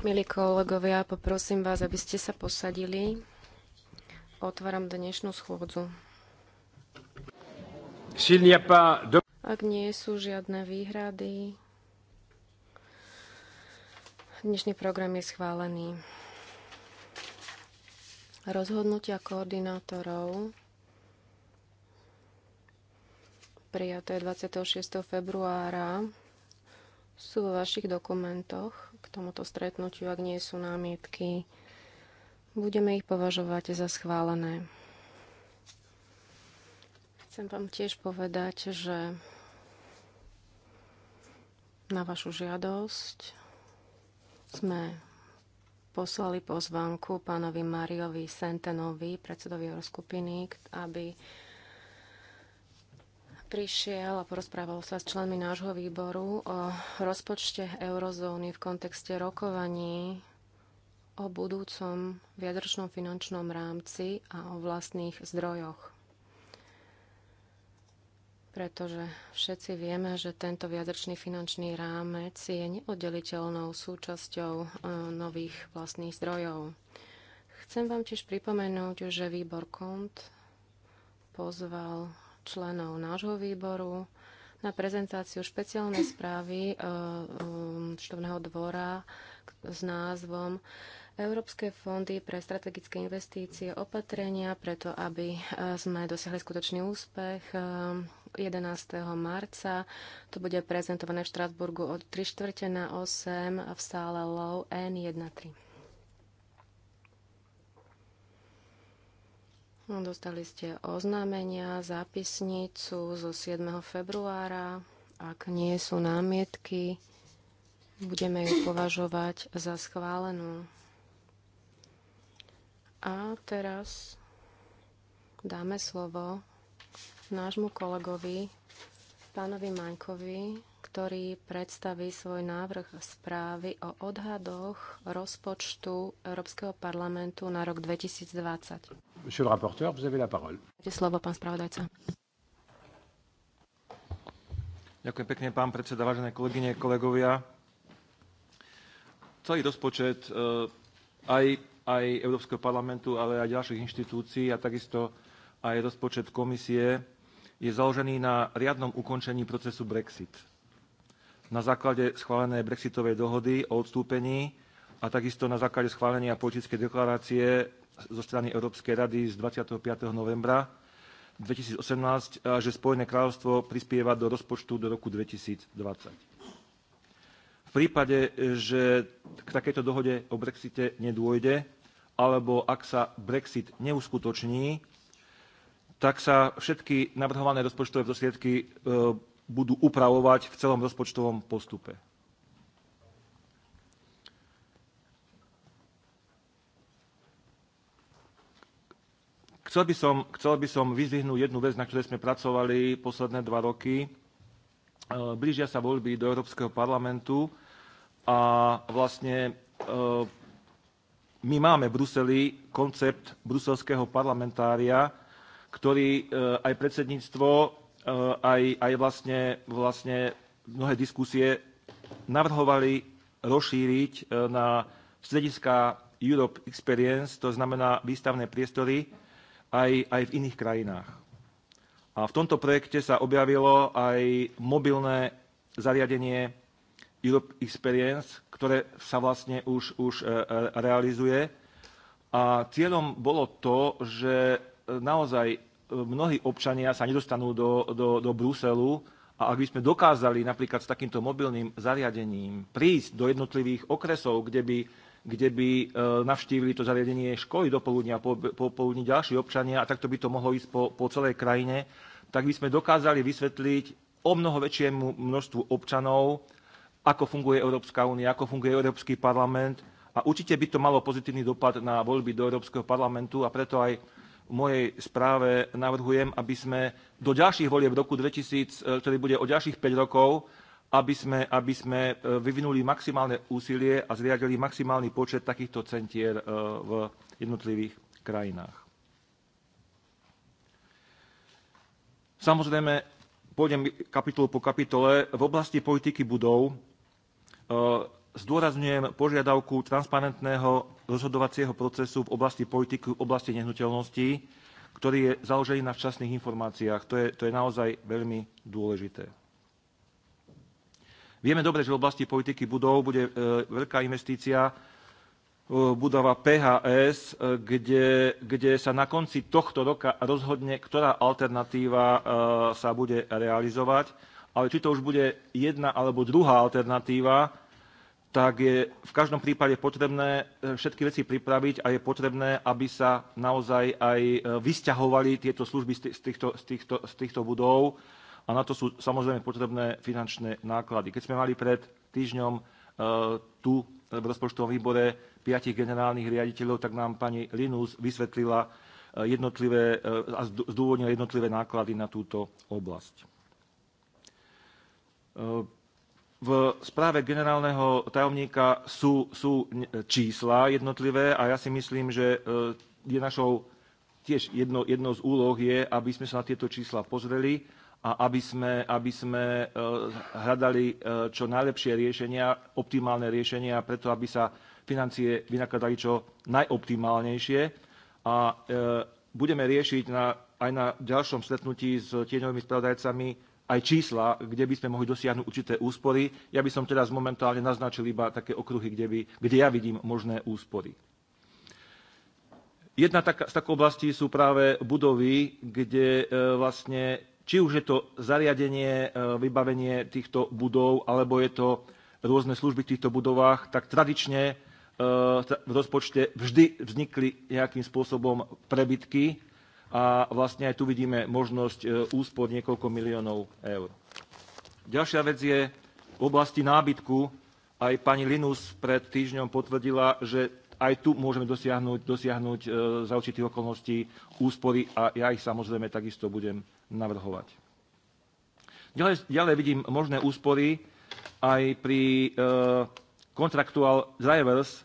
Milí kolegovia, poprosím vás, aby ste sa posadili. Otváram dnešnú schôdzu. Ak nie sú žiadne výhrady, dnešný program je schválený. Rozhodnutia koordinátorov prijaté 26. februára sú vo vašich dokumentoch k tomuto stretnutiu, ak nie sú námietky. Budeme ich považovať za schválené. Chcem vám tiež povedať, že na vašu žiadosť sme poslali pozvanku pánovi Mariovi Sentenovi, predsedovi skupiny. aby prišiel a porozprával sa s členmi nášho výboru o rozpočte eurozóny v kontexte rokovaní o budúcom viadročnom finančnom rámci a o vlastných zdrojoch. Pretože všetci vieme, že tento viadročný finančný rámec je neoddeliteľnou súčasťou e, nových vlastných zdrojov. Chcem vám tiež pripomenúť, že výbor KONT pozval členov nášho výboru na prezentáciu špeciálnej správy Štovného e, e, dvora s názvom Európske fondy pre strategické investície opatrenia, preto aby e, sme dosiahli skutočný úspech. 11. marca to bude prezentované v Štrasburgu od 3 na 8 v sále LOW N13. No, dostali ste oznámenia, zápisnicu zo 7. februára. Ak nie sú námietky, budeme ju považovať za schválenú. A teraz dáme slovo nášmu kolegovi, pánovi Maňkovi, ktorý predstaví svoj návrh správy o odhadoch rozpočtu Európskeho parlamentu na rok 2020. Monsieur le rapporteur, vous avez la parole. Máte slovo, pán spravodajca. Ďakujem pekne, pán predseda, vážené kolegyne, kolegovia. Celý rozpočet e, aj, aj Európskeho parlamentu, ale aj ďalších inštitúcií a takisto aj rozpočet komisie je založený na riadnom ukončení procesu Brexit na základe schválenej brexitovej dohody o odstúpení a takisto na základe schválenia politickej deklarácie zo strany Európskej rady z 25. novembra 2018, že Spojené kráľovstvo prispieva do rozpočtu do roku 2020. V prípade, že k takejto dohode o Brexite nedôjde, alebo ak sa Brexit neuskutoční, tak sa všetky navrhované rozpočtové prostriedky e, budú upravovať v celom rozpočtovom postupe. Chcel by, som, chcel by som vyzvihnúť jednu vec, na ktorej sme pracovali posledné dva roky. E, blížia sa voľby do Európskeho parlamentu a vlastne e, my máme v Bruseli koncept bruselského parlamentária, ktorý e, aj predsedníctvo Eh, aj, aj vlastne, vlastne mnohé diskusie navrhovali rozšíriť eh, na strediska Europe Experience, to znamená výstavné priestory aj, aj v iných krajinách. A v tomto projekte sa objavilo aj mobilné zariadenie Europe Experience, ktoré sa vlastne už, už eh, realizuje. A cieľom bolo to, že naozaj mnohí občania sa nedostanú do, do, do Bruselu a ak by sme dokázali napríklad s takýmto mobilným zariadením prísť do jednotlivých okresov, kde by, kde by e, navštívili to zariadenie školy do poludnia, po, po poludni ďalší občania a takto by to mohlo ísť po, po celej krajine, tak by sme dokázali vysvetliť o mnoho väčšiemu množstvu občanov, ako funguje Európska únia, ako funguje Európsky parlament a určite by to malo pozitívny dopad na voľby do Európskeho parlamentu a preto aj v mojej správe navrhujem, aby sme do ďalších volieb roku 2000, e, ktorý bude o ďalších 5 rokov, aby sme, aby sme e, vyvinuli maximálne úsilie a zriadili maximálny počet takýchto centier e, v jednotlivých krajinách. Samozrejme, pôjdem kapitolu po kapitole. V oblasti politiky budov Zdôrazňujem požiadavku transparentného rozhodovacieho procesu v oblasti politiky, v oblasti nehnuteľností, ktorý je založený na včasných informáciách. To je, to je naozaj veľmi dôležité. Vieme dobre, že v oblasti politiky budov bude e, veľká investícia e, budova PHS, e, kde, kde sa na konci tohto roka rozhodne, ktorá alternatíva e, sa bude realizovať. Ale či to už bude jedna alebo druhá alternatíva, tak je v každom prípade potrebné e, všetky veci pripraviť a je potrebné, aby sa naozaj aj e, vysťahovali tieto služby z týchto, z týchto, z týchto budov a na to sú samozrejme potrebné finančné náklady. Keď sme mali pred týždňom e, tu v rozpočtovom výbore piatich generálnych riaditeľov, tak nám pani Linus vysvetlila jednotlivé a zdôvodnila jednotlivé náklady na túto oblasť v správe generálneho tajomníka sú, sú čísla jednotlivé a ja si myslím, že e, je našou tiež jedno, jednou z úloh je, aby sme sa na tieto čísla pozreli a aby sme, aby sme e, hľadali e, čo najlepšie riešenia, optimálne riešenia, preto aby sa financie vynakladali čo najoptimálnejšie. A budeme riešiť na, aj na ďalšom stretnutí s tieňovými spravodajcami aj čísla, kde by sme mohli dosiahnuť určité úspory. Ja by som teraz momentálne naznačil iba také okruhy, kde, by, kde ja vidím možné úspory. Jedna taká, z takých oblastí sú práve budovy, kde e, vlastne, či už je to zariadenie, e, vybavenie týchto budov, alebo je to rôzne služby v týchto budovách, tak tradične e, v rozpočte vždy vznikli nejakým spôsobom prebytky a vlastne aj tu vidíme možnosť e, úspor niekoľko miliónov eur. Ďalšia vec je v oblasti nábytku. Aj pani Linus pred týždňom potvrdila, že aj tu môžeme dosiahnuť, dosiahnuť e, za určitých okolností úspory a ja ich samozrejme takisto budem navrhovať. Ďalej, ďalej vidím možné úspory aj pri e, contractual drivers,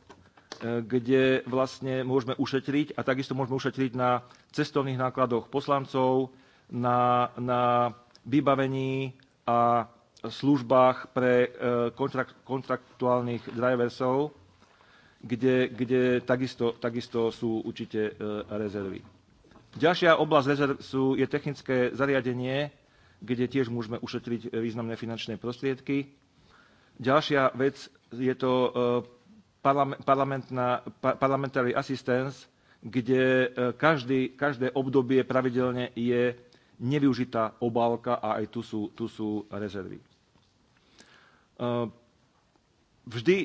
kde vlastne môžeme ušetriť a takisto môžeme ušetriť na cestovných nákladoch poslancov, na, na vybavení a službách pre e, kontrakt, kontraktuálnych driversov, kde, kde takisto, takisto sú určite e, rezervy. Ďalšia oblasť rezerv sú, je technické zariadenie, kde tiež môžeme ušetriť významné finančné prostriedky. Ďalšia vec je to e, parlamentná, parlamentary assistance, kde e, každý, každé obdobie pravidelne je nevyužitá obálka a aj tu sú, tu sú rezervy. E, vždy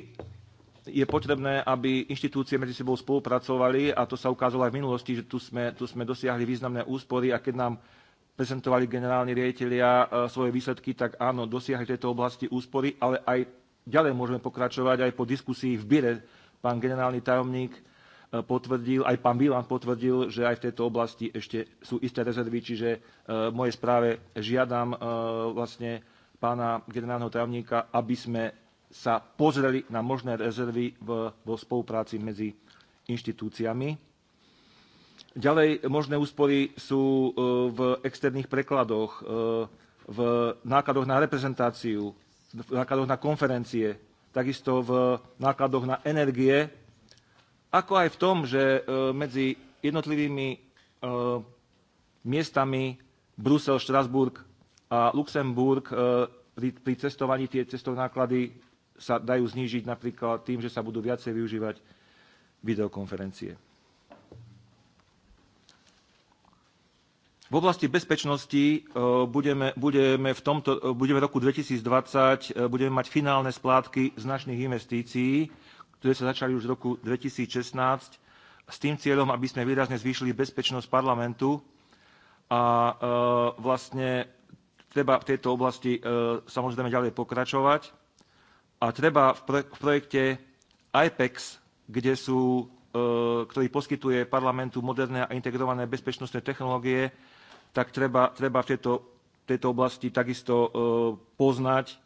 je potrebné, aby inštitúcie medzi sebou spolupracovali a to sa ukázalo aj v minulosti, že tu sme, tu sme dosiahli významné úspory a keď nám prezentovali generálni riaditeľia e, svoje výsledky, tak áno, dosiahli tejto oblasti úspory, ale aj ďalej môžeme pokračovať aj po diskusii v Bire. Pán generálny tajomník E, potvrdil, aj pán Bilan potvrdil, že aj v tejto oblasti ešte sú isté rezervy, čiže e, v mojej správe žiadam e, vlastne pána generálneho trávnika, aby sme sa pozreli na možné rezervy vo spolupráci medzi inštitúciami. Ďalej možné úspory sú v externých prekladoch, v nákladoch na reprezentáciu, v nákladoch na konferencie, takisto v nákladoch na energie, ako aj v tom, že e, medzi jednotlivými e, miestami Brusel, Štrasburg a Luxemburg e, pri cestovaní tie cestovné náklady sa dajú znížiť napríklad tým, že sa budú viacej využívať videokonferencie. V oblasti bezpečnosti budeme, budeme, v tomto, budeme roku 2020 budeme mať finálne splátky značných investícií, ktoré sa začali už v roku 2016 s tým cieľom, aby sme výrazne zvýšili bezpečnosť parlamentu a e, vlastne treba v tejto oblasti e, samozrejme ďalej pokračovať. A treba v projekte IPEX, kde sú, e, ktorý poskytuje parlamentu moderné a integrované bezpečnostné technológie, tak treba, treba v tejto, tejto oblasti takisto poznať,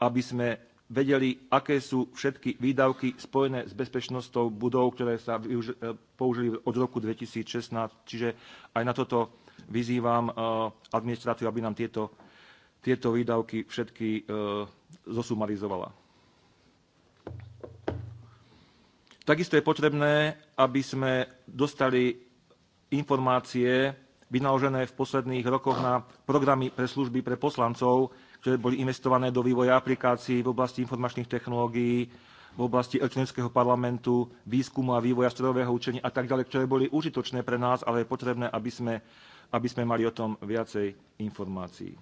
aby sme vedeli, aké sú všetky výdavky spojené s bezpečnosťou budov, ktoré sa e, použili od roku 2016. Čiže aj na toto vyzývam e, administráciu, aby nám tieto, tieto výdavky všetky e, zosumarizovala. Takisto je potrebné, aby sme dostali informácie vynaložené v posledných rokoch na programy pre služby pre poslancov, že boli investované do vývoja aplikácií v oblasti informačných technológií, v oblasti elektronického parlamentu, výskumu a vývoja strojového učenia a tak ďalej, ktoré boli užitočné pre nás, ale je potrebné, aby sme, aby sme mali o tom viacej informácií.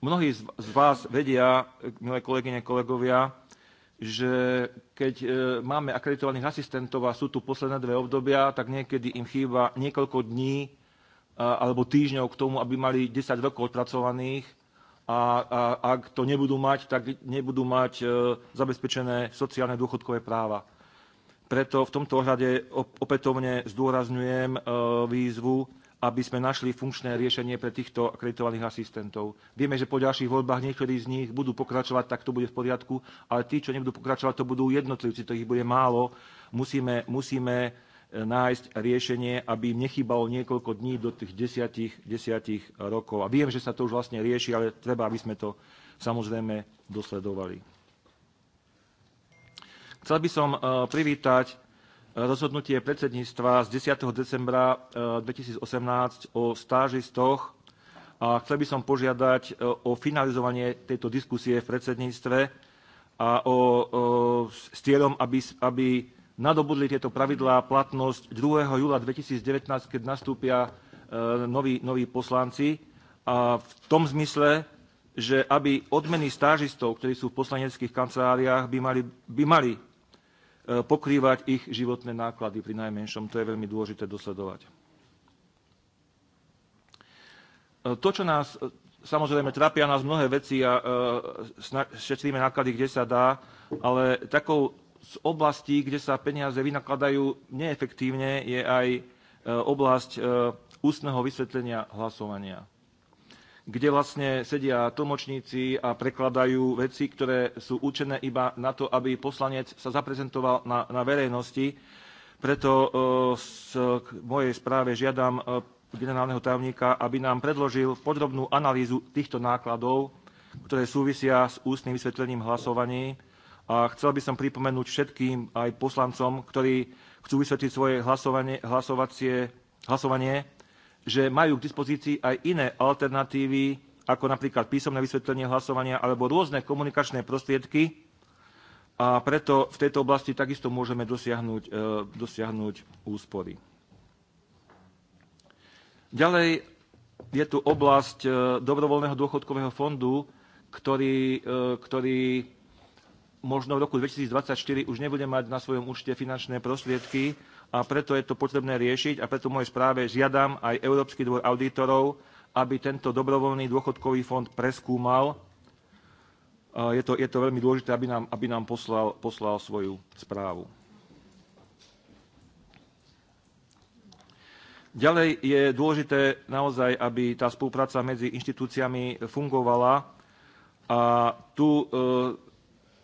Mnohí z vás vedia, milé kolegyne, kolegovia, že keď e, máme akreditovaných asistentov a sú tu posledné dve obdobia, tak niekedy im chýba niekoľko dní alebo týždňov k tomu, aby mali 10 rokov odpracovaných a, a ak to nebudú mať, tak nebudú mať e, zabezpečené sociálne dôchodkové práva. Preto v tomto ohľade opätovne zdôrazňujem e, výzvu, aby sme našli funkčné riešenie pre týchto akreditovaných asistentov. Vieme, že po ďalších voľbách niektorí z nich budú pokračovať, tak to bude v poriadku, ale tí, čo nebudú pokračovať, to budú jednotlivci, to ich bude málo. Musíme, musíme nájsť riešenie, aby im nechybalo niekoľko dní do tých desiatich, desiatich rokov. A viem, že sa to už vlastne rieši, ale treba, aby sme to samozrejme dosledovali. Chcel by som e, privítať e, rozhodnutie predsedníctva z 10. decembra 2018 e, o stážistoch a chcel by som požiadať o finalizovanie tejto diskusie v predsedníctve a o, o, s cieľom, aby, aby nadobudli tieto pravidlá platnosť 2. júla 2019, keď nastúpia e, noví, noví poslanci. A v tom zmysle, že aby odmeny stážistov, ktorí sú v poslaneckých kanceláriách, by mali, by mali e, pokrývať ich životné náklady pri najmenšom. To je veľmi dôležité dosledovať. E, to, čo nás samozrejme trápia nás mnohé veci a šetríme náklady, kde sa dá, ale takou z oblastí, kde sa peniaze vynakladajú neefektívne, je aj e, oblasť e, ústneho vysvetlenia hlasovania, kde vlastne sedia tlmočníci a prekladajú veci, ktoré sú určené iba na to, aby poslanec sa zaprezentoval na, na verejnosti. Preto z e, mojej správe žiadam generálneho tajomníka, aby nám predložil podrobnú analýzu týchto nákladov, ktoré súvisia s ústnym vysvetlením hlasovaní a chcel by som pripomenúť všetkým aj poslancom, ktorí chcú vysvetliť svoje hlasovanie, hlasovacie, hlasovanie, že majú k dispozícii aj iné alternatívy, ako napríklad písomné vysvetlenie hlasovania alebo rôzne komunikačné prostriedky. A preto v tejto oblasti takisto môžeme dosiahnuť, e, dosiahnuť úspory. Ďalej je tu oblasť e, dobrovoľného dôchodkového fondu, ktorý, e, ktorý možno v roku 2024 už nebude mať na svojom účte finančné prostriedky a preto je to potrebné riešiť a preto v mojej správe žiadam aj Európsky dvor auditorov, aby tento dobrovoľný dôchodkový fond preskúmal. Je to, je to veľmi dôležité, aby nám, aby nám poslal, poslal svoju správu. Ďalej je dôležité naozaj, aby tá spolupráca medzi inštitúciami fungovala. A tu e,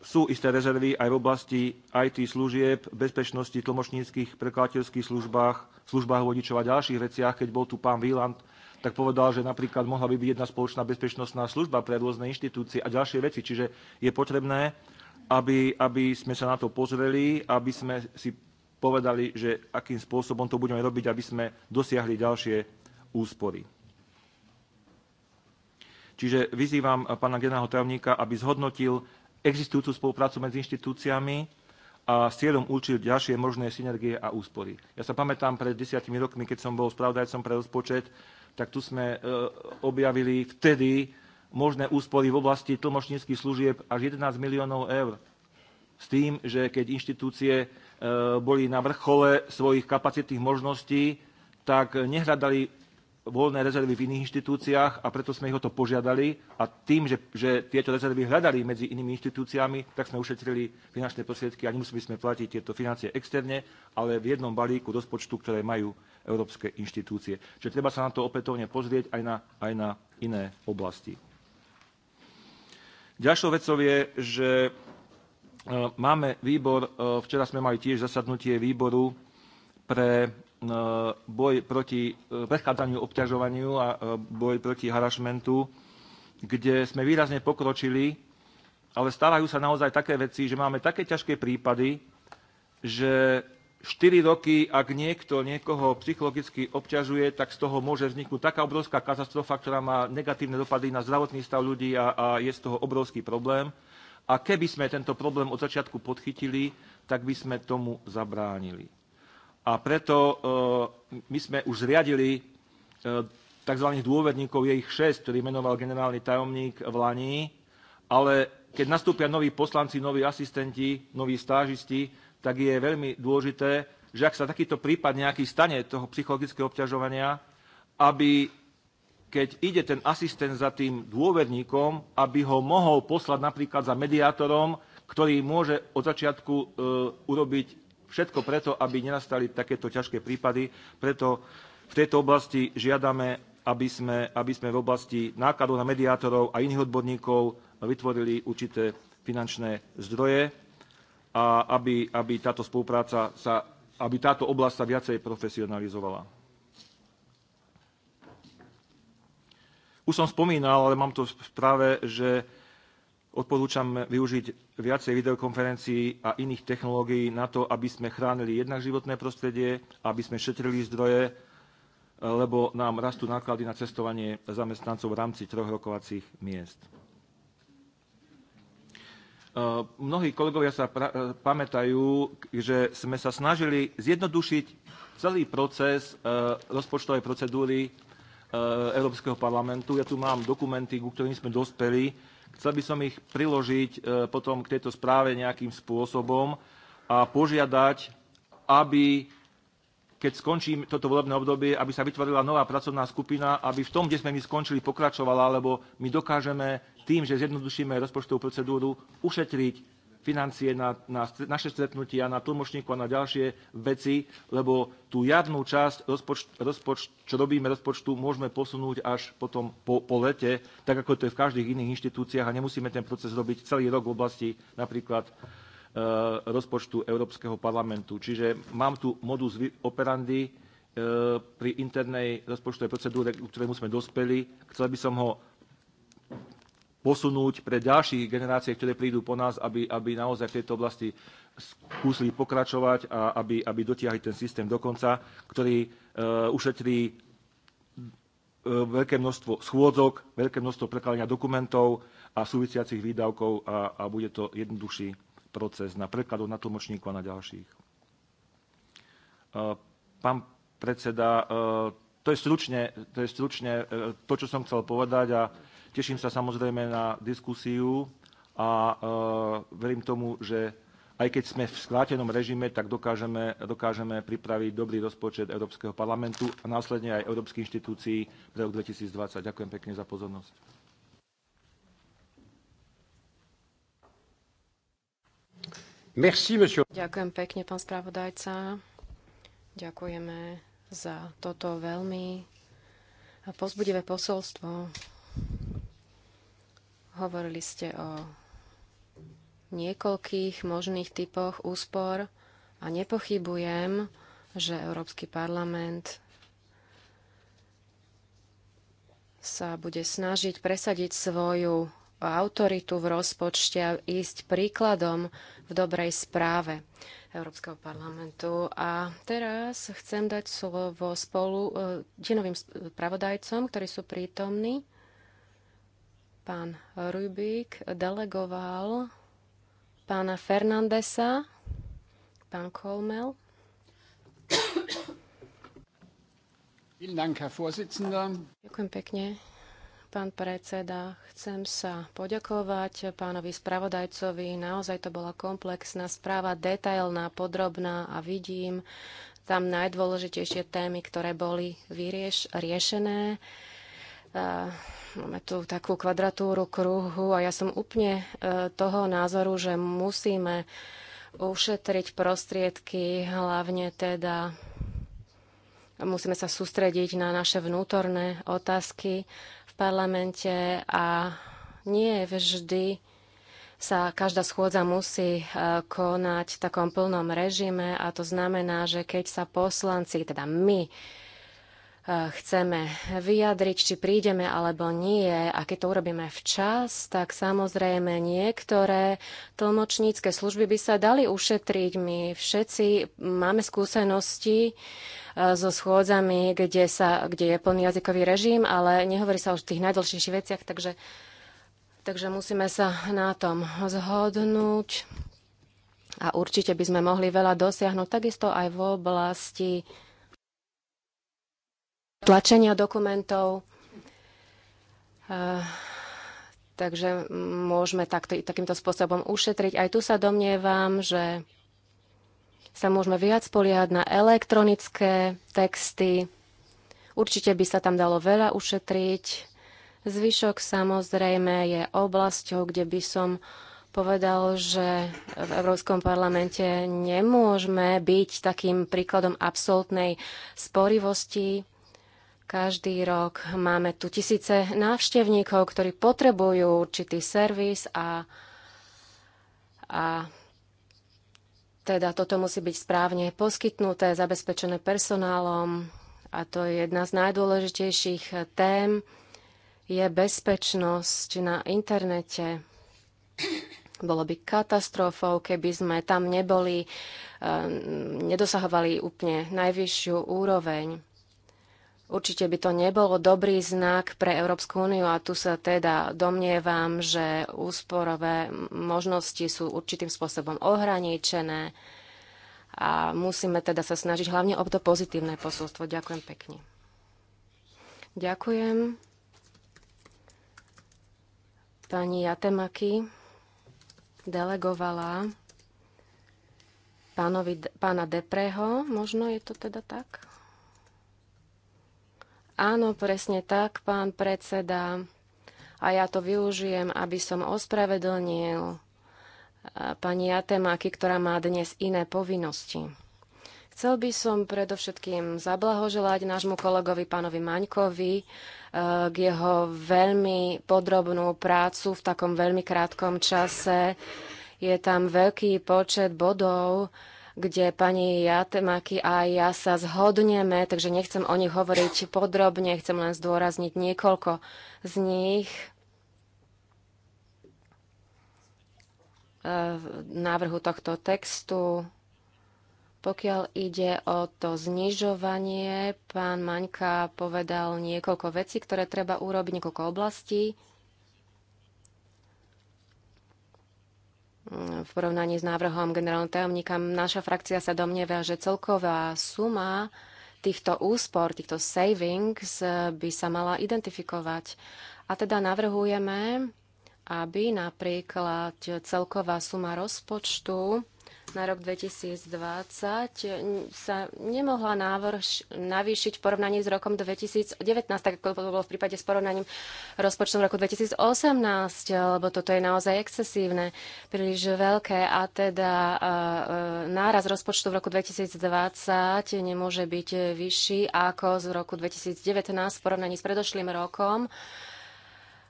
sú isté rezervy aj v oblasti IT služieb, bezpečnosti, tlmočníckých, prekladateľských službách, službách vodičov a ďalších veciach. Keď bol tu pán Výland, tak povedal, že napríklad mohla by byť jedna spoločná bezpečnostná služba pre rôzne inštitúcie a ďalšie veci. Čiže je potrebné, aby, aby sme sa na to pozreli, aby sme si povedali, že akým spôsobom to budeme robiť, aby sme dosiahli ďalšie úspory. Čiže vyzývam pána generálneho tajomníka, aby zhodnotil existujúcu spoluprácu medzi inštitúciami a s cieľom určiť ďalšie možné synergie a úspory. Ja sa pamätám pred desiatimi rokmi, keď som bol spravodajcom pre rozpočet, tak tu sme e, objavili vtedy možné úspory v oblasti tlmočníckých služieb až 11 miliónov eur. S tým, že keď inštitúcie e, boli na vrchole svojich kapacitných možností, tak nehľadali voľné rezervy v iných inštitúciách a preto sme ich o to požiadali a tým, že, že tieto rezervy hľadali medzi inými inštitúciami, tak sme ušetrili finančné prostriedky a nemuseli sme platiť tieto financie externe, ale v jednom balíku rozpočtu, ktoré majú európske inštitúcie. Čiže treba sa na to opätovne pozrieť aj na, aj na iné oblasti. Ďalšou vecou je, že e, máme výbor, e, včera sme mali tiež zasadnutie výboru pre E, boj proti e, predchádzaniu obťažovaniu a e, boj proti harašmentu, kde sme výrazne pokročili, ale stávajú sa naozaj také veci, že máme také ťažké prípady, že 4 roky, ak niekto niekoho psychologicky obťažuje, tak z toho môže vzniknúť taká obrovská katastrofa, ktorá má negatívne dopady na zdravotný stav ľudí a, a je z toho obrovský problém. A keby sme tento problém od začiatku podchytili, tak by sme tomu zabránili. A preto e, my sme už zriadili e, tzv. dôverníkov, je ich šesť, ktorý menoval generálny tajomník v Lani, ale keď nastúpia noví poslanci, noví asistenti, noví stážisti, tak je veľmi dôležité, že ak sa takýto prípad nejaký stane toho psychologického obťažovania, aby keď ide ten asistent za tým dôverníkom, aby ho mohol poslať napríklad za mediátorom, ktorý môže od začiatku e, urobiť Všetko preto, aby nenastali takéto ťažké prípady. Preto v tejto oblasti žiadame, aby sme, aby sme v oblasti nákladov na mediátorov a iných odborníkov vytvorili určité finančné zdroje a aby, aby táto spolupráca sa, aby táto oblasť sa viacej profesionalizovala. Už som spomínal, ale mám to v správe, že Odporúčam využiť viacej videokonferencií a iných technológií na to, aby sme chránili jednak životné prostredie, aby sme šetrili zdroje, lebo nám rastú náklady na cestovanie zamestnancov v rámci troch rokovacích miest. E, mnohí kolegovia sa e, pamätajú, že sme sa snažili zjednodušiť celý proces e, rozpočtovej procedúry Európskeho parlamentu. Ja tu mám dokumenty, ku ktorým sme dospeli Chcel by som ich priložiť e, potom k tejto správe nejakým spôsobom a požiadať, aby keď skončí toto volebné obdobie, aby sa vytvorila nová pracovná skupina, aby v tom, kde sme my skončili, pokračovala, lebo my dokážeme tým, že zjednodušíme rozpočtovú procedúru, ušetriť financie na, na naše stretnutia, na tlmočníku a na ďalšie veci, lebo tú javnú časť, rozpočt, rozpočt, čo robíme rozpočtu, môžeme posunúť až potom po, po lete, tak ako to je v každých iných inštitúciách a nemusíme ten proces robiť celý rok v oblasti napríklad e, rozpočtu Európskeho parlamentu. Čiže mám tu modus operandi e, pri internej rozpočtovej procedúre, k ktorému sme dospeli. Chcel by som ho posunúť pre ďalšie generácie, ktoré prídu po nás, aby, aby naozaj v tejto oblasti skúsili pokračovať a aby, aby dotiahli ten systém do konca, ktorý e, ušetrí e, veľké množstvo schôdzok, veľké množstvo prekladania dokumentov a súvisiacich výdavkov a, a bude to jednoduchší proces na prekladov, na tlmočníkov a na ďalších. E, pán predseda, e, to je stručne, to, je stručne e, to čo som chcel povedať a Teším sa samozrejme na diskusiu a e, verím tomu, že aj keď sme v skrátenom režime, tak dokážeme, dokážeme pripraviť dobrý rozpočet Európskeho parlamentu a následne aj Európskych inštitúcií pre rok 2020. Ďakujem pekne za pozornosť. Merci, monsieur. Ďakujem pekne, pán spravodajca. Ďakujeme za toto veľmi pozbudivé posolstvo. Hovorili ste o niekoľkých možných typoch úspor a nepochybujem, že Európsky parlament sa bude snažiť presadiť svoju autoritu v rozpočte a ísť príkladom v dobrej správe Európskeho parlamentu. A teraz chcem dať slovo spolu eh, tienovým spravodajcom, ktorí sú prítomní. Pán Rubik delegoval pána Fernandesa, pán Kolmel. Ďakujem pekne, pán predseda. Chcem sa poďakovať pánovi spravodajcovi. Naozaj to bola komplexná správa, detailná, podrobná a vidím tam najdôležitejšie témy, ktoré boli vyrieš- riešené. Máme tu takú kvadratúru kruhu a ja som úplne e, toho názoru, že musíme ušetriť prostriedky, hlavne teda musíme sa sústrediť na naše vnútorné otázky v parlamente a nie vždy sa každá schôdza musí e, konať v takom plnom režime a to znamená, že keď sa poslanci, teda my, chceme vyjadriť, či prídeme alebo nie. A keď to urobíme včas, tak samozrejme niektoré tlmočnícke služby by sa dali ušetriť. My všetci máme skúsenosti e, so schôdzami, kde, sa, kde je plný jazykový režim, ale nehovorí sa o tých najdlhších veciach, takže, takže musíme sa na tom zhodnúť. A určite by sme mohli veľa dosiahnuť, takisto aj v oblasti tlačenia dokumentov. Takže môžeme takto, takýmto spôsobom ušetriť. Aj tu sa domnievam, že sa môžeme viac poliehať na elektronické texty. Určite by sa tam dalo veľa ušetriť. Zvyšok samozrejme je oblasťou, kde by som povedal, že v Európskom parlamente nemôžeme byť takým príkladom absolútnej sporivosti každý rok máme tu tisíce návštevníkov, ktorí potrebujú určitý servis a, a teda toto musí byť správne poskytnuté, zabezpečené personálom a to je jedna z najdôležitejších tém, je bezpečnosť na internete. Bolo by katastrofou, keby sme tam neboli, eh, nedosahovali úplne najvyššiu úroveň. Určite by to nebol dobrý znak pre Európsku úniu a tu sa teda domnievam, že úsporové možnosti sú určitým spôsobom ohraničené a musíme teda sa snažiť hlavne o to pozitívne posolstvo. Ďakujem pekne. Ďakujem. Pani Jatemaki delegovala pánovi, pána Depreho, možno je to teda tak? Áno, presne tak, pán predseda. A ja to využijem, aby som ospravedlnil eh, pani Atemáky, ktorá má dnes iné povinnosti. Chcel by som predovšetkým zablahoželať nášmu kolegovi pánovi Maňkovi eh, k jeho veľmi podrobnú prácu v takom veľmi krátkom čase. Je tam veľký počet bodov, kde pani Jatemaki a ja sa zhodneme, takže nechcem o nich hovoriť podrobne, chcem len zdôrazniť niekoľko z nich. návrhu tohto textu. Pokiaľ ide o to znižovanie, pán Maňka povedal niekoľko vecí, ktoré treba urobiť, niekoľko oblastí. v porovnaní s návrhom generálneho tajomníka. Naša frakcia sa domnieva, že celková suma týchto úspor, týchto savings by sa mala identifikovať. A teda navrhujeme, aby napríklad celková suma rozpočtu na rok 2020 sa nemohla návrh navýšiť v porovnaní s rokom 2019, tak ako to bolo v prípade s porovnaním rozpočtom roku 2018, lebo toto je naozaj excesívne, príliš veľké a teda e, e, náraz rozpočtu v roku 2020 nemôže byť vyšší ako z roku 2019 v porovnaní s predošlým rokom.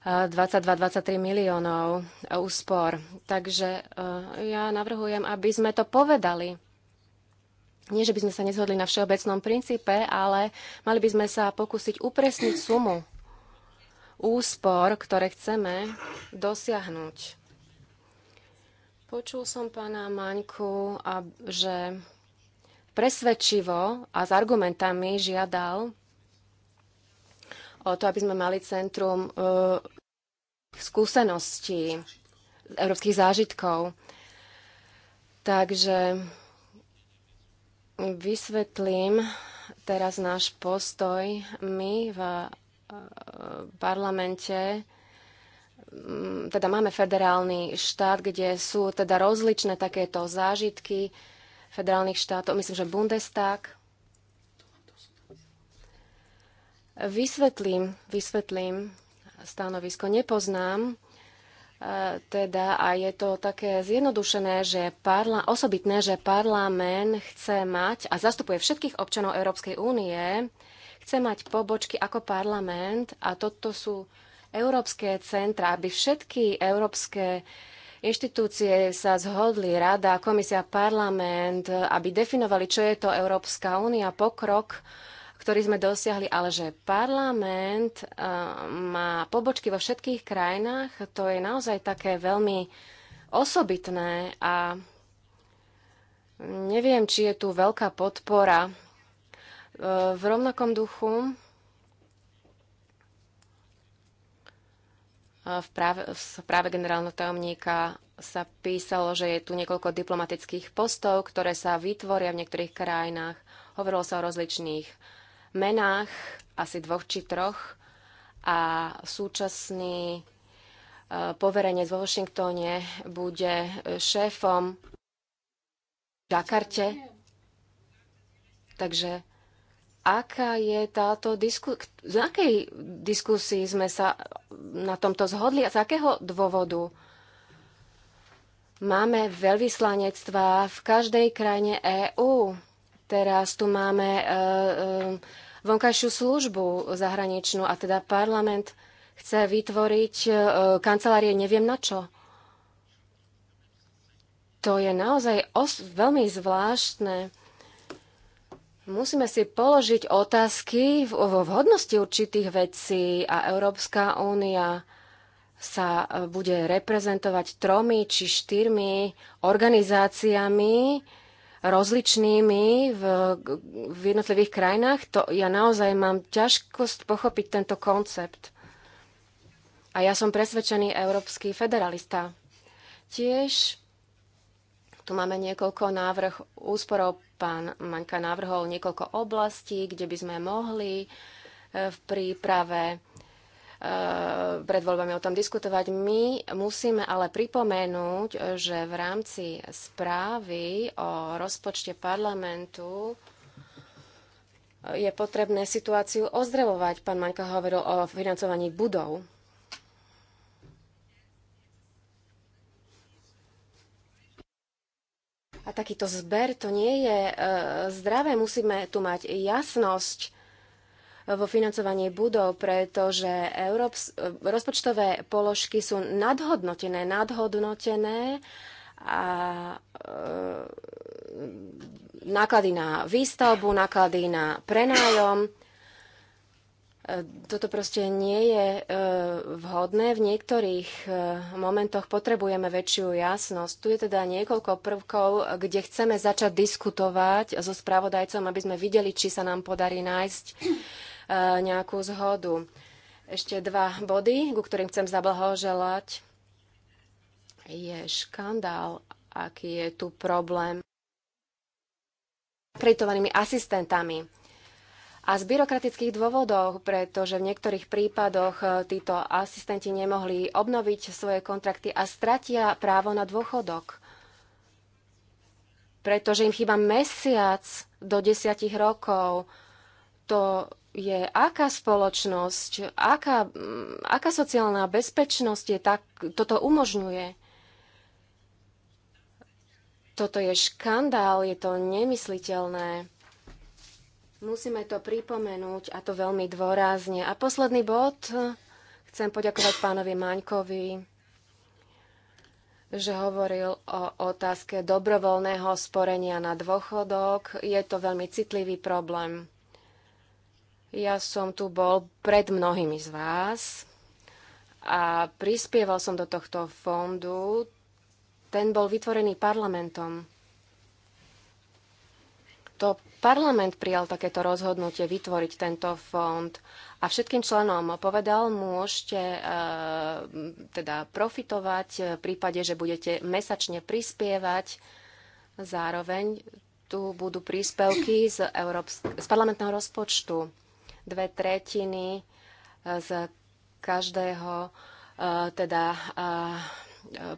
22-23 miliónov úspor. Takže eh, ja navrhujem, aby sme to povedali. Nie, že by sme sa nezhodli na všeobecnom princípe, ale mali by sme sa pokúsiť upresniť sumu úspor, ktoré chceme dosiahnuť. Počul som pána Maňku, že presvedčivo a s argumentami žiadal o to, aby sme mali centrum e, skúseností, európskych zážitkov. Takže vysvetlím teraz náš postoj. My v e, parlamente teda máme federálny štát, kde sú teda rozličné takéto zážitky federálnych štátov, myslím, že Bundestag Vysvetlím, vysvetlím stanovisko. Nepoznám e, teda a je to také zjednodušené, že parla, osobitné, že parlament chce mať a zastupuje všetkých občanov Európskej únie, chce mať pobočky ako parlament a toto sú európske centra, aby všetky európske inštitúcie sa zhodli, rada, komisia, parlament, aby definovali, čo je to Európska únia, pokrok, ktorý sme dosiahli, ale že parlament eh, má pobočky vo všetkých krajinách, to je naozaj také veľmi osobitné a neviem, či je tu veľká podpora. Eh, v rovnakom duchu eh, v práve, v práve generálneho tajomníka sa písalo, že je tu niekoľko diplomatických postov, ktoré sa vytvoria v niektorých krajinách. Hovorilo sa o rozličných menách, asi dvoch či troch, a súčasný e, poverenec vo Washingtone bude šéfom v Žakarte. Takže aká je táto diskus? z akej diskusii sme sa na tomto zhodli a z akého dôvodu? Máme veľvyslanectva v každej krajine EÚ. Teraz tu máme e, e vonkajšiu službu zahraničnú a teda parlament chce vytvoriť e, kancelárie neviem na čo. To je naozaj veľmi zvláštne. Musíme si položiť otázky vo vhodnosti určitých vecí a Európska únia sa e, bude reprezentovať tromi či štyrmi organizáciami, rozličnými v, v jednotlivých krajinách, to ja naozaj mám ťažkosť pochopiť tento koncept. A ja som presvedčený európsky federalista. Tiež tu máme niekoľko návrh úsporov. Pán Maňka navrhol niekoľko oblastí, kde by sme mohli eh, v príprave Eh, pred voľbami o tom diskutovať. My musíme ale pripomenúť, že v rámci správy o rozpočte parlamentu eh, je potrebné situáciu ozdravovať. Pán Maňka hovoril o financovaní budov. A takýto zber to nie je eh, zdravé. Musíme tu mať jasnosť vo financovaní budov, pretože Európs- rozpočtové položky sú nadhodnotené, nadhodnotené a e, náklady na výstavbu, náklady na prenájom. E, toto proste nie je e, vhodné. V niektorých momentoch potrebujeme väčšiu jasnosť. Tu je teda niekoľko prvkov, kde chceme začať diskutovať so spravodajcom, aby sme videli, či sa nám podarí nájsť Eh, nejakú zhodu. Ešte dva body, ku ktorým chcem zablahoželať. Je škandál, aký je tu problém akreditovanými asistentami. A z byrokratických dôvodov, pretože v niektorých prípadoch eh, títo asistenti nemohli obnoviť svoje kontrakty a stratia právo na dôchodok. Pretože im chýba mesiac do desiatich rokov. To je, aká spoločnosť, aká, mm, aká sociálna bezpečnosť je tak, toto umožňuje. Toto je škandál, je to nemysliteľné. Musíme to pripomenúť a to veľmi dôrazne. A posledný bod, chcem poďakovať pánovi Maňkovi, že hovoril o otázke dobrovoľného sporenia na dôchodok. Je to veľmi citlivý problém. Ja som tu bol pred mnohými z vás a prispieval som do tohto fondu. Ten bol vytvorený parlamentom. To parlament prijal takéto rozhodnutie vytvoriť tento fond a všetkým členom povedal, môžete e, teda profitovať v prípade, že budete mesačne prispievať. Zároveň tu budú príspevky z, Európsk- z parlamentného rozpočtu dve tretiny e, z každého e, teda e,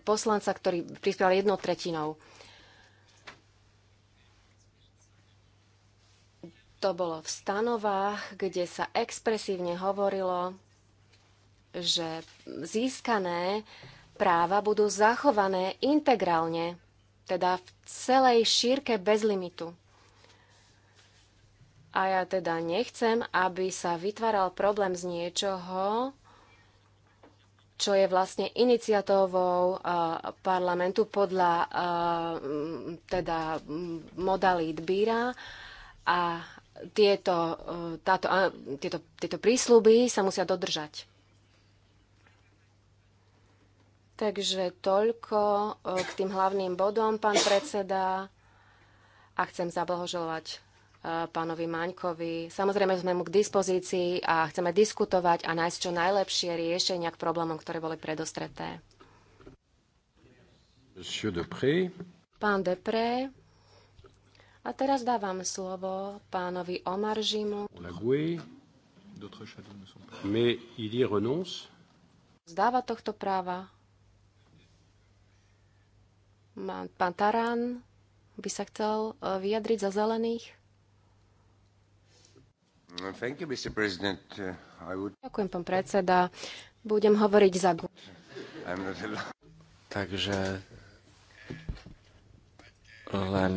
poslanca, ktorý prispieval jednou tretinou. To bolo v stanovách, kde sa expresívne hovorilo, že získané práva budú zachované integrálne, teda v celej šírke bez limitu. A ja teda nechcem, aby sa vytváral problém z niečoho, čo je vlastne iniciatovou eh, parlamentu podľa eh, teda mm, modalít Bíra a tieto, eh, táto, tieto, tieto prísľuby sa musia dodržať. Takže toľko k tým hlavným bodom, pán predseda, a chcem zablahoželať pánovi Maňkovi. Samozrejme sme mu k dispozícii a chceme diskutovať a nájsť čo najlepšie riešenia k problémom, ktoré boli predostreté. Depré. Pán Depré. A teraz dávam slovo pánovi Omaržimu. Žimu. Zdáva tohto práva. Pán Taran by sa chcel eh, vyjadriť za zelených. Uh, uh, Ďakujem, pán predseda. Budem hovoriť za... Takže len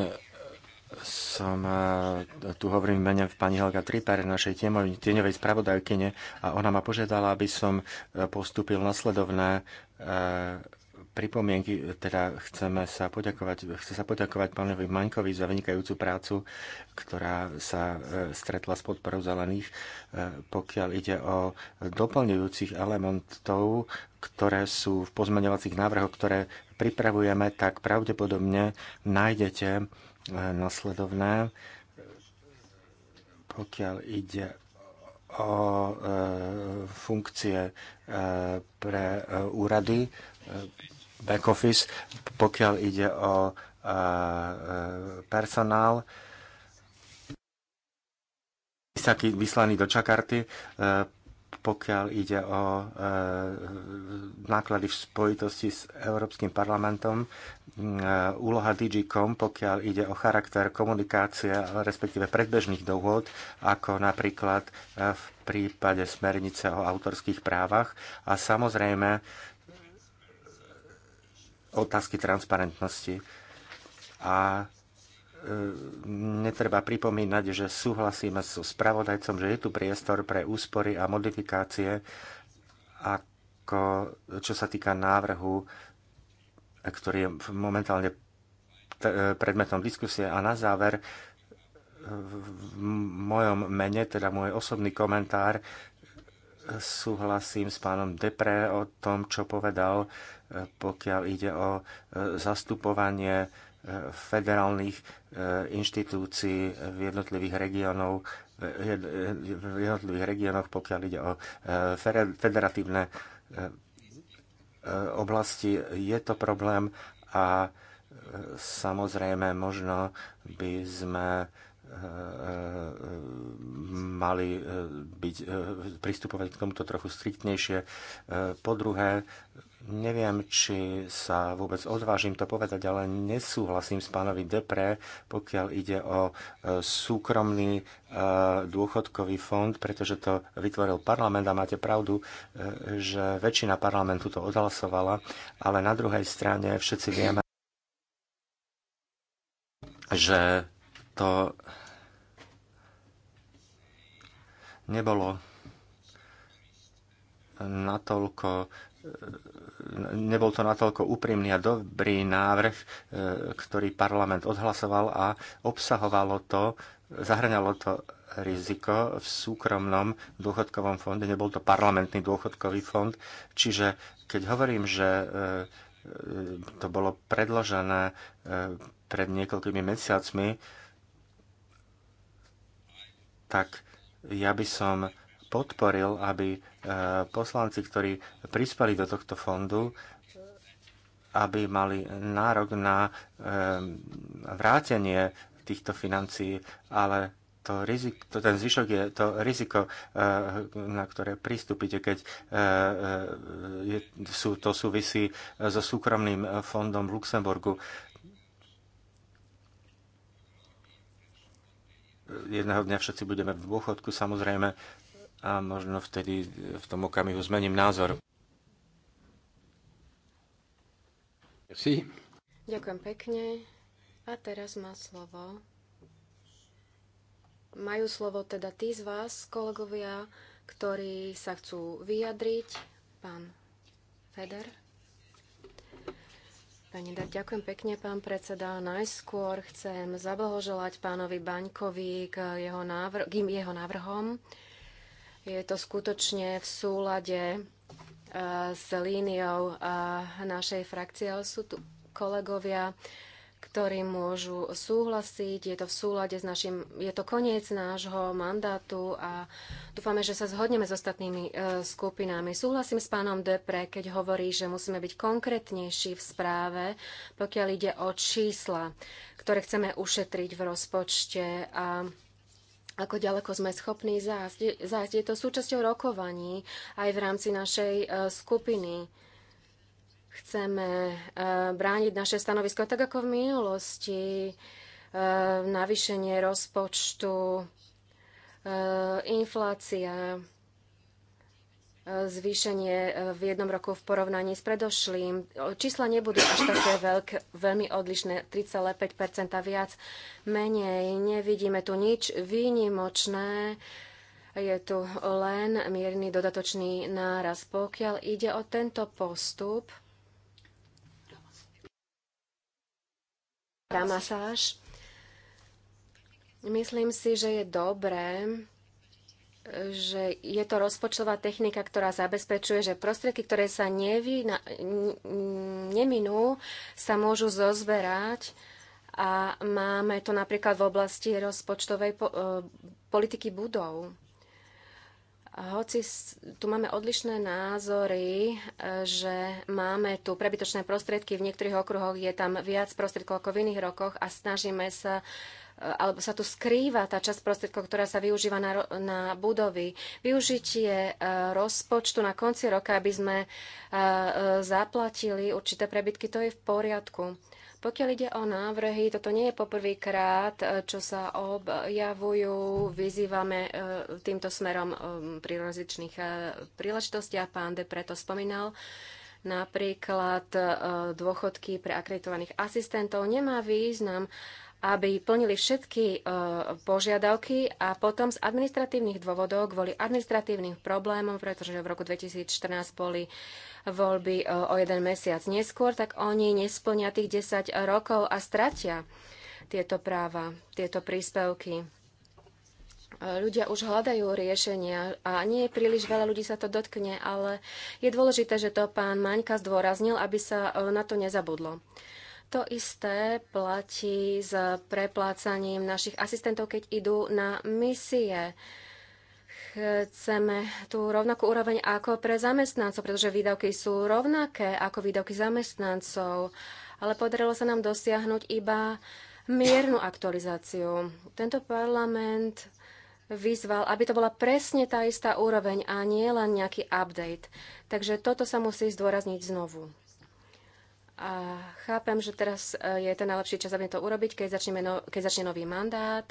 som uh, tu hovorím mene v pani Helga Triper, našej tieňovej spravodajkyne, a ona ma požiadala, aby som postúpil nasledovné pripomienky, teda chceme sa poďakovať, chce sa poďakovať pánovi Maňkovi za vynikajúcu prácu, ktorá sa e, stretla s podporou zelených, e, pokiaľ ide o doplňujúcich elementov, ktoré sú v pozmeňovacích návrhoch, ktoré pripravujeme, tak pravdepodobne nájdete e, nasledovné, pokiaľ ide o funkcie pre úrady, back office, pokiaľ ide o e, e, personál. Vyslaný do Čakarty, e, pokiaľ ide o náklady v spojitosti s Európskym parlamentom, úloha DGCOM, pokiaľ ide o charakter komunikácie, respektíve predbežných dohôd, ako napríklad v prípade smernice o autorských právach. A samozrejme, otázky transparentnosti a e, netreba pripomínať, že súhlasíme so spravodajcom, že je tu priestor pre úspory a modifikácie, ako čo sa týka návrhu, ktorý je momentálne e, predmetom diskusie. A na záver, e, v mojom mene, teda môj osobný komentár, súhlasím s pánom Depre o tom, čo povedal pokiaľ ide o e, zastupovanie e, federálnych e, inštitúcií v jednotlivých regiónov v jednotlivých regiónoch, pokiaľ ide o federatívne oblasti, je to problém a samozrejme možno by sme mali byť, pristupovať k tomuto trochu striktnejšie. Po druhé, Neviem, či sa vôbec odvážim to povedať, ale nesúhlasím s pánovi Depre, pokiaľ ide o e, súkromný e, dôchodkový fond, pretože to vytvoril parlament a máte pravdu, e, že väčšina parlamentu to odhlasovala, ale na druhej strane všetci vieme, že to nebolo natoľko nebol to natoľko úprimný a dobrý návrh, e, ktorý parlament odhlasoval a obsahovalo to, zahrňalo to riziko v súkromnom dôchodkovom fonde, nebol to parlamentný dôchodkový fond, čiže keď hovorím, že e, e, to bolo predložené pred niekoľkými mesiacmi, tak ja by som podporil, aby e, poslanci, ktorí prispali do tohto fondu, aby mali nárok na e, vrátenie týchto financií, ale to riziko, to, ten zvyšok je to riziko, e, na ktoré pristúpite, keď je, sú, to súvisí so súkromným fondom v Luxemburgu. Jedného dňa všetci budeme v dôchodku, samozrejme, a možno vtedy v tom okamihu zmením názor. Merci. Ďakujem pekne. A teraz má slovo. Majú slovo teda tí z vás, kolegovia, ktorí sa chcú vyjadriť. Pán Feder. Pani Dar, ďakujem pekne, pán predseda. Najskôr chcem zablahoželať pánovi Baňkovi k jeho, návr- k jeho návrhom. Je to skutočne v súlade eh, s líniou eh, našej frakcie, ale sú tu kolegovia, ktorí môžu súhlasiť. Je to v súlade s našim, je to koniec nášho mandátu a dúfame, že sa zhodneme s ostatnými eh, skupinami. Súhlasím s pánom Depre, keď hovorí, že musíme byť konkrétnejší v správe, pokiaľ ide o čísla, ktoré chceme ušetriť v rozpočte a ako ďaleko sme schopní zájsť. zájsť. Je to súčasťou rokovaní aj v rámci našej e, skupiny. Chceme e, brániť naše stanovisko tak ako v minulosti. E, navýšenie rozpočtu, inflácia, zvýšenie e, v jednom roku v porovnaní s predošlým. Čísla nebudú až také veľk, veľmi odlišné, 3,5% viac, menej. Nevidíme tu nič výnimočné. Je tu len mierny dodatočný náraz. Pokiaľ ide o tento postup, masáž, myslím si, že je dobré, že je to rozpočtová technika, ktorá zabezpečuje, že prostriedky, ktoré sa nevy, na neminú, sa môžu zozberať a máme to napríklad v oblasti rozpočtovej po, e, politiky budov. Hoci tu máme odlišné názory, e, že máme tu prebytočné prostriedky, v niektorých okruhoch je tam viac prostriedkov ako v iných rokoch a snažíme sa e, alebo sa tu skrýva tá časť prostriedkov, ktorá sa využíva na, na budovy. Využitie e, rozpočtu na konci roka, aby sme e, e, zaplatili určité prebytky, to je v poriadku. Pokiaľ ide o návrhy, toto nie je poprvýkrát, čo sa objavujú. Vyzývame týmto smerom pri rozličných príležitostiach. Pán De preto spomínal napríklad dôchodky pre akreditovaných asistentov. Nemá význam, aby plnili všetky e, požiadavky a potom z administratívnych dôvodov, kvôli administratívnym problémom, pretože v roku 2014 boli voľby e, o jeden mesiac neskôr, tak oni nesplnia tých 10 rokov a stratia tieto práva, tieto príspevky. E, ľudia už hľadajú riešenia a nie je príliš veľa ľudí sa to dotkne, ale je dôležité, že to pán Maňka zdôraznil, aby sa na to nezabudlo. To isté platí s preplácaním našich asistentov, keď idú na misie. Chceme tú rovnakú úroveň ako pre zamestnancov, pretože výdavky sú rovnaké ako výdavky zamestnancov, ale podarilo sa nám dosiahnuť iba miernu aktualizáciu. Tento parlament vyzval, aby to bola presne tá istá úroveň a nie len nejaký update. Takže toto sa musí zdôrazniť znovu. A chápem, že teraz e, je ten najlepší čas, aby to urobiť, keď, začneme no, keď začne nový mandát.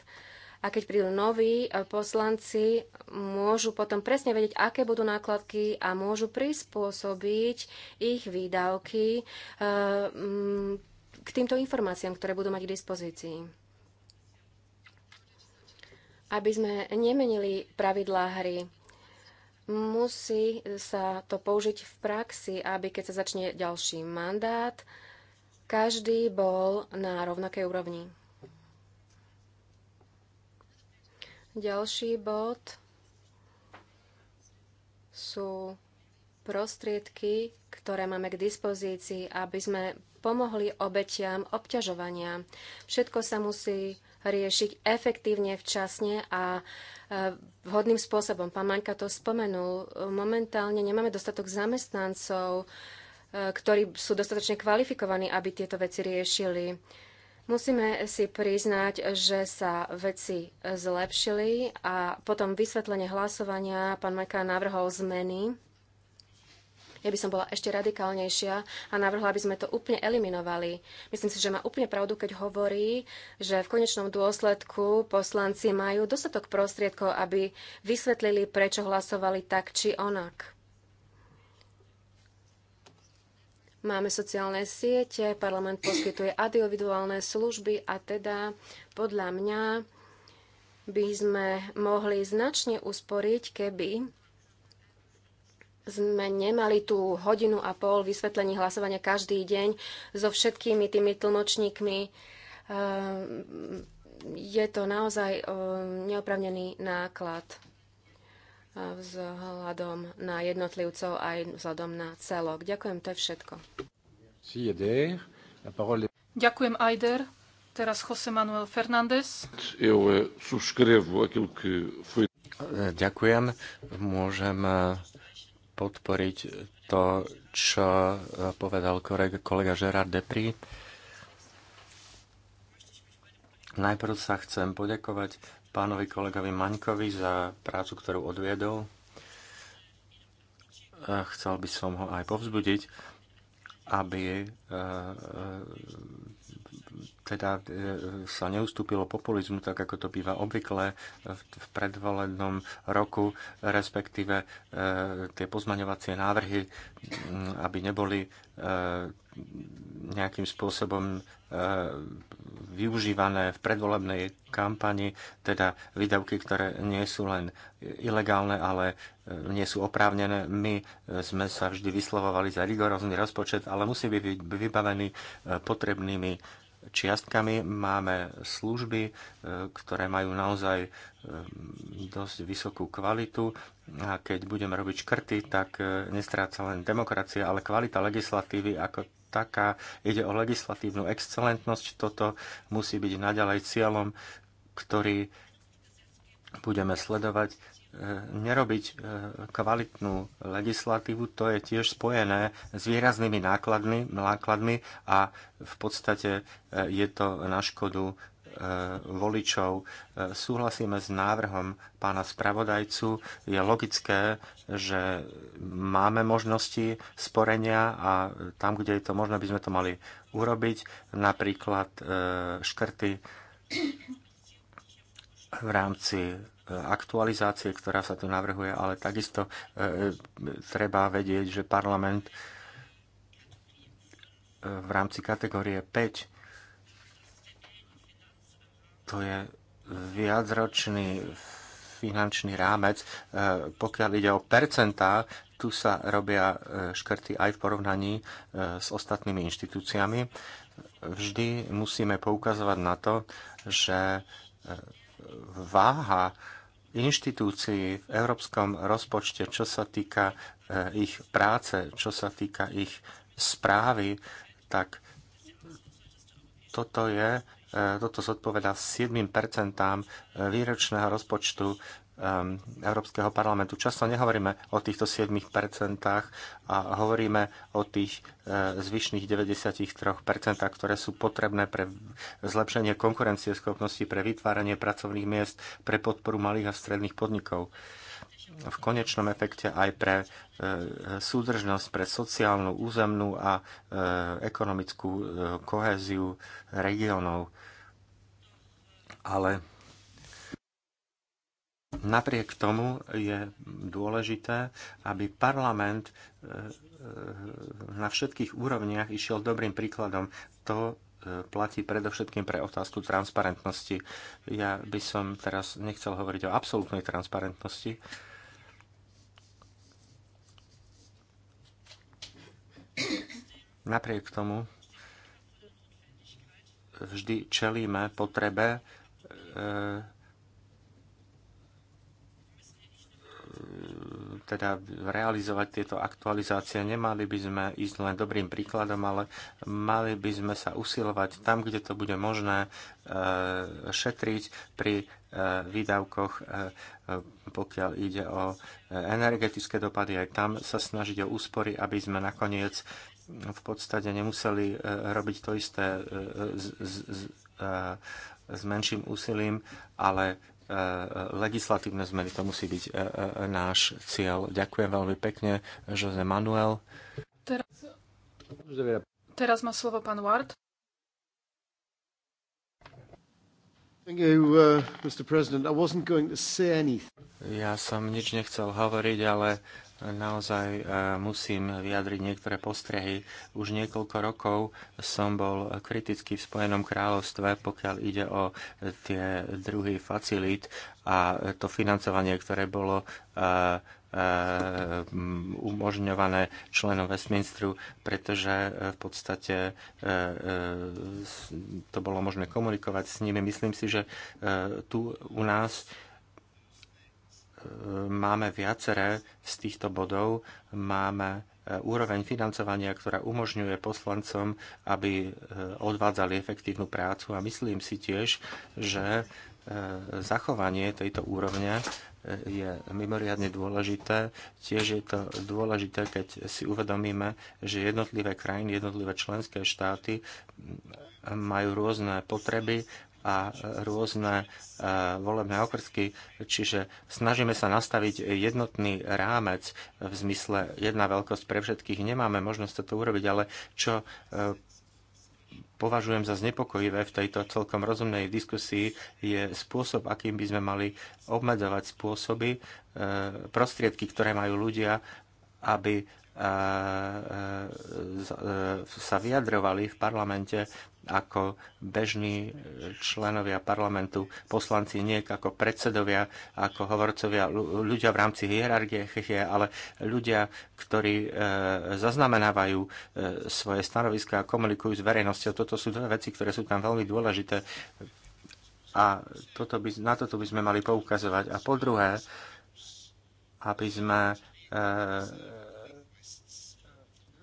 A keď prídu noví e, poslanci, môžu potom presne vedieť, aké budú nákladky a môžu prispôsobiť ich výdavky e, k týmto informáciám, ktoré budú mať k dispozícii. Aby sme nemenili pravidlá hry, musí sa to použiť v praxi, aby keď sa začne ďalší mandát, každý bol na rovnakej úrovni. Ďalší bod sú prostriedky, ktoré máme k dispozícii, aby sme pomohli obetiam obťažovania. Všetko sa musí riešiť efektívne, včasne a e, vhodným spôsobom. Pán Maňka to spomenul. Momentálne nemáme dostatok zamestnancov, e, ktorí sú dostatočne kvalifikovaní, aby tieto veci riešili. Musíme si priznať, že sa veci zlepšili a potom vysvetlenie hlasovania pán Majka navrhol zmeny ja by som bola ešte radikálnejšia a navrhla, aby sme to úplne eliminovali. Myslím si, že má úplne pravdu, keď hovorí, že v konečnom dôsledku poslanci majú dostatok prostriedkov, aby vysvetlili, prečo hlasovali tak či onak. Máme sociálne siete, parlament poskytuje audiovizuálne služby a teda podľa mňa by sme mohli značne usporiť, keby sme nemali tú hodinu a pol vysvetlení hlasovania každý deň so všetkými tými tlmočníkmi. Ehm, je to naozaj ehm, neopravnený náklad ehm, vzhľadom na jednotlivcov aj vzhľadom na celok. Ďakujem, to je všetko. Ďakujem, Ajder. Teraz Jose Manuel Fernández. Eh, eh, ďakujem. Môžem eh, podporiť to, čo povedal kolega Gerard Depri. Najprv sa chcem poďakovať pánovi kolegovi Maňkovi za prácu, ktorú odviedol. Chcel by som ho aj povzbudiť, aby e, e, teda e, sa neustúpilo populizmu, tak ako to býva obvykle v predvolenom roku, respektíve e, tie pozmaňovacie návrhy, aby neboli e, nejakým spôsobom využívané v predvolebnej kampani, teda výdavky, ktoré nie sú len ilegálne, ale nie sú oprávnené. My sme sa vždy vyslovovali za rigorózny rozpočet, ale musí byť vybavený potrebnými čiastkami. Máme služby, e, ktoré majú naozaj e, dosť vysokú kvalitu a keď budeme robiť škrty, tak e, nestráca len demokracia, ale kvalita legislatívy ako taká. Ide o legislatívnu excelentnosť. Toto musí byť naďalej cieľom, ktorý budeme sledovať nerobiť e, kvalitnú legislatívu, to je tiež spojené s výraznými nákladmi, nákladmi a v podstate e, je to na škodu e, voličov. Súhlasíme s návrhom pána spravodajcu. Je logické, že máme možnosti sporenia a tam, kde je to možné, by sme to mali urobiť. Napríklad škrty v rámci aktualizácie, ktorá sa tu navrhuje, ale takisto e, e, treba vedieť, že parlament e, v rámci kategórie 5 to je viacročný finančný rámec. Pokiaľ ide o percentá, tu sa robia škrty aj v porovnaní s ostatnými inštitúciami. Vždy musíme poukazovať na to, že váha inštitúcií v európskom rozpočte, čo sa týka eh, ich práce, čo sa týka ich správy, tak toto je eh, toto zodpoveda 7% eh, výročného rozpočtu Um, Európskeho parlamentu. Často nehovoríme o týchto 7% a hovoríme o tých uh, zvyšných 93%, ktoré sú potrebné pre zlepšenie konkurencieschopnosti, pre vytváranie pracovných miest, pre podporu malých a stredných podnikov v konečnom efekte aj pre uh, súdržnosť, pre sociálnu, územnú a uh, ekonomickú kohéziu regiónov. Ale Napriek tomu je dôležité, aby parlament e, e, na všetkých úrovniach išiel dobrým príkladom. To e, platí predovšetkým pre otázku transparentnosti. Ja by som teraz nechcel hovoriť o absolútnej transparentnosti. Napriek tomu vždy čelíme potrebe teda realizovať tieto aktualizácie. Nemali by sme ísť len dobrým príkladom, ale mali by sme sa usilovať tam, kde to bude možné e, šetriť pri e, výdavkoch, e, pokiaľ ide o energetické dopady, aj tam sa snažiť o úspory, aby sme nakoniec v podstate nemuseli robiť to isté s, s, s, s menším úsilím, ale legislatívne zmeny. To musí byť e, e, náš cieľ. Ďakujem veľmi pekne, Jose Manuel. Teraz, teraz má slovo pán Ward. Uh, ja som nič nechcel hovoriť, ale naozaj e, musím vyjadriť niektoré postrehy. Už niekoľko rokov som bol kritický v Spojenom kráľovstve, pokiaľ ide o tie druhy facilít a to financovanie, ktoré bolo e, e, umožňované členom Westminsteru, pretože v podstate to bolo možné komunikovať s nimi. Myslím si, že tu u nás máme viaceré z týchto bodov. Máme e, úroveň financovania, ktorá umožňuje poslancom, aby e, odvádzali efektívnu prácu. A myslím si tiež, že e, zachovanie tejto úrovne je mimoriadne dôležité. Tiež je to dôležité, keď si uvedomíme, že jednotlivé krajiny, jednotlivé členské štáty majú rôzne potreby, a rôzne e, volebné okrsky, čiže snažíme sa nastaviť jednotný rámec v zmysle jedna veľkosť pre všetkých. Nemáme možnosť toto urobiť, ale čo e, považujem za znepokojivé v tejto celkom rozumnej diskusii je spôsob, akým by sme mali obmedzovať spôsoby, e, prostriedky, ktoré majú ľudia, aby sa vyjadrovali v parlamente ako bežní členovia parlamentu, poslanci, nie ako predsedovia, ako hovorcovia, ľudia v rámci hierarchie, ale ľudia, ktorí e, zaznamenávajú e, svoje stanoviska a komunikujú s verejnosťou. Toto sú dve veci, ktoré sú tam veľmi dôležité a toto by, na toto by sme mali poukazovať. A po druhé, aby sme e,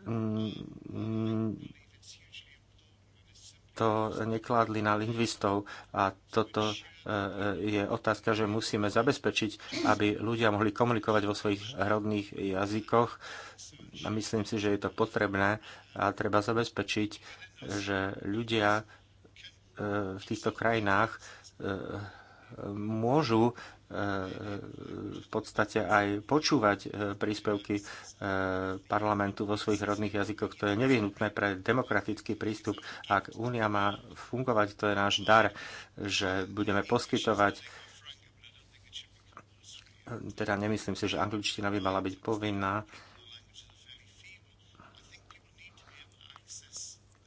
Mm, mm, to nekladli na lingvistov a toto e, e, je otázka, že musíme zabezpečiť, aby ľudia mohli komunikovať vo svojich rodných jazykoch a myslím si, že je to potrebné a treba zabezpečiť, že ľudia e, v týchto krajinách môžu v podstate aj počúvať e, príspevky e, parlamentu vo svojich rodných jazykoch. To je nevyhnutné pre demokratický prístup. Ak únia má fungovať, to je náš dar, že budeme poskytovať teda nemyslím si, že angličtina by mala byť povinná.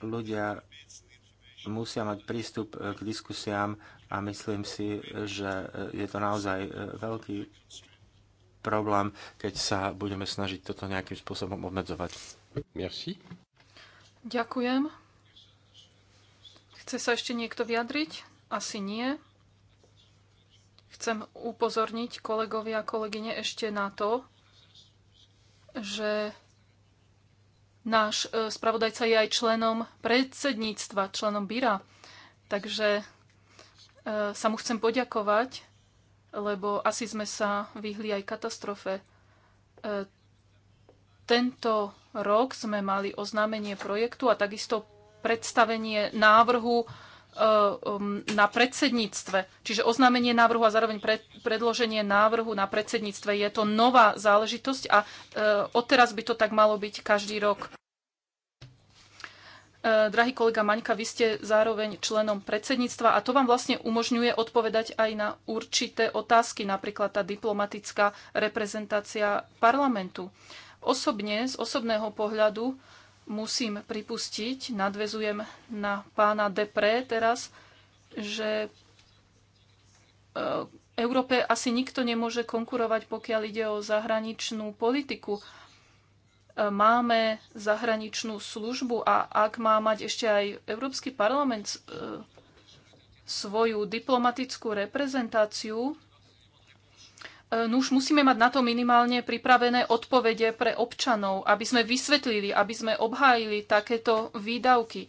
Ľudia musia mať prístup e, k diskusiám a myslím si, že e, je to naozaj e, veľký problém, keď sa budeme snažiť toto nejakým spôsobom obmedzovať. Merci. Ďakujem. Chce sa ešte niekto vyjadriť? Asi nie. Chcem upozorniť kolegovia a kolegyne ešte na to, že náš e, spravodajca je aj členom predsedníctva, členom Byra. Takže Eh, sa mu chcem poďakovať, lebo asi sme sa vyhli aj katastrofe. Eh, tento rok sme mali oznámenie projektu a takisto predstavenie návrhu eh, um, na predsedníctve. Čiže oznámenie návrhu a zároveň predloženie návrhu na predsedníctve. Je to nová záležitosť a odteraz by to tak malo byť každý rok. Eh, drahý kolega Maňka, vy ste zároveň členom predsedníctva a to vám vlastne umožňuje odpovedať aj na určité otázky, napríklad tá diplomatická reprezentácia parlamentu. Osobne, z osobného pohľadu, musím pripustiť, nadvezujem na pána Depré teraz, že eh, Európe asi nikto nemôže konkurovať, pokiaľ ide o zahraničnú politiku máme zahraničnú službu a ak má mať ešte aj Európsky parlament e, svoju diplomatickú reprezentáciu, e, už musíme mať na to minimálne pripravené odpovede pre občanov, aby sme vysvetlili, aby sme obhájili takéto výdavky e,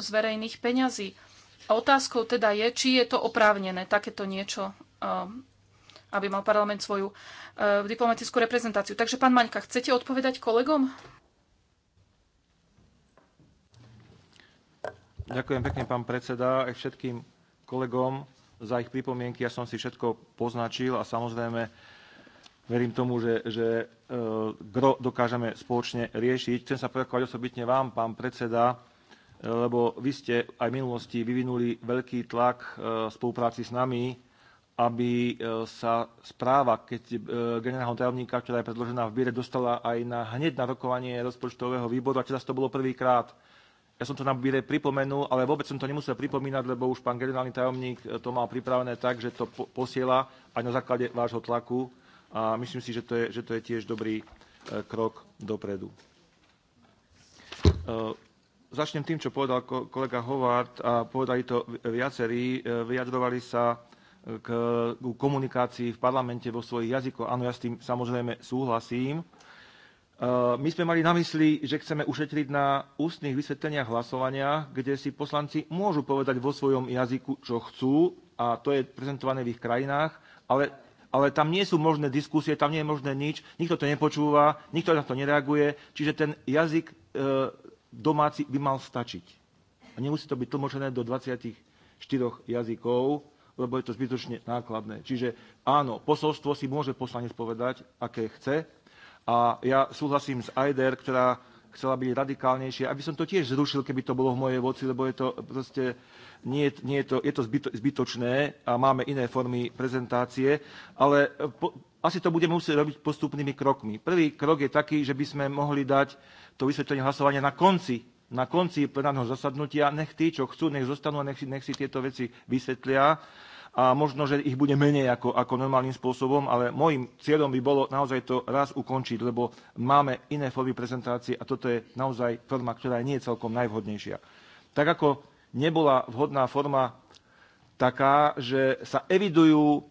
z verejných peňazí. otázkou teda je, či je to oprávnené takéto niečo aby mal parlament svoju uh, diplomatickú reprezentáciu. Takže, pán Maňka, chcete odpovedať kolegom? Ďakujem pekne, pán predseda, aj všetkým kolegom za ich pripomienky. Ja som si všetko poznačil a samozrejme verím tomu, že, že e, gro dokážeme spoločne riešiť. Chcem sa poďakovať osobitne vám, pán predseda, e, lebo vy ste aj v minulosti vyvinuli veľký tlak v spolupráci s nami aby e, sa správa, keď e, generálneho tajomníka, ktorá je predložená v Bíre, dostala aj na, hneď na rokovanie rozpočtového výboru. A teraz to bolo prvýkrát. Ja som to na Bíre pripomenul, ale vôbec som to nemusel pripomínať, lebo už pán generálny tajomník e, to mal pripravené tak, že to posiela aj na základe vášho tlaku. A myslím si, že to je, že to je tiež dobrý krok dopredu. Začnem tým, čo povedal kolega Hovard a povedali to viacerí. Vyjadrovali sa k komunikácii v parlamente vo svojich jazykoch. Áno, ja s tým samozrejme súhlasím. E, my sme mali na mysli, že chceme ušetriť na ústnych vysvetleniach hlasovania, kde si poslanci môžu povedať vo svojom jazyku, čo chcú, a to je prezentované v ich krajinách, ale, ale tam nie sú možné diskusie, tam nie je možné nič, nikto to nepočúva, nikto na to nereaguje, čiže ten jazyk e, domáci by mal stačiť. A nemusí to byť tlmočené do 24 jazykov, lebo je to zbytočne nákladné. Čiže áno, posolstvo si môže poslanec povedať, aké chce. A ja súhlasím s AIDER, ktorá chcela byť radikálnejšia, aby som to tiež zrušil, keby to bolo v mojej voci, lebo je to proste, nie, nie je to, je to zbyto, zbytočné a máme iné formy prezentácie, ale po, asi to budeme musieť robiť postupnými krokmi. Prvý krok je taký, že by sme mohli dať to vysvetlenie hlasovania na konci na konci plenárneho zasadnutia, nech tí, čo chcú, nech zostanú, nech si, nech si tieto veci vysvetlia a možno, že ich bude menej ako, ako normálnym spôsobom, ale môjim cieľom by bolo naozaj to raz ukončiť, lebo máme iné formy prezentácie a toto je naozaj forma, ktorá nie je celkom najvhodnejšia. Tak ako nebola vhodná forma taká, že sa evidujú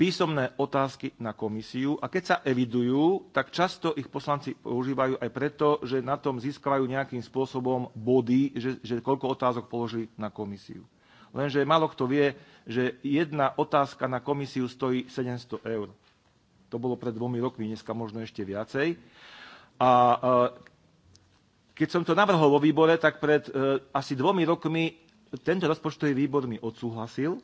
písomné otázky na komisiu a keď sa evidujú, tak často ich poslanci používajú aj preto, že na tom získajú nejakým spôsobom body, že, že koľko otázok položili na komisiu. Lenže málo kto vie, že jedna otázka na komisiu stojí 700 eur. To bolo pred dvomi rokmi, dneska možno ešte viacej. A e, keď som to navrhol vo výbore, tak pred e, asi dvomi rokmi tento rozpočtový výbor mi odsúhlasil,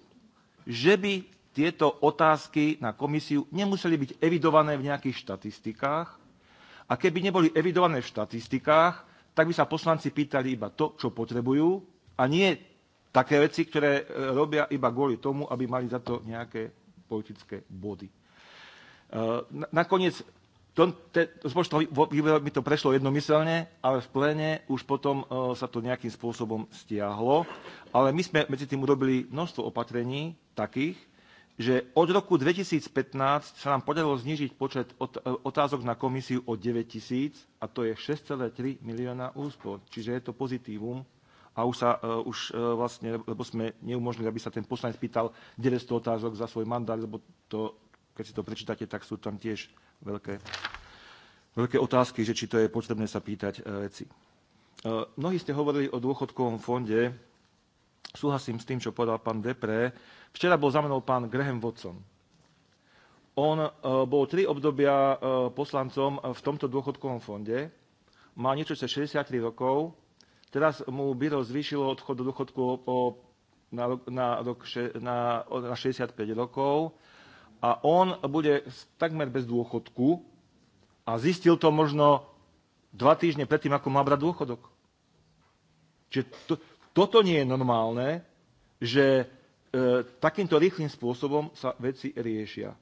že by tieto otázky na komisiu nemuseli byť evidované v nejakých štatistikách. A keby neboli evidované v štatistikách, tak by sa poslanci pýtali iba to, čo potrebujú, a nie také veci, ktoré e, robia iba kvôli tomu, aby mali za to nejaké politické body. E, nakoniec rozpočtový mi to prešlo jednomyselne, ale v pléne už potom e, sa to nejakým spôsobom stiahlo. Ale my sme medzi tým urobili množstvo opatrení takých, že od roku 2015 sa nám podarilo znižiť počet e, otázok na komisiu o 9 tisíc a to je 6,3 milióna úspor. Čiže je to pozitívum a už, sa, e, už e, vlastne, lebo sme neumožnili, aby sa ten poslanec pýtal 900 otázok za svoj mandát, lebo to, keď si to prečítate, tak sú tam tiež veľké, veľké otázky, že či to je potrebné sa pýtať veci. mnohí ste hovorili o dôchodkovom fonde. Súhlasím s tým, čo povedal pán Depré Včera bol za mnou pán Graham Watson. On e, bol tri obdobia e, poslancom v tomto dôchodkovom fonde. Má niečo cez 63 rokov. Teraz mu byro zvýšilo odchod do dôchodku o, na, na, rok, na, na 65 rokov a on bude takmer bez dôchodku a zistil to možno dva týždne predtým, ako má brať dôchodok. Čiže to, toto nie je normálne, že E, takýmto rýchlým spôsobom sa veci riešia.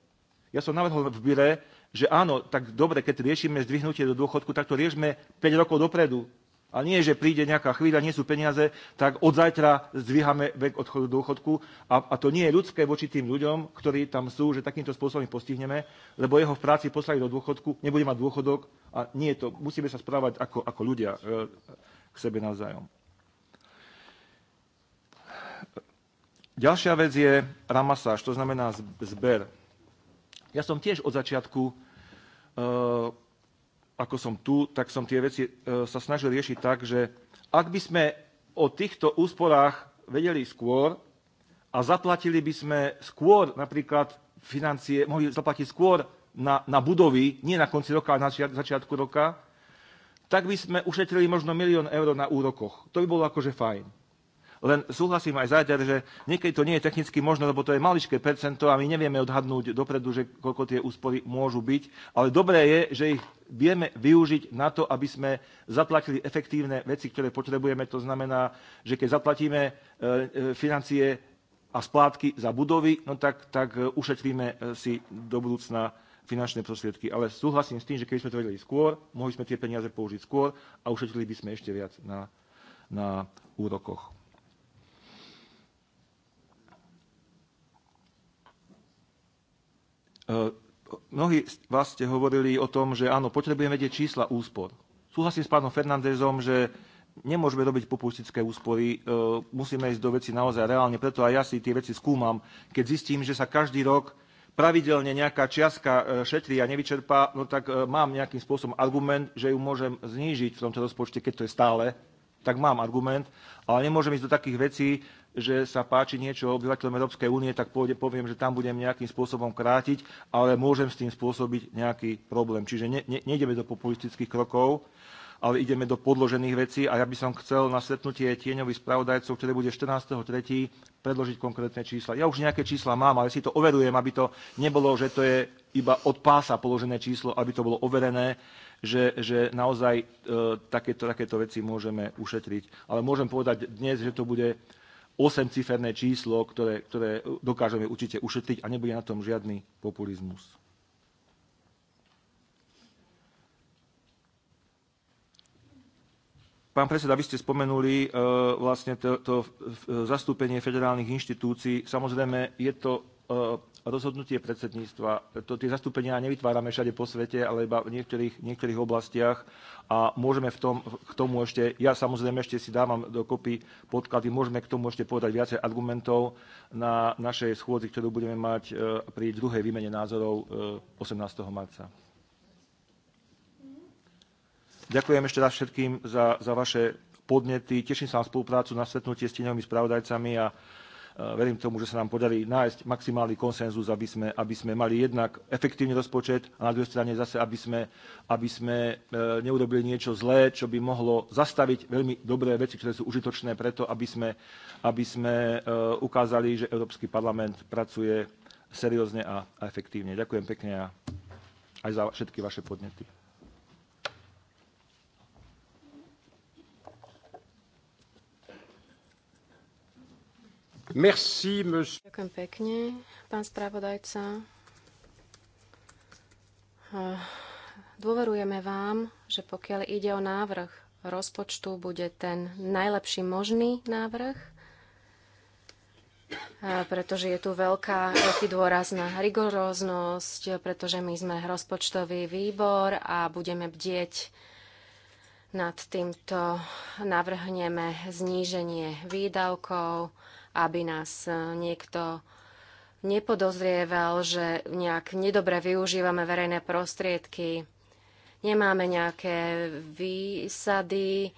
Ja som navrhol v Bire, že áno, tak dobre, keď riešime zdvihnutie do dôchodku, tak to riešme 5 rokov dopredu. A nie, že príde nejaká chvíľa, nie sú peniaze, tak od zajtra zdvíhame vek odchodu do dôchodku. A, a to nie je ľudské voči tým ľuďom, ktorí tam sú, že takýmto spôsobom postihneme, lebo jeho v práci poslali do dôchodku, nebude mať dôchodok a nie je to. Musíme sa správať ako, ako ľudia e, k sebe navzájom. Ďalšia vec je ramasáž, to znamená zber. Ja som tiež od začiatku, e, ako som tu, tak som tie veci e, sa snažil riešiť tak, že ak by sme o týchto úsporách vedeli skôr a zaplatili by sme skôr napríklad financie, mohli zaplatiť skôr na, na budovy, nie na konci roka, ale na začiatku roka, tak by sme ušetrili možno milión eur na úrokoch. To by bolo akože fajn. Len súhlasím aj záďar, že niekedy to nie je technicky možné, lebo to je maličké percento a my nevieme odhadnúť dopredu, že koľko tie úspory môžu byť. Ale dobré je, že ich vieme využiť na to, aby sme zaplatili efektívne veci, ktoré potrebujeme. To znamená, že keď zaplatíme e, e, financie a splátky za budovy, no tak, tak e, ušetríme si do budúcna finančné prostriedky. Ale súhlasím s tým, že keby sme to vedeli skôr, mohli sme tie peniaze použiť skôr a ušetrili by sme ešte viac na, na úrokoch. E, mnohí z vás ste hovorili o tom, že áno, potrebujeme tie čísla úspor. Súhlasím s pánom Fernandezom, že nemôžeme robiť populistické úspory, e, musíme ísť do veci naozaj reálne, preto aj ja si tie veci skúmam. Keď zistím, že sa každý rok pravidelne nejaká čiastka e, šetrí a nevyčerpá, no tak mám nejakým spôsobom argument, že ju môžem znížiť v tomto rozpočte, keď to je stále tak mám argument, ale nemôžem ísť do takých vecí, že sa páči niečo obyvateľom Európskej únie, tak pôjde, poviem, že tam budem nejakým spôsobom krátiť, ale môžem s tým spôsobiť nejaký problém. Čiže ne, ne, nejdeme do populistických krokov, ale ideme do podložených vecí a ja by som chcel na stretnutie tieňových spravodajcov, ktoré bude 14.3., predložiť konkrétne čísla. Ja už nejaké čísla mám, ale si to overujem, aby to nebolo, že to je iba od pása položené číslo, aby to bolo overené, že, že naozaj e, takéto, takéto veci môžeme ušetriť. Ale môžem povedať dnes, že to bude 8-ciferné číslo, ktoré, ktoré dokážeme určite ušetriť a nebude na tom žiadny populizmus. Pán predseda, vy ste spomenuli e, vlastne to, to e, zastúpenie federálnych inštitúcií. Samozrejme, je to E, rozhodnutie predsedníctva. To, tie zastúpenia nevytvárame všade po svete, ale iba v niektorých, niektorých oblastiach a môžeme v tom, k tomu ešte, ja samozrejme ešte si dávam dokopy podklady, môžeme k tomu ešte povedať viacej argumentov na našej schôdzi, ktorú budeme mať e, pri druhej výmene názorov 18. E, marca. Ďakujem ešte raz všetkým za, za vaše podnety. Teším sa na spoluprácu, na stretnutie s tieňovými spravodajcami a Eh, verím tomu, že sa nám podarí nájsť maximálny konsenzus, aby sme, aby sme mali jednak efektívny rozpočet a na druhej strane zase, aby sme, aby sme eh, neurobili niečo zlé, čo by mohlo zastaviť veľmi dobré veci, ktoré sú užitočné preto, aby sme, aby sme eh, ukázali, že Európsky parlament pracuje seriózne a efektívne. Ďakujem pekne a aj za všetky vaše podnety. Merci, monsieur. Ďakujem pekne, pán spravodajca. Dôverujeme vám, že pokiaľ ide o návrh rozpočtu, bude ten najlepší možný návrh, pretože je tu veľká, veľký dôraz na rigoróznosť, pretože my sme rozpočtový výbor a budeme bdieť nad týmto navrhneme zníženie výdavkov aby nás e, niekto nepodozrieval, že nejak nedobre využívame verejné prostriedky. Nemáme nejaké výsady, e,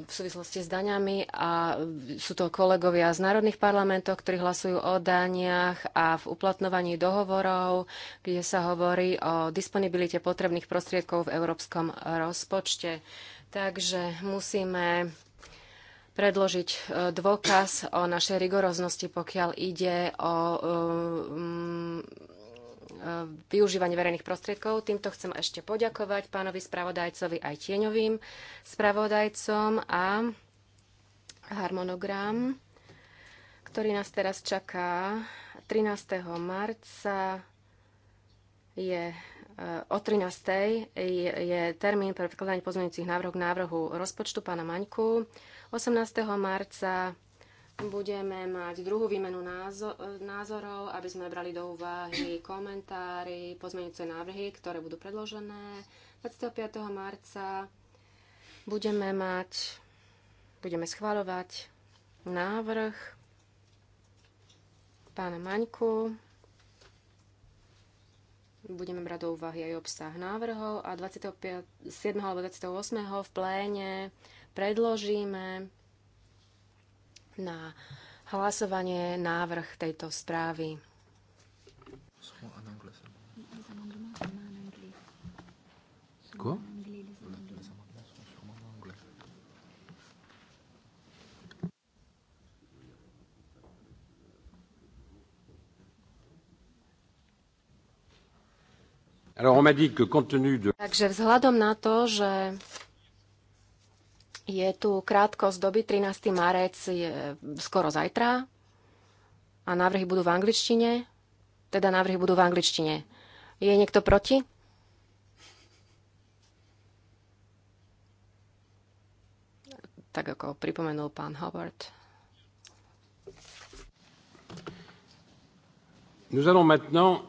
v súvislosti s daňami a sú to kolegovia z národných parlamentov, ktorí hlasujú o daniach a v uplatňovaní dohovorov, kde sa hovorí o disponibilite potrebných prostriedkov v európskom rozpočte. Takže musíme predložiť e, dôkaz o našej rigoroznosti, pokiaľ ide o um, využívanie verejných prostriedkov. Týmto chcem ešte poďakovať pánovi spravodajcovi aj tieňovým spravodajcom a harmonogram, ktorý nás teraz čaká 13. marca je o 13. je, je termín pre vkladanie pozmeňujúcich návrhov k návrhu rozpočtu pána Maňku. 18. marca budeme mať druhú výmenu názor, názorov, aby sme brali do úvahy komentári, pozmeňujúce návrhy, ktoré budú predložené. 25. marca budeme mať, budeme schváľovať návrh pána Maňku. Budeme brať do úvahy aj obsah návrhov a 27. alebo 28. v pléne predložíme na hlasovanie návrh tejto správy. Quoi Takže vzhľadom na to, že je tu z doby, 13. marec je skoro zajtra a návrhy budú v angličtine, teda návrhy budú v angličtine. Je niekto proti? Tak ako pripomenul pán Howard. Nous allons maintenant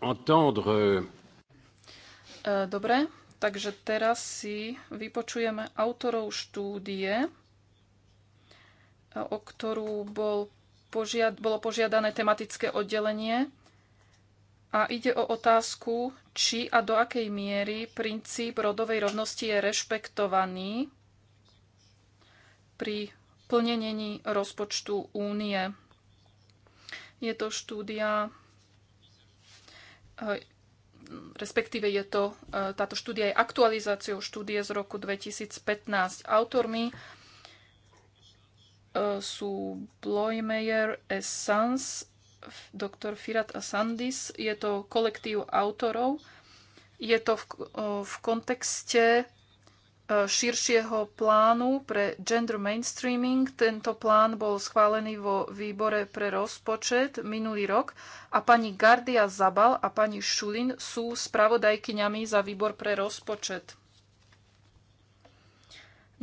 entendre... Euh, Dobre, Takže teraz si vypočujeme autorov štúdie, o ktorú bol požiad, bolo požiadané tematické oddelenie. A ide o otázku, či a do akej miery princíp rodovej rovnosti je rešpektovaný pri plnenení rozpočtu únie. Je to štúdia respektíve je to, e, táto štúdia je aktualizáciou štúdie z roku 2015. Autormi e, sú Bloymeyer et Sons, doktor Firat a Sandis, Je to kolektív autorov. Je to v, e, v kontexte E, širšieho plánu pre gender mainstreaming. Tento plán bol schválený vo výbore pre rozpočet minulý rok a pani Gardia Zabal a pani Šulin sú spravodajkyňami za výbor pre rozpočet.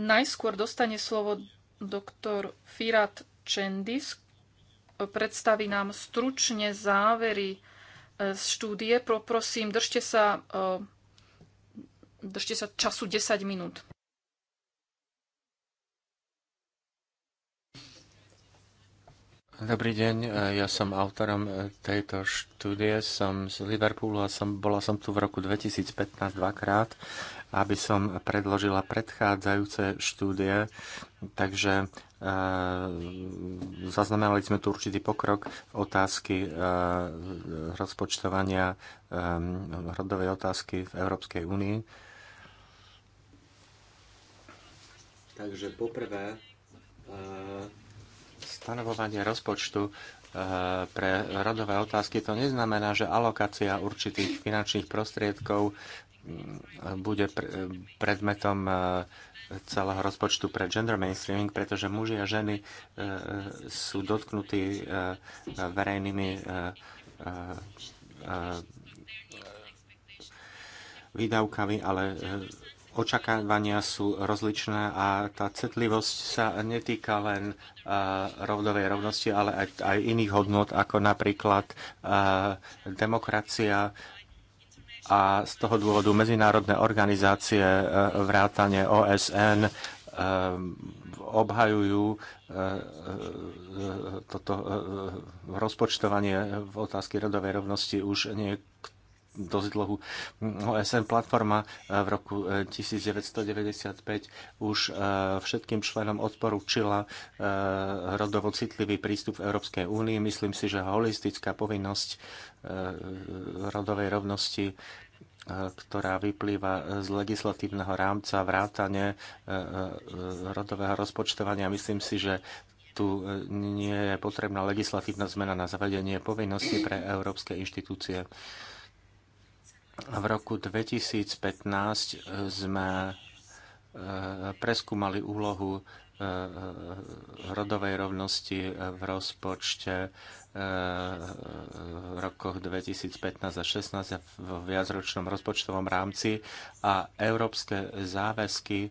Najskôr dostane slovo doktor Firat Čendis. Predstaví nám stručne závery e, z štúdie. Poprosím, držte sa e, Držte sa času 10 minút. Dobrý deň, e, ja som autorom e, tejto štúdie, som z Liverpoolu a som, bola som tu v roku 2015 dvakrát, aby som predložila predchádzajúce štúdie, takže e, zaznamenali sme tu určitý pokrok v otázky e, rozpočtovania e, rodovej otázky v Európskej únii Takže poprvé e, stanovovanie rozpočtu e, pre rodové otázky to neznamená, že alokácia určitých finančných prostriedkov mm, bude predmetom e, celého rozpočtu pre gender mainstreaming, pretože muži a ženy sú dotknutí verejnými výdavkami, ale očakávania sú rozličné a tá citlivosť sa netýka len rovnovej rovnosti, ale aj, aj iných hodnot, ako napríklad demokracia a z toho dôvodu medzinárodné organizácie e, vrátane OSN e, obhajujú e, toto rozpočtovanie v otázky rodovej rovnosti už niek- dosť dlhú OSN platforma eh, v roku 1995 eh, už eh, všetkým členom odporúčila rodovo citlivý prístup v Európskej únii. Myslím si, že holistická povinnosť rodovej rovnosti ktorá vyplýva z legislatívneho rámca vrátane rodového rozpočtovania. Myslím si, že tu nie je potrebná legislatívna zmena na zavedenie povinnosti pre európske inštitúcie. V roku 2015 e, sme e, preskúmali úlohu e, rodovej rovnosti v rozpočte v rokoch 2015 a 2016 v viacročnom rozpočtovom rámci a európske záväzky,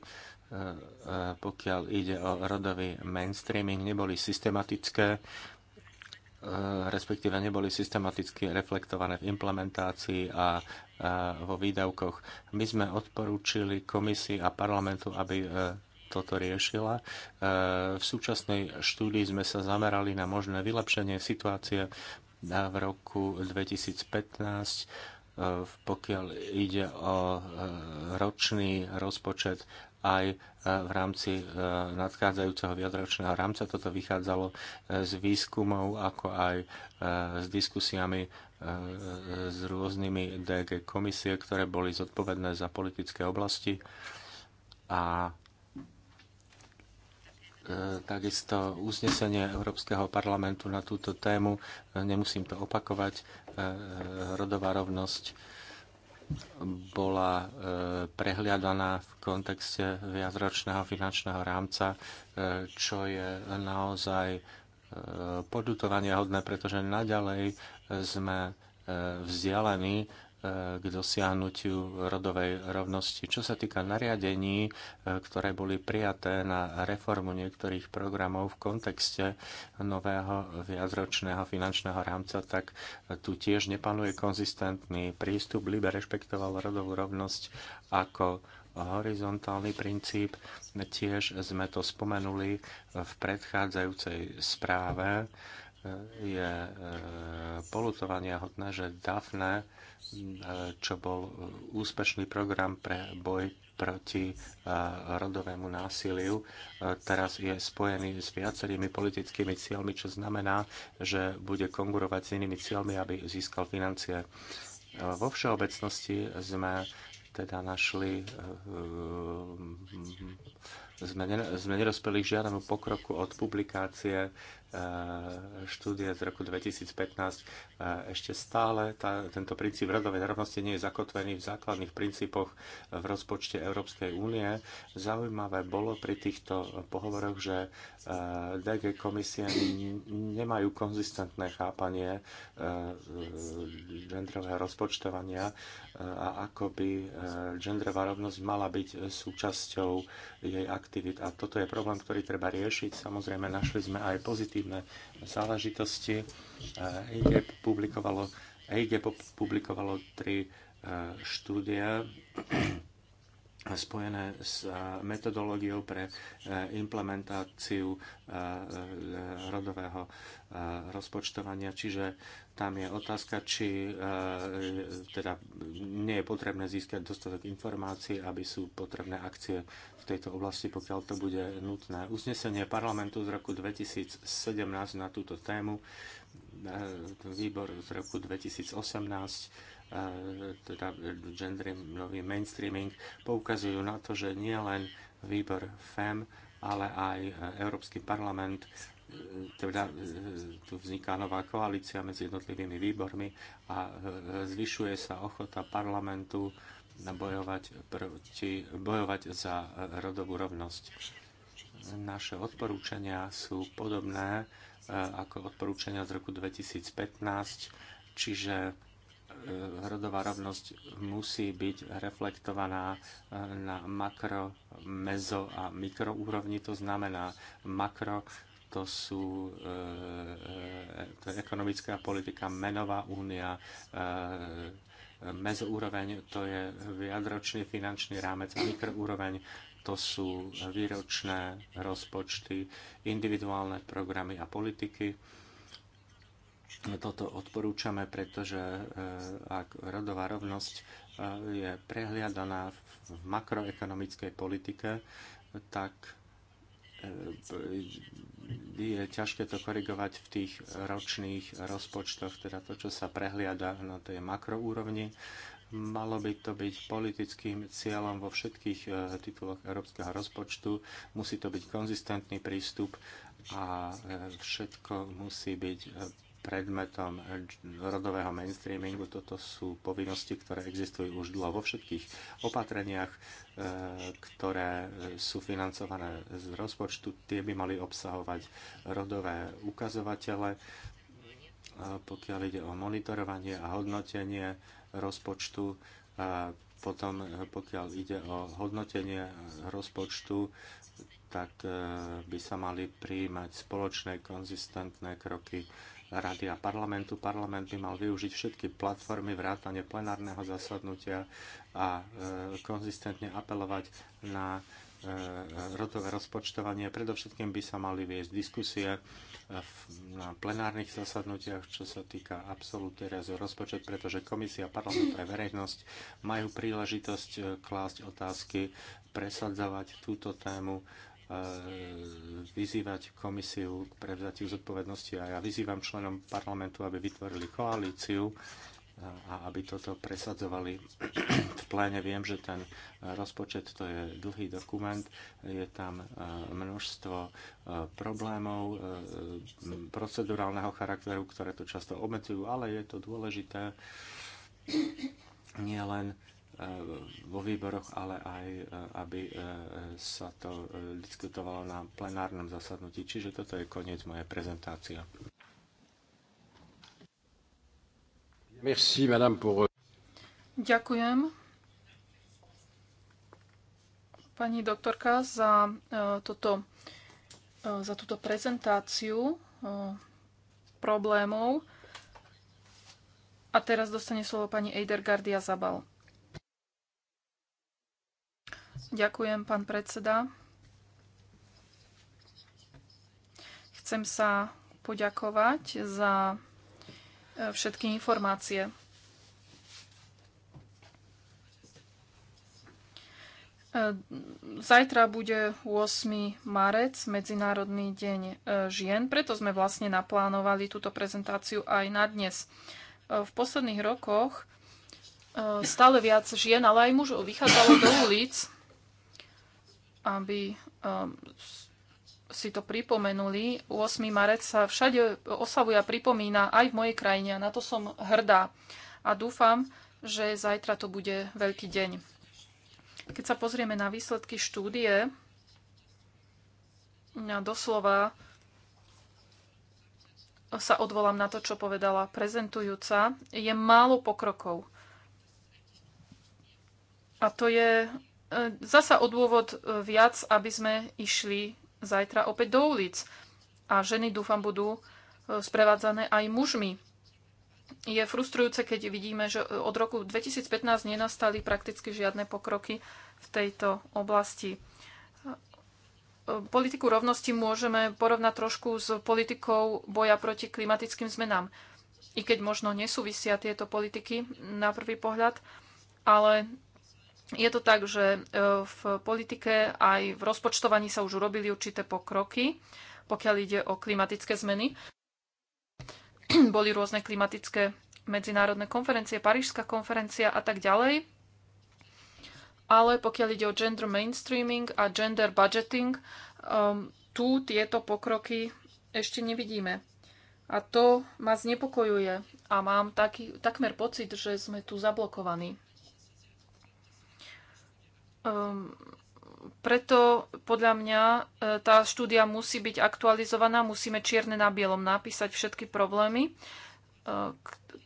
pokiaľ ide o rodový mainstreaming, neboli systematické, respektíve neboli systematicky reflektované v implementácii a vo výdavkoch. My sme odporúčili komisii a parlamentu, aby e, toto riešila. E, v súčasnej štúdii sme sa zamerali na možné vylepšenie situácie v roku 2015, e, pokiaľ ide o ročný rozpočet aj v rámci nadchádzajúceho viadročného rámca. Toto vychádzalo z výskumov, ako aj s diskusiami s rôznymi DG komisie, ktoré boli zodpovedné za politické oblasti a e, takisto uznesenie Európskeho parlamentu na túto tému, nemusím to opakovať, e, rodová rovnosť bola e, prehliadaná v kontexte viacročného finančného rámca, čo je naozaj podutovania hodné, pretože naďalej sme e, vzdialení e, k dosiahnutiu rodovej rovnosti. Čo sa týka nariadení, e, ktoré boli prijaté na reformu niektorých programov v kontexte nového viacročného finančného rámca, tak tu tiež nepanuje konzistentný prístup. Libe rešpektoval rodovú rovnosť ako horizontálny princíp. Tiež sme to spomenuli v predchádzajúcej správe je e, polutovania hodné, že DAFNE, e, čo bol e, úspešný program pre boj proti rodovému násiliu, teraz je spojený s viacerými politickými cieľmi, čo znamená, že bude konkurovať s inými cieľmi, aby získal financie. Vo všeobecnosti sme teda našli, sme, ne, sme nerozpeli k žiadnemu pokroku od publikácie štúdie z roku 2015 e, ešte stále tá, tento princíp radovej rovnosti nie je zakotvený v základných princípoch v rozpočte Európskej únie. Zaujímavé bolo pri týchto pohovoroch, že e, DG komisie nemajú konzistentné chápanie e, genderového rozpočtovania a ako by genderová rovnosť mala byť súčasťou jej aktivít. A toto je problém, ktorý treba riešiť. Samozrejme, našli sme aj pozitívne legislatívne záležitosti. EIGEP eh, publikovalo, publikovalo tri eh, štúdia spojené s eh, metodológiou pre eh, implementáciu eh, rodového rozpočtovania. Čiže tam je otázka, či teda nie je potrebné získať dostatok informácií, aby sú potrebné akcie v tejto oblasti, pokiaľ to bude nutné. Uznesenie parlamentu z roku 2017 na túto tému, výbor z roku 2018 teda genderový mainstreaming, poukazujú na to, že nie len výbor FEM, ale aj Európsky parlament teda tu vzniká nová koalícia medzi jednotlivými výbormi a zvyšuje sa ochota parlamentu bojovať, proti, bojovať za rodovú rovnosť. Naše odporúčania sú podobné e, ako odporúčania z roku 2015, čiže rodová rovnosť musí byť reflektovaná e, na makro, mezo a mikroúrovni. To znamená, makro to sú e, e, to je ekonomická politika, menová únia, mezoúroveň to je viacročný finančný rámec a mikroúroveň to sú výročné rozpočty, individuálne programy a politiky No, toto odporúčame, pretože e, ak rodová rovnosť e, je prehliadaná v makroekonomickej politike, tak e, je ťažké to korigovať v tých ročných rozpočtoch, teda to, čo sa prehliada na tej makroúrovni. Malo by to byť politickým cieľom vo všetkých tituloch európskeho rozpočtu. Musí to byť konzistentný prístup a všetko musí byť predmetom rodového mainstreamingu. Toto sú povinnosti, ktoré existujú už dlho vo všetkých opatreniach, e, ktoré sú financované z rozpočtu. Tie by mali obsahovať rodové ukazovatele, e, pokiaľ ide o monitorovanie a hodnotenie rozpočtu. E, potom, pokiaľ ide o hodnotenie rozpočtu, tak by sa mali prijímať spoločné konzistentné kroky Rady a parlamentu. Parlament by mal využiť všetky platformy vrátane plenárneho zasadnutia a e, konzistentne apelovať na e, rodové rozpočtovanie. Predovšetkým by sa mali viesť diskusie e, v, na plenárnych zasadnutiach, čo sa týka absolútne rozpočet, pretože komisia, parlament aj verejnosť majú príležitosť e, klásť otázky, presadzovať túto tému E, vyzývať komisiu k prevzatiu zodpovednosti a ja vyzývam členom parlamentu, aby vytvorili koalíciu e, a aby toto presadzovali v pléne. Viem, že ten rozpočet to je dlhý dokument, je tam e, množstvo problémov procedurálneho charakteru, ktoré to často obmedzujú, ale je to dôležité nielen len Eh, vo výboroch, ale aj eh, aby eh, sa to diskutovalo na plenárnom zasadnutí. Čiže toto je koniec mojej prezentácie. Merci, madame, pour... Ďakujem pani doktorka za, toto, za túto prezentáciu problémov. A teraz dostane slovo pani Eider Gardia Zabal. Ďakujem, pán predseda. Chcem sa poďakovať za e, všetky informácie. E, zajtra bude 8. marec, Medzinárodný deň e, žien, preto sme vlastne naplánovali túto prezentáciu aj na dnes. V posledných rokoch stále viac žien, ale aj mužov vychádzalo do ulic aby um, si to pripomenuli. 8. marec sa všade oslavuje a pripomína aj v mojej krajine a na to som hrdá. A dúfam, že zajtra to bude veľký deň. Keď sa pozrieme na výsledky štúdie, ja doslova sa odvolám na to, čo povedala prezentujúca, je málo pokrokov. A to je E, zasa o dôvod e, viac, aby sme išli zajtra opäť do ulic. A ženy, dúfam, budú e, sprevádzané aj mužmi. Je frustrujúce, keď vidíme, že od roku 2015 nenastali prakticky žiadne pokroky v tejto oblasti. Politiku rovnosti môžeme porovnať trošku s politikou boja proti klimatickým zmenám. I keď možno nesúvisia tieto politiky na prvý pohľad, ale je to tak, že e, v politike aj v rozpočtovaní sa už urobili určité pokroky, pokiaľ ide o klimatické zmeny. Boli rôzne klimatické medzinárodné konferencie, Parížská konferencia a tak ďalej. Ale pokiaľ ide o gender mainstreaming a gender budgeting, um, tu tieto pokroky ešte nevidíme. A to ma znepokojuje a mám taký, takmer pocit, že sme tu zablokovaní. Um, preto podľa mňa e, tá štúdia musí byť aktualizovaná, musíme čierne na bielom napísať všetky problémy, e,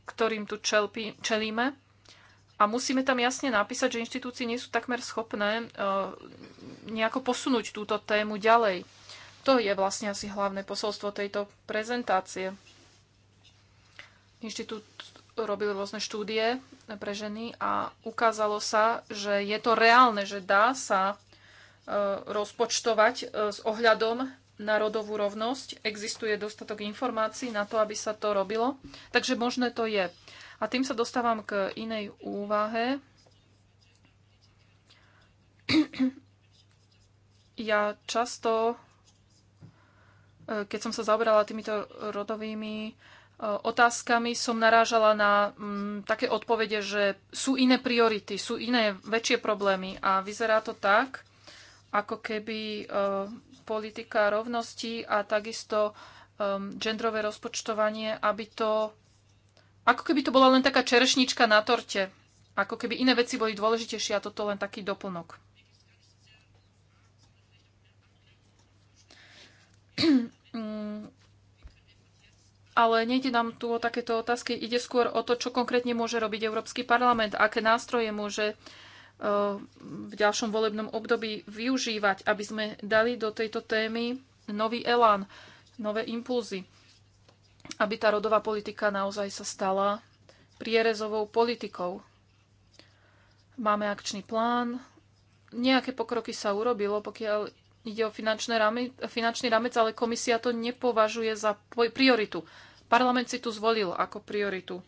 ktorým tu čelpi, čelíme. A musíme tam jasne napísať, že inštitúcie nie sú takmer schopné e, nejako posunúť túto tému ďalej. To je vlastne asi hlavné posolstvo tejto prezentácie. Inštitút robili rôzne štúdie pre ženy a ukázalo sa, že je to reálne, že dá sa e, rozpočtovať e, s ohľadom na rodovú rovnosť. Existuje dostatok informácií na to, aby sa to robilo. Takže možné to je. A tým sa dostávam k inej úvahe. Ja často, e, keď som sa zaoberala týmito rodovými otázkami som narážala na mm, také odpovede, že sú iné priority, sú iné väčšie problémy a vyzerá to tak, ako keby e, politika rovnosti a takisto eh, genderové rozpočtovanie, aby to ako keby to bola len taká čerešnička na torte. Ako keby iné veci boli dôležitejšie a toto len taký doplnok. Mm, ale nejde nám tu o takéto otázky, ide skôr o to, čo konkrétne môže robiť Európsky parlament, aké nástroje môže e, v ďalšom volebnom období využívať, aby sme dali do tejto témy nový elán, nové impulzy, aby tá rodová politika naozaj sa stala prierezovou politikou. Máme akčný plán, nejaké pokroky sa urobilo, pokiaľ ide o finančné rame, finančný ramec, ale komisia to nepovažuje za prioritu. Parlament si tu zvolil ako prioritu.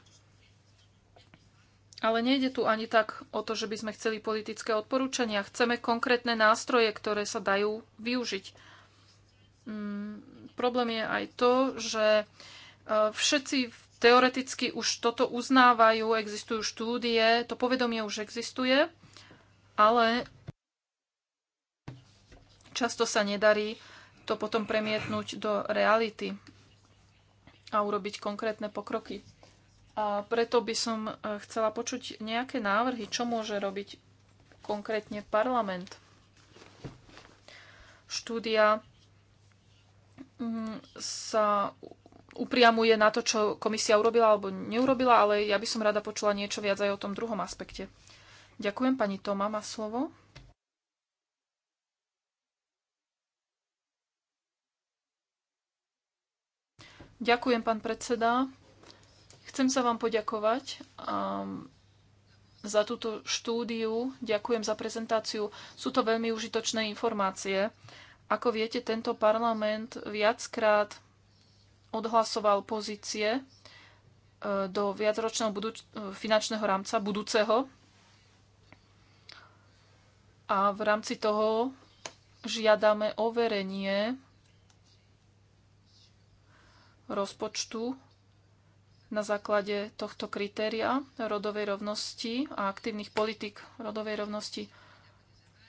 Ale nejde tu ani tak o to, že by sme chceli politické odporúčania. Chceme konkrétne nástroje, ktoré sa dajú využiť. Mm, problém je aj to, že e, všetci teoreticky už toto uznávajú, existujú štúdie, to povedomie už existuje, ale často sa nedarí to potom premietnúť do reality a urobiť konkrétne pokroky. A preto by som e, chcela počuť nejaké návrhy, čo môže robiť konkrétne parlament. Štúdia mm, sa upriamuje na to, čo komisia urobila alebo neurobila, ale ja by som rada počula niečo viac aj o tom druhom aspekte. Ďakujem, pani Toma má slovo. Ďakujem, pán predseda. Chcem sa vám poďakovať um, za túto štúdiu. Ďakujem za prezentáciu. Sú to veľmi užitočné informácie. Ako viete, tento parlament viackrát odhlasoval pozície uh, do viacročného finančného rámca budúceho. A v rámci toho žiadame overenie rozpočtu na základe tohto kritéria rodovej rovnosti a aktívnych politik rodovej rovnosti.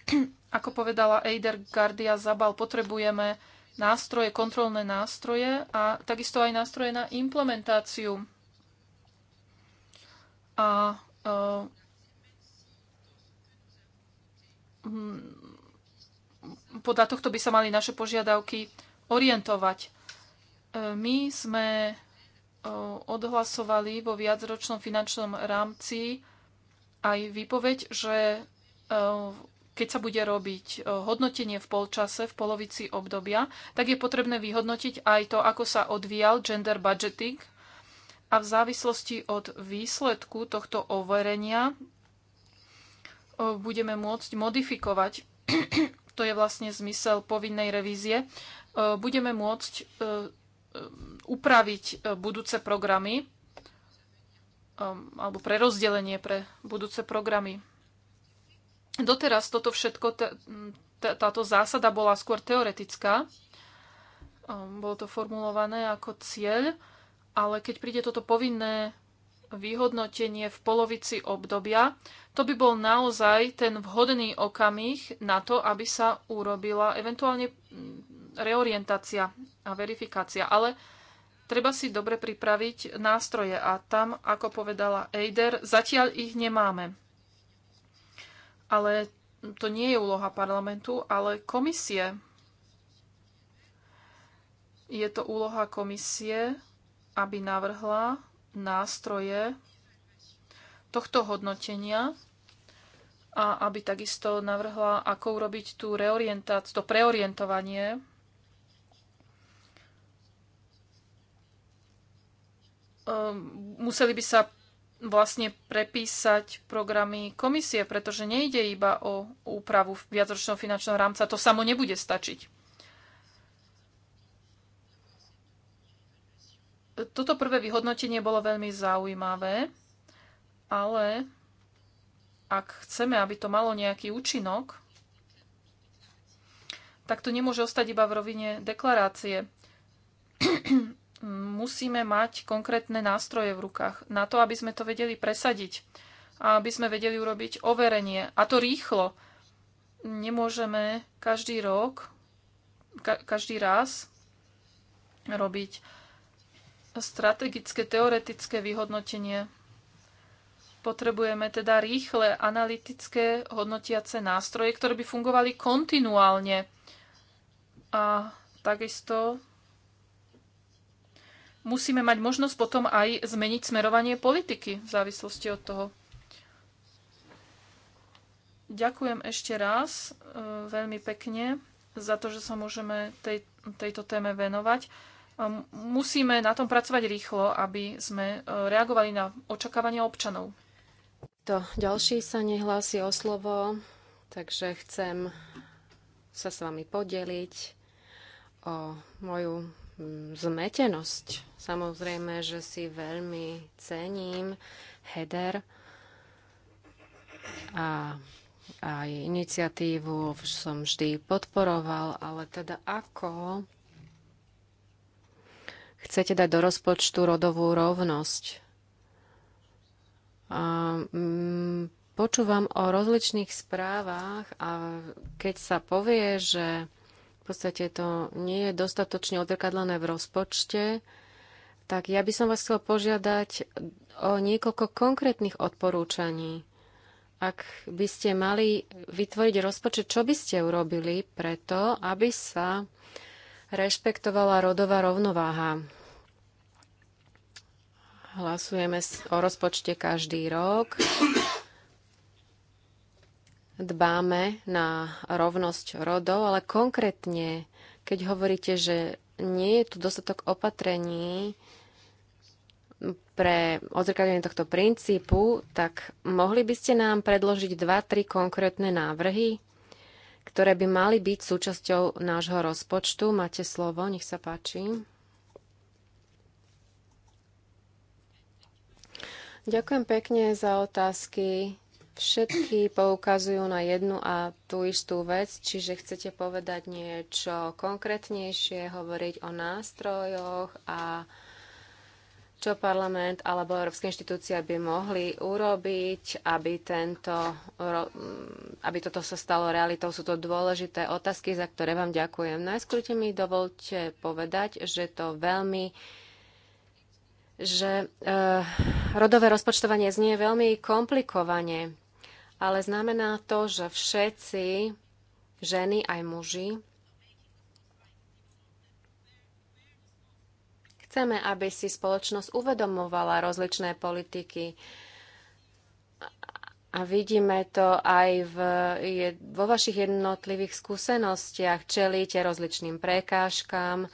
Ako povedala Eider Gardia Zabal, potrebujeme nástroje, kontrolné nástroje a takisto aj nástroje na implementáciu. A uh, podľa tohto by sa mali naše požiadavky orientovať. My sme odhlasovali vo viacročnom finančnom rámci aj výpoveď, že keď sa bude robiť hodnotenie v polčase, v polovici obdobia, tak je potrebné vyhodnotiť aj to, ako sa odvíjal gender budgeting a v závislosti od výsledku tohto overenia budeme môcť modifikovať, to je vlastne zmysel povinnej revízie, budeme môcť Um, upraviť uh, budúce programy um, alebo pre rozdelenie pre budúce programy. Doteraz toto všetko, táto zásada bola skôr teoretická. Um, bolo to formulované ako cieľ, ale keď príde toto povinné vyhodnotenie v polovici obdobia, to by bol naozaj ten vhodný okamih na to, aby sa urobila eventuálne reorientácia a verifikácia. Ale treba si dobre pripraviť nástroje a tam, ako povedala Eider, zatiaľ ich nemáme. Ale to nie je úloha parlamentu, ale komisie. Je to úloha komisie, aby navrhla nástroje tohto hodnotenia a aby takisto navrhla, ako urobiť tú reorientáciu, to preorientovanie Ehm, museli by sa vlastne prepísať programy komisie, pretože nejde iba o úpravu viacročného finančného rámca. To samo nebude stačiť. Toto prvé vyhodnotenie bolo veľmi zaujímavé, ale ak chceme, aby to malo nejaký účinok, tak to nemôže ostať iba v rovine deklarácie musíme mať konkrétne nástroje v rukách na to, aby sme to vedeli presadiť a aby sme vedeli urobiť overenie. A to rýchlo. Nemôžeme každý rok, ka- každý raz robiť strategické, teoretické vyhodnotenie. Potrebujeme teda rýchle, analytické, hodnotiace nástroje, ktoré by fungovali kontinuálne. A takisto musíme mať možnosť potom aj zmeniť smerovanie politiky v závislosti od toho. Ďakujem ešte raz e, veľmi pekne za to, že sa môžeme tej, tejto téme venovať. Musíme na tom pracovať rýchlo, aby sme e, reagovali na očakávania občanov. To ďalší sa nehlási o slovo, takže chcem sa s vami podeliť o moju zmetenosť. Samozrejme, že si veľmi cením header a aj iniciatívu som vždy podporoval, ale teda ako chcete dať do rozpočtu rodovú rovnosť? A, mm, počúvam o rozličných správach a keď sa povie, že podstate to nie je dostatočne odrkadlené v rozpočte, tak ja by som vás chcel požiadať o niekoľko konkrétnych odporúčaní. Ak by ste mali vytvoriť rozpočet, čo by ste urobili preto, aby sa rešpektovala rodová rovnováha? Hlasujeme o rozpočte každý rok dbáme na rovnosť rodov, ale konkrétne, keď hovoríte, že nie je tu dostatok opatrení pre odzrkadlenie tohto princípu, tak mohli by ste nám predložiť dva, tri konkrétne návrhy, ktoré by mali byť súčasťou nášho rozpočtu. Máte slovo, nech sa páči. Ďakujem pekne za otázky. Všetky poukazujú na jednu a tú istú vec, čiže chcete povedať niečo konkrétnejšie, hovoriť o nástrojoch a čo parlament alebo Európske inštitúcia by mohli urobiť, aby, tento, mm, aby toto sa stalo realitou. Sú to dôležité otázky, za ktoré vám ďakujem. Najskrúte mi dovolte povedať, že to veľmi že e, rodové rozpočtovanie znie veľmi komplikovane ale znamená to, že všetci, ženy aj muži, chceme, aby si spoločnosť uvedomovala rozličné politiky. A vidíme to aj v, je, vo vašich jednotlivých skúsenostiach. Čelíte rozličným prekážkam,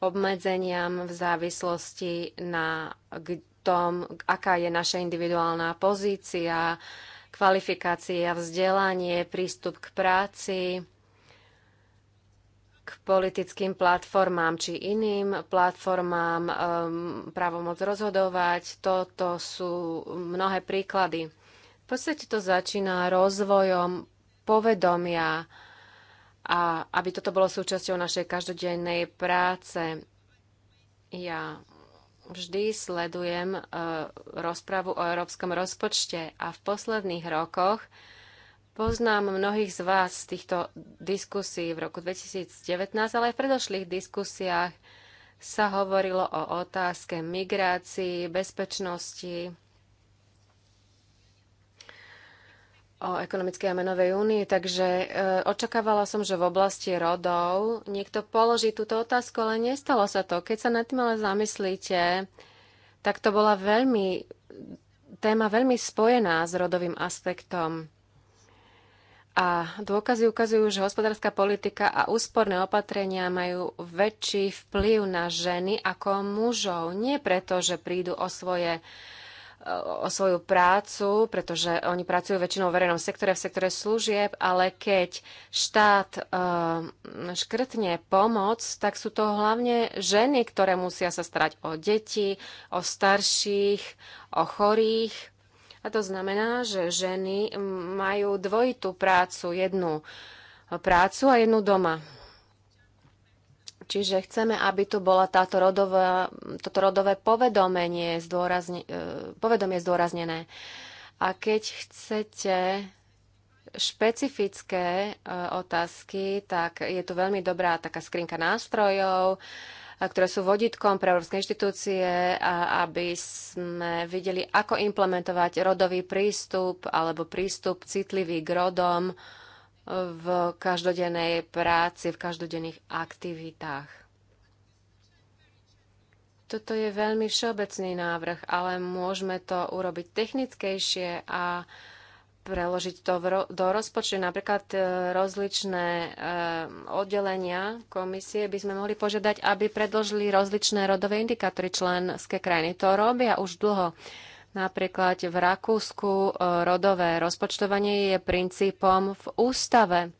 obmedzeniam v závislosti na tom, aká je naša individuálna pozícia, kvalifikácie a vzdelanie, prístup k práci, k politickým platformám či iným platformám, um, právomoc rozhodovať. Toto sú mnohé príklady. V podstate to začína rozvojom povedomia, a aby toto bolo súčasťou našej každodennej práce. Ja vždy sledujem e, rozpravu o európskom rozpočte a v posledných rokoch poznám mnohých z vás z týchto diskusí v roku 2019, ale aj v predošlých diskusiách sa hovorilo o otázke migrácii, bezpečnosti, o ekonomickej a menovej únii, takže e, očakávala som, že v oblasti rodov niekto položí túto otázku, ale nestalo sa to. Keď sa nad tým ale zamyslíte, tak to bola veľmi, téma veľmi spojená s rodovým aspektom. A dôkazy ukazujú, že hospodárska politika a úsporné opatrenia majú väčší vplyv na ženy ako mužov. Nie preto, že prídu o svoje o svoju prácu, pretože oni pracujú väčšinou v verejnom sektore, v sektore služieb, ale keď štát ehm, škrtne pomoc, tak sú to hlavne ženy, ktoré musia sa starať o deti, o starších, o chorých. A to znamená, že ženy majú dvojitú prácu, jednu prácu a jednu doma. Čiže chceme, aby tu bola táto rodová, toto rodové povedomenie zdôrazne, e, povedomie zdôraznené. A keď chcete špecifické e, otázky, tak je tu veľmi dobrá taká skrinka nástrojov, e, ktoré sú vodítkom pre európske inštitúcie, aby sme videli, ako implementovať rodový prístup alebo prístup citlivý k rodom v každodennej práci, v každodenných aktivitách. Toto je veľmi všeobecný návrh, ale môžeme to urobiť technickejšie a preložiť to ro do rozpočtu. Napríklad e, rozličné e, oddelenia komisie by sme mohli požiadať, aby predložili rozličné rodové indikátory členské krajiny. To robia už dlho. E, Napríklad v Rakúsku e, rodové rozpočtovanie je princípom v ústave.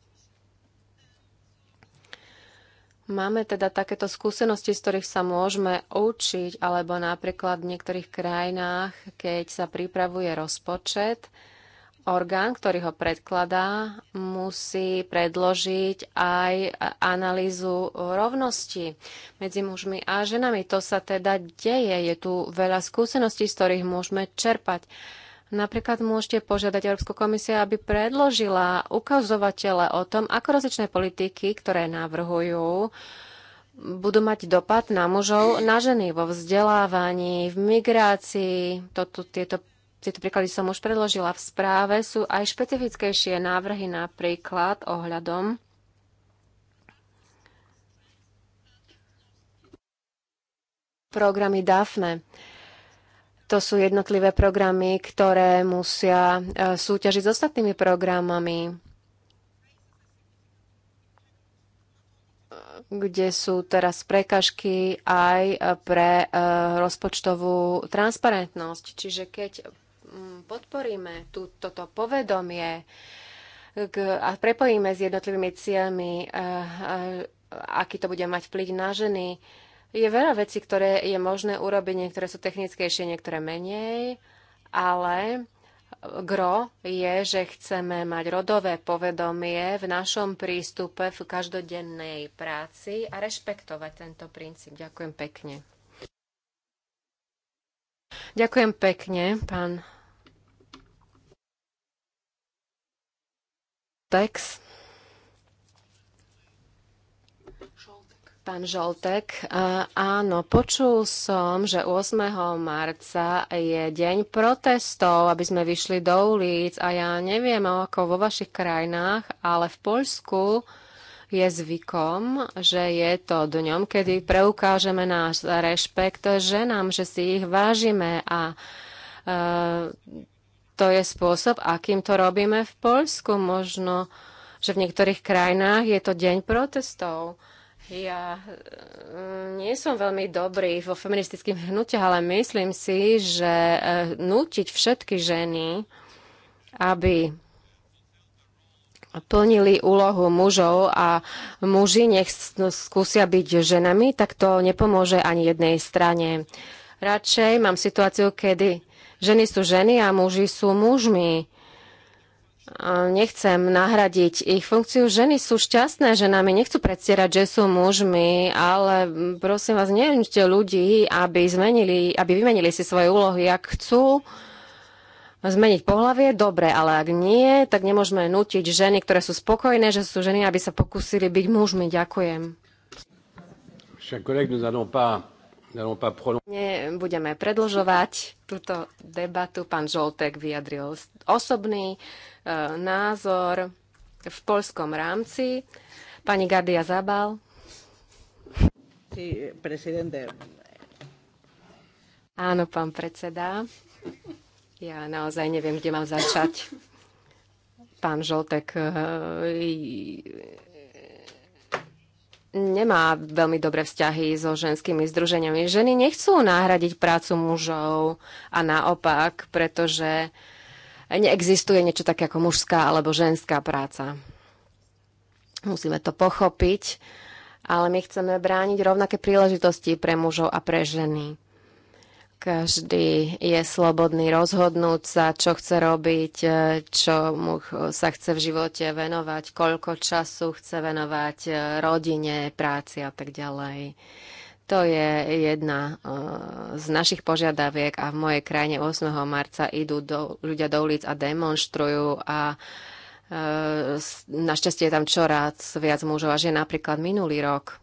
Máme teda takéto skúsenosti, z ktorých sa môžeme učiť, alebo napríklad v niektorých krajinách, keď sa pripravuje rozpočet, orgán, ktorý ho predkladá, musí predložiť aj analýzu rovnosti medzi mužmi a ženami. To sa teda deje. Je tu veľa skúseností, z ktorých môžeme čerpať. Napríklad môžete požiadať Európsku komisiu, aby predložila ukazovatele o tom, ako rozličné politiky, ktoré navrhujú, budú mať dopad na mužov, na ženy vo vzdelávaní, v migrácii. Toto, tieto tieto príklady som už predložila v správe. Sú aj špecifickejšie návrhy napríklad ohľadom programy DAFNE. To sú jednotlivé programy, ktoré musia e, súťažiť s ostatnými programami, kde sú teraz prekažky aj pre e, rozpočtovú transparentnosť. Čiže keď Mm, podporíme tú, toto povedomie k, a prepojíme s jednotlivými cieľmi, a, eh, a, eh, aký to bude mať vplyv na ženy, je veľa vecí, ktoré je možné urobiť, niektoré sú technickejšie, niektoré menej, ale gro je, že chceme mať rodové povedomie v našom prístupe v každodennej práci a rešpektovať tento princíp. Ďakujem pekne. Ďakujem pekne, pán Pex. Pán Žoltek, áno, počul som, že 8. marca je deň protestov, aby sme vyšli do ulic a ja neviem ako vo vašich krajinách, ale v Poľsku je zvykom, že je to dňom, kedy preukážeme náš rešpekt ženám, že si ich vážime a e, to je spôsob, akým to robíme v Poľsku. Možno, že v niektorých krajinách je to deň protestov. Ja mm, nie som veľmi dobrý vo feministických hnutiach, ale myslím si, že eh, nútiť všetky ženy, aby plnili úlohu mužov a muži nech no, skúsia byť ženami, tak to nepomôže ani jednej strane. Radšej mám situáciu, kedy ženy sú ženy a muži sú mužmi. Nechcem nahradiť ich funkciu. Ženy sú šťastné ženami, nechcú predstierať, že sú mužmi, ale prosím vás, nenúďte ľudí, aby, zmenili, aby vymenili si svoje úlohy, ak chcú. Zmeniť pohlavie, dobre, ale ak nie, tak nemôžeme nutiť ženy, ktoré sú spokojné, že sú ženy, aby sa pokúsili byť mužmi. Ďakujem. Chers collègues, nous allons pas Nebudeme predlžovať túto debatu. Pán Žoltek vyjadril osobný e, názor v polskom rámci. Pani Gardia Zabal. Áno, pán predseda. Ja naozaj neviem, kde mám začať. Pán Žoltek e, nemá veľmi dobré vzťahy so ženskými združeniami. Ženy nechcú nahradiť prácu mužov a naopak, pretože neexistuje niečo také ako mužská alebo ženská práca. Musíme to pochopiť, ale my chceme brániť rovnaké príležitosti pre mužov a pre ženy. Každý je slobodný rozhodnúť sa, čo chce robiť, e, čo mu sa chce v živote venovať, koľko času chce venovať e, rodine, práci a tak ďalej. To je jedna e, z našich požiadaviek a v mojej krajine 8. marca idú do, ľudia do ulic a demonstrujú a našťastie je tam čoraz viac mužov a žien. Napríklad minulý rok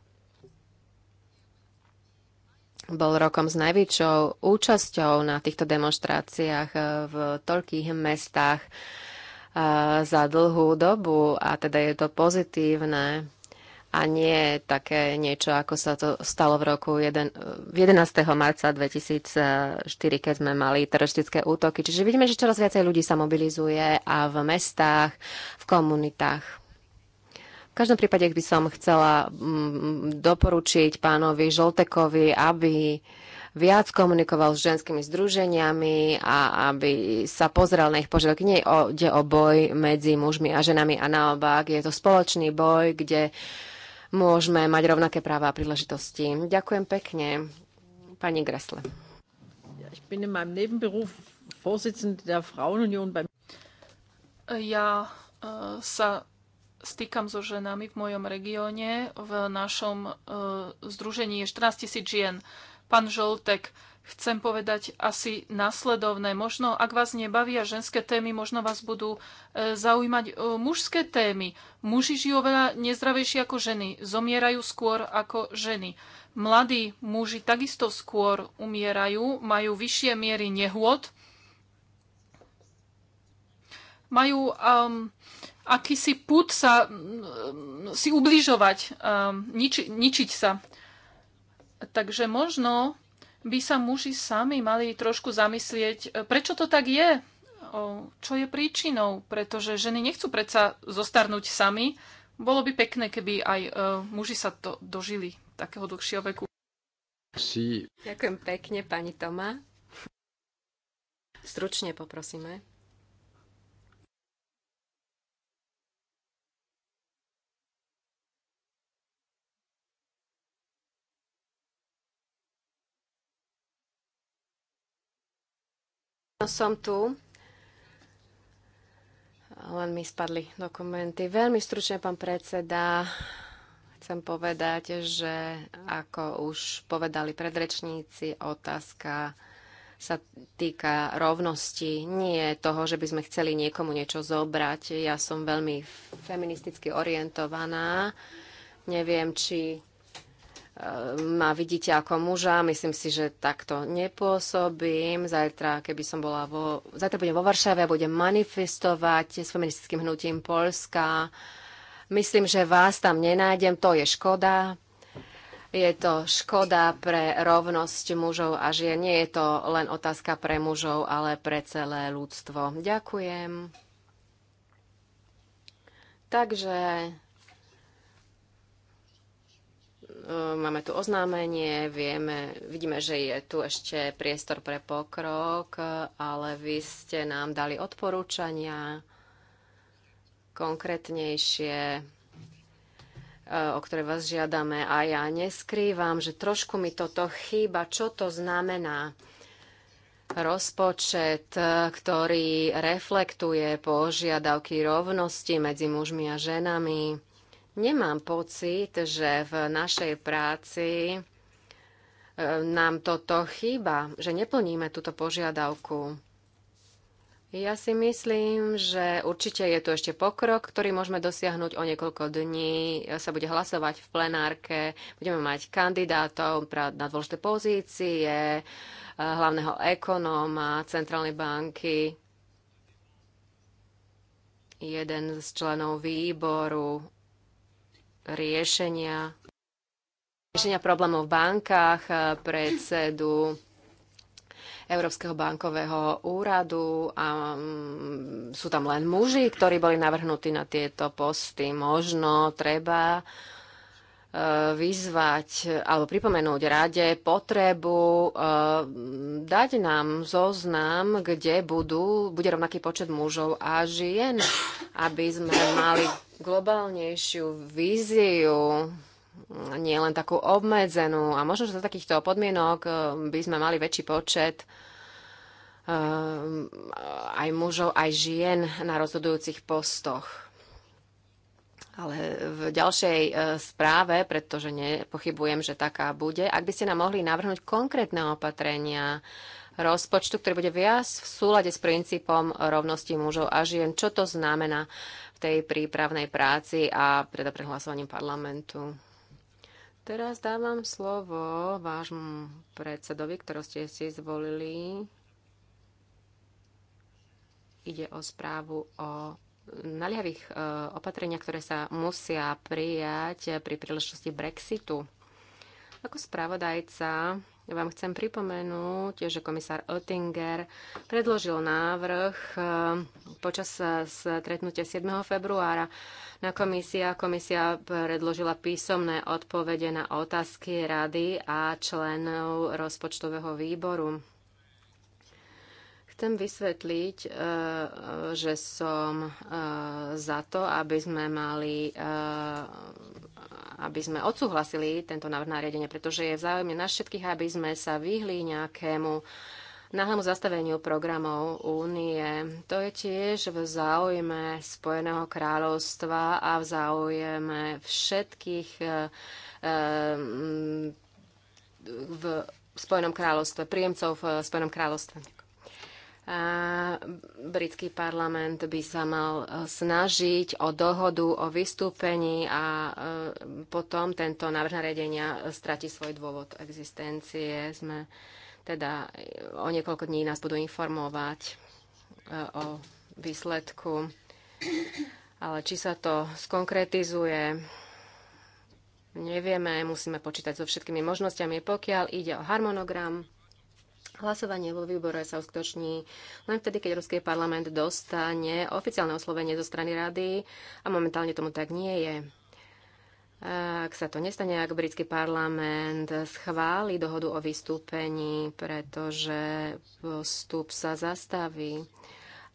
bol rokom s najväčšou účasťou na týchto demonstráciách eh, v toľkých mestách eh, za dlhú dobu a teda je to pozitívne a nie také niečo, ako sa to stalo v roku 11. Eh, marca 2004, keď sme mali teroristické útoky. Čiže vidíme, že čoraz viacej ľudí sa mobilizuje a v mestách, v komunitách každom prípade by som chcela mm, doporučiť pánovi Žoltekovi, aby viac komunikoval s ženskými združeniami a aby sa pozrel na ich požiadavky. Nie ide o boj medzi mužmi a ženami a naopak je to spoločný boj, kde môžeme mať rovnaké práva a príležitosti. Ďakujem pekne, pani Gresle. Ja äh, sa stýkam so ženami v mojom regióne. V našom e, združení je 14 tisíc žien. Pán Žoltek, chcem povedať asi následovné. Možno, ak vás nebavia ženské témy, možno vás budú e, zaujímať e, mužské témy. Muži žijú oveľa nezdravejšie ako ženy. Zomierajú skôr ako ženy. Mladí muži takisto skôr umierajú, majú vyššie miery nehôd. Majú um, akýsi put sa, si ubližovať, um, niči, ničiť sa. Takže možno by sa muži sami mali trošku zamyslieť, e, prečo to tak je, čo je príčinou, pretože ženy nechcú predsa zostarnúť sami. Bolo by pekné, keby aj e, muži sa to dožili takého dlhšieho veku. Sí. Ďakujem pekne, pani Toma. Stručne poprosíme. som tu. Len mi spadli dokumenty. Veľmi stručne, pán predseda, chcem povedať, že ako už povedali predrečníci, otázka sa týka rovnosti, nie toho, že by sme chceli niekomu niečo zobrať. Ja som veľmi feministicky orientovaná. Neviem, či ma vidíte ako muža, myslím si, že takto nepôsobím. Zajtra, keby som bola vo... Zajtra budem vo Varšave a budem manifestovať s feministickým hnutím Polska. Myslím, že vás tam nenájdem, to je škoda. Je to škoda pre rovnosť mužov a žien. Nie je to len otázka pre mužov, ale pre celé ľudstvo. Ďakujem. Takže Eh, máme tu oznámenie, vieme, vidíme, že je tu ešte priestor pre pokrok, ale vy ste nám dali odporúčania konkrétnejšie, eh, o ktoré vás žiadame. A ja neskrývam, že trošku mi toto chýba. Čo to znamená? rozpočet, eh, ktorý reflektuje požiadavky rovnosti medzi mužmi a ženami Nemám pocit, že v našej práci e, nám toto chýba, že neplníme túto požiadavku. Ja si myslím, že určite je tu ešte pokrok, ktorý môžeme dosiahnuť o niekoľko dní. Sa bude hlasovať v plenárke, budeme mať kandidátov na dôležité pozície, e, hlavného ekonóma, centrálnej banky. Jeden z členov výboru riešenia, riešenia problémov v bankách, eh, predsedu Európskeho bankového úradu a mm, sú tam len muži, ktorí boli navrhnutí na tieto posty. Možno treba eh, vyzvať alebo pripomenúť rade potrebu eh, dať nám zoznam, kde budú, bude rovnaký počet mužov a žien, aby sme mali globálnejšiu víziu, nie len takú obmedzenú. A možno, že za takýchto podmienok eh, by sme mali väčší počet eh, aj mužov, aj žien na rozhodujúcich postoch. Ale v ďalšej eh, správe, pretože nepochybujem, že taká bude, ak by ste nám mohli navrhnúť konkrétne opatrenia rozpočtu, ktorý bude viac v súlade s princípom rovnosti mužov a žien, čo to znamená tej prípravnej práci a teda pred hlasovaním parlamentu. Teraz dávam slovo vášmu predsedovi, ktorého ste si zvolili. Ide o správu o naliehavých e, opatreniach, ktoré sa musia prijať pri príležitosti Brexitu. Ako spravodajca vám chcem pripomenúť, že komisár Oettinger predložil návrh eh, počas eh, stretnutia 7. februára na komisia. Komisia predložila písomné odpovede na otázky rady a členov rozpočtového výboru. Chcem vysvetliť, e, e, že som e, za to, aby sme mali aby sme odsúhlasili tento návrh nariadenia, pretože je v záujme nás všetkých, aby sme sa vyhli nejakému náhlemu zastaveniu programov únie. To je tiež v záujme Spojeného kráľovstva a v záujme všetkých v Spojenom kráľovstve, príjemcov v Spojenom kráľovstve. A britský parlament by sa mal e, snažiť o dohodu o vystúpení a e, potom tento návrh nariadenia stratí svoj dôvod existencie. Sme teda e, o niekoľko dní nás budú informovať o výsledku. Ale či sa to skonkretizuje, nevieme. Musíme počítať so všetkými možnosťami. Pokiaľ ide o harmonogram, Hlasovanie vo výbore sa uskutoční len vtedy, keď Ruský parlament dostane oficiálne oslovenie zo strany rady a momentálne tomu tak nie je. Ak sa to nestane, ak britský parlament schváli dohodu o vystúpení, pretože postup sa zastaví.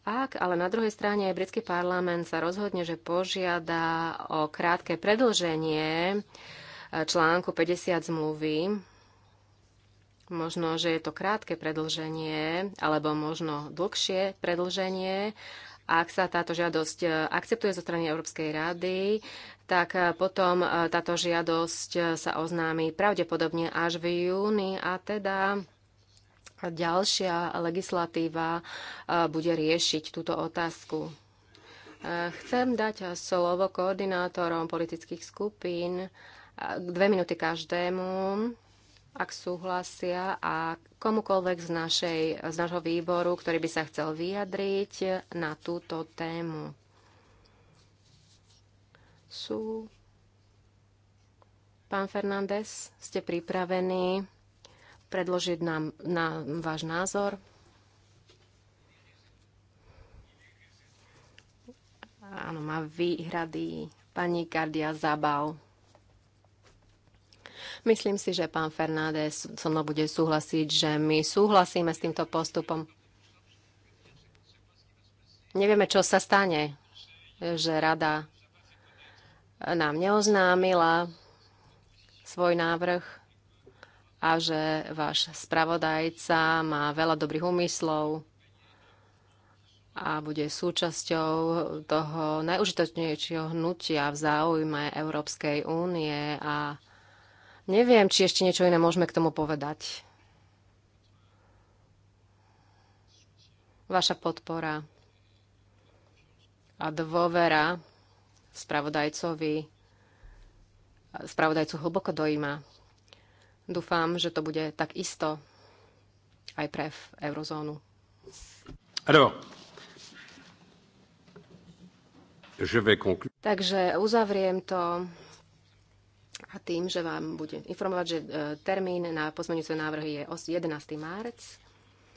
Ak ale na druhej strane britský parlament sa rozhodne, že požiada o krátke predlženie článku 50 zmluvy, Možno, že je to krátke predlženie, alebo možno dlhšie predlženie. Ak sa táto žiadosť e, akceptuje zo strany Európskej rady, tak e, potom e, táto žiadosť sa oznámi pravdepodobne až v júni a teda ďalšia legislatíva bude riešiť túto otázku. Chcem dať slovo koordinátorom politických skupín, dve minúty každému ak súhlasia a komukoľvek z, našej, z nášho výboru, ktorý by sa chcel vyjadriť na túto tému. Sú. Pán Fernández, ste pripravení predložiť nám na váš názor? Áno, má výhrady pani Kardia Zabal. Myslím si, že pán Fernández so mnou bude súhlasiť, že my súhlasíme s týmto postupom. Nevieme, čo sa stane, že rada nám neoznámila svoj návrh a že váš spravodajca má veľa dobrých úmyslov a bude súčasťou toho najužitočnejšieho hnutia v záujme Európskej únie a Neviem, či ešte niečo iné môžeme k tomu povedať. Vaša podpora a dôvera spravodajcovi spravodajcu hlboko dojíma. Dúfam, že to bude tak isto aj pre eurozónu. Alors, Takže uzavriem to a tým, že vám budem informovať, že e, termín na pozmeňujúce návrhy je 11. marec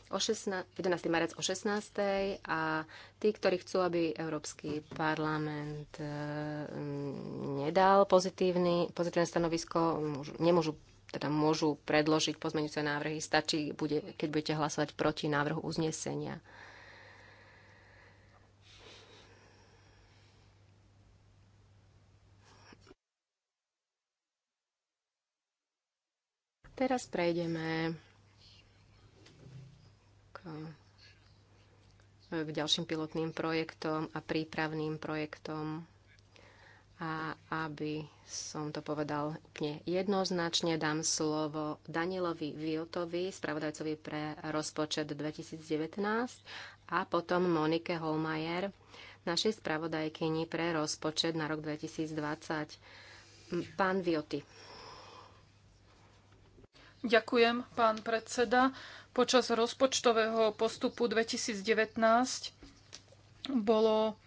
o 16, 11. marec o 16. a tí, ktorí chcú, aby Európsky parlament e, nedal pozitívny, pozitívne stanovisko, môžu, nemôžu teda môžu predložiť pozmeňujúce návrhy, stačí, bude, keď budete hlasovať proti návrhu uznesenia. Teraz prejdeme k, k ďalším pilotným projektom a prípravným projektom. A aby som to povedal úplne jednoznačne, dám slovo Danielovi Viotovi, spravodajcovi pre rozpočet 2019 a potom Monike Holmajer, našej spravodajkyni pre rozpočet na rok 2020. Pán Vioty. Ďakujem, pán predseda. Počas rozpočtového postupu 2019 bolo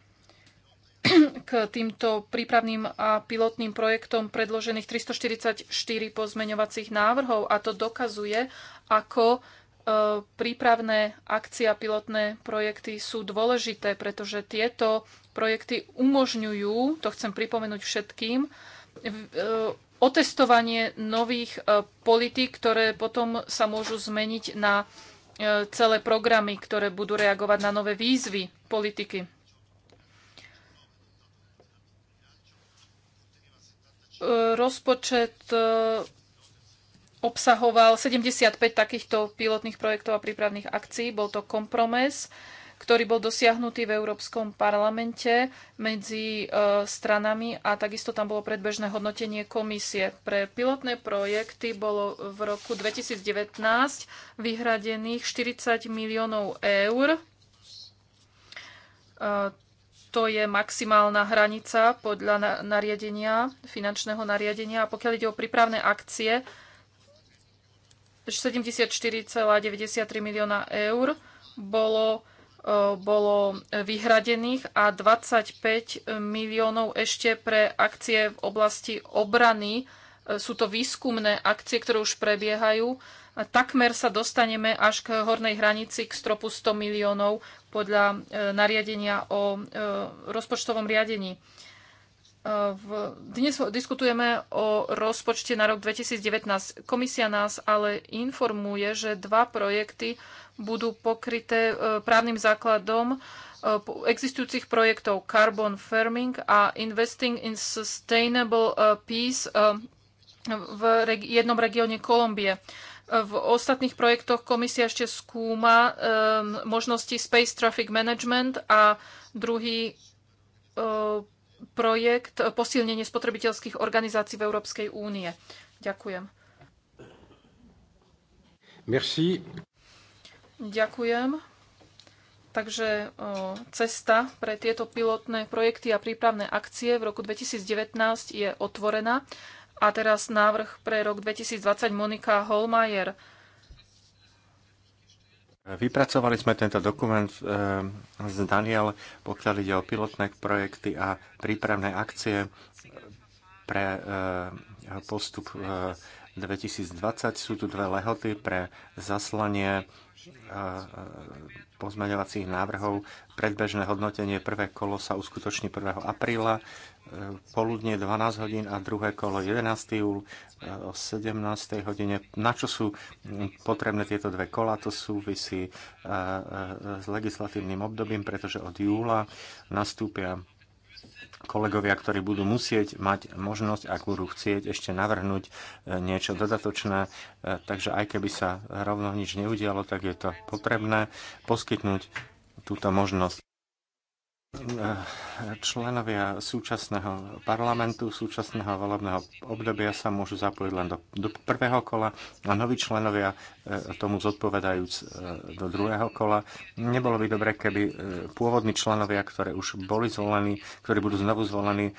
k týmto prípravným a pilotným projektom predložených 344 pozmeňovacích návrhov a to dokazuje, ako e, prípravné akcie a pilotné projekty sú dôležité, pretože tieto projekty umožňujú, to chcem pripomenúť všetkým, e, otestovanie nových e, politík, ktoré potom sa môžu zmeniť na e, celé programy, ktoré budú reagovať na nové výzvy politiky. E, rozpočet obsahoval 75 takýchto pilotných projektov a prípravných akcií. Bol to kompromis ktorý bol dosiahnutý v Európskom parlamente medzi e, stranami a takisto tam bolo predbežné hodnotenie komisie. Pre pilotné projekty bolo v roku 2019 vyhradených 40 miliónov eur. E, to je maximálna hranica podľa nariadenia, finančného nariadenia. A pokiaľ ide o prípravné akcie, 74,93 milióna eur bolo E, bolo vyhradených a 25 miliónov ešte pre akcie v oblasti obrany. E, sú to výskumné akcie, ktoré už prebiehajú. takmer sa dostaneme až k hornej hranici k stropu 100 miliónov podľa e, nariadenia o rozpočtovom riadení v, dnes diskutujeme o rozpočte na rok 2019. Komisia nás ale informuje, že dva projekty budú pokryté e, právnym základom e, existujúcich projektov Carbon Farming a Investing in Sustainable e, Peace v jednom regióne Kolumbie. V ostatných projektoch komisia ešte skúma možnosti Space Traffic Management a druhý projekt eh, posilnenie spotrebiteľských organizácií v Európskej únie. Ďakujem. Merci. Ďakujem. Takže eh, cesta pre tieto pilotné projekty a prípravné akcie v roku 2019 je otvorená. A teraz návrh pre rok 2020 Monika Holmajer. Vypracovali sme tento dokument z e, Daniel, pokiaľ ide o pilotné projekty a prípravné akcie pre e, postup 2020. E, Sú tu dve lehoty pre zaslanie pozmeňovacích návrhov. Predbežné hodnotenie prvé kolo sa uskutoční 1. apríla poludne 12 hodín a druhé kolo 11. júl e, o 17. hodine. Na čo sú potrebné tieto dve kola? To súvisí e, e, s legislatívnym obdobím, pretože od júla nastúpia kolegovia, ktorí budú musieť mať možnosť, ak budú chcieť ešte navrhnúť niečo dodatočné. Takže aj keby sa rovno nič neudialo, tak je to potrebné poskytnúť túto možnosť. Eh, členovia súčasného parlamentu, súčasného volebného obdobia sa môžu zapojiť len do, do prvého kola a noví členovia E, tomu zodpovedajúc e, do druhého kola. Nebolo by dobre, keby e, pôvodní členovia, ktorí už boli zvolení, ktorí budú znovu zvolení,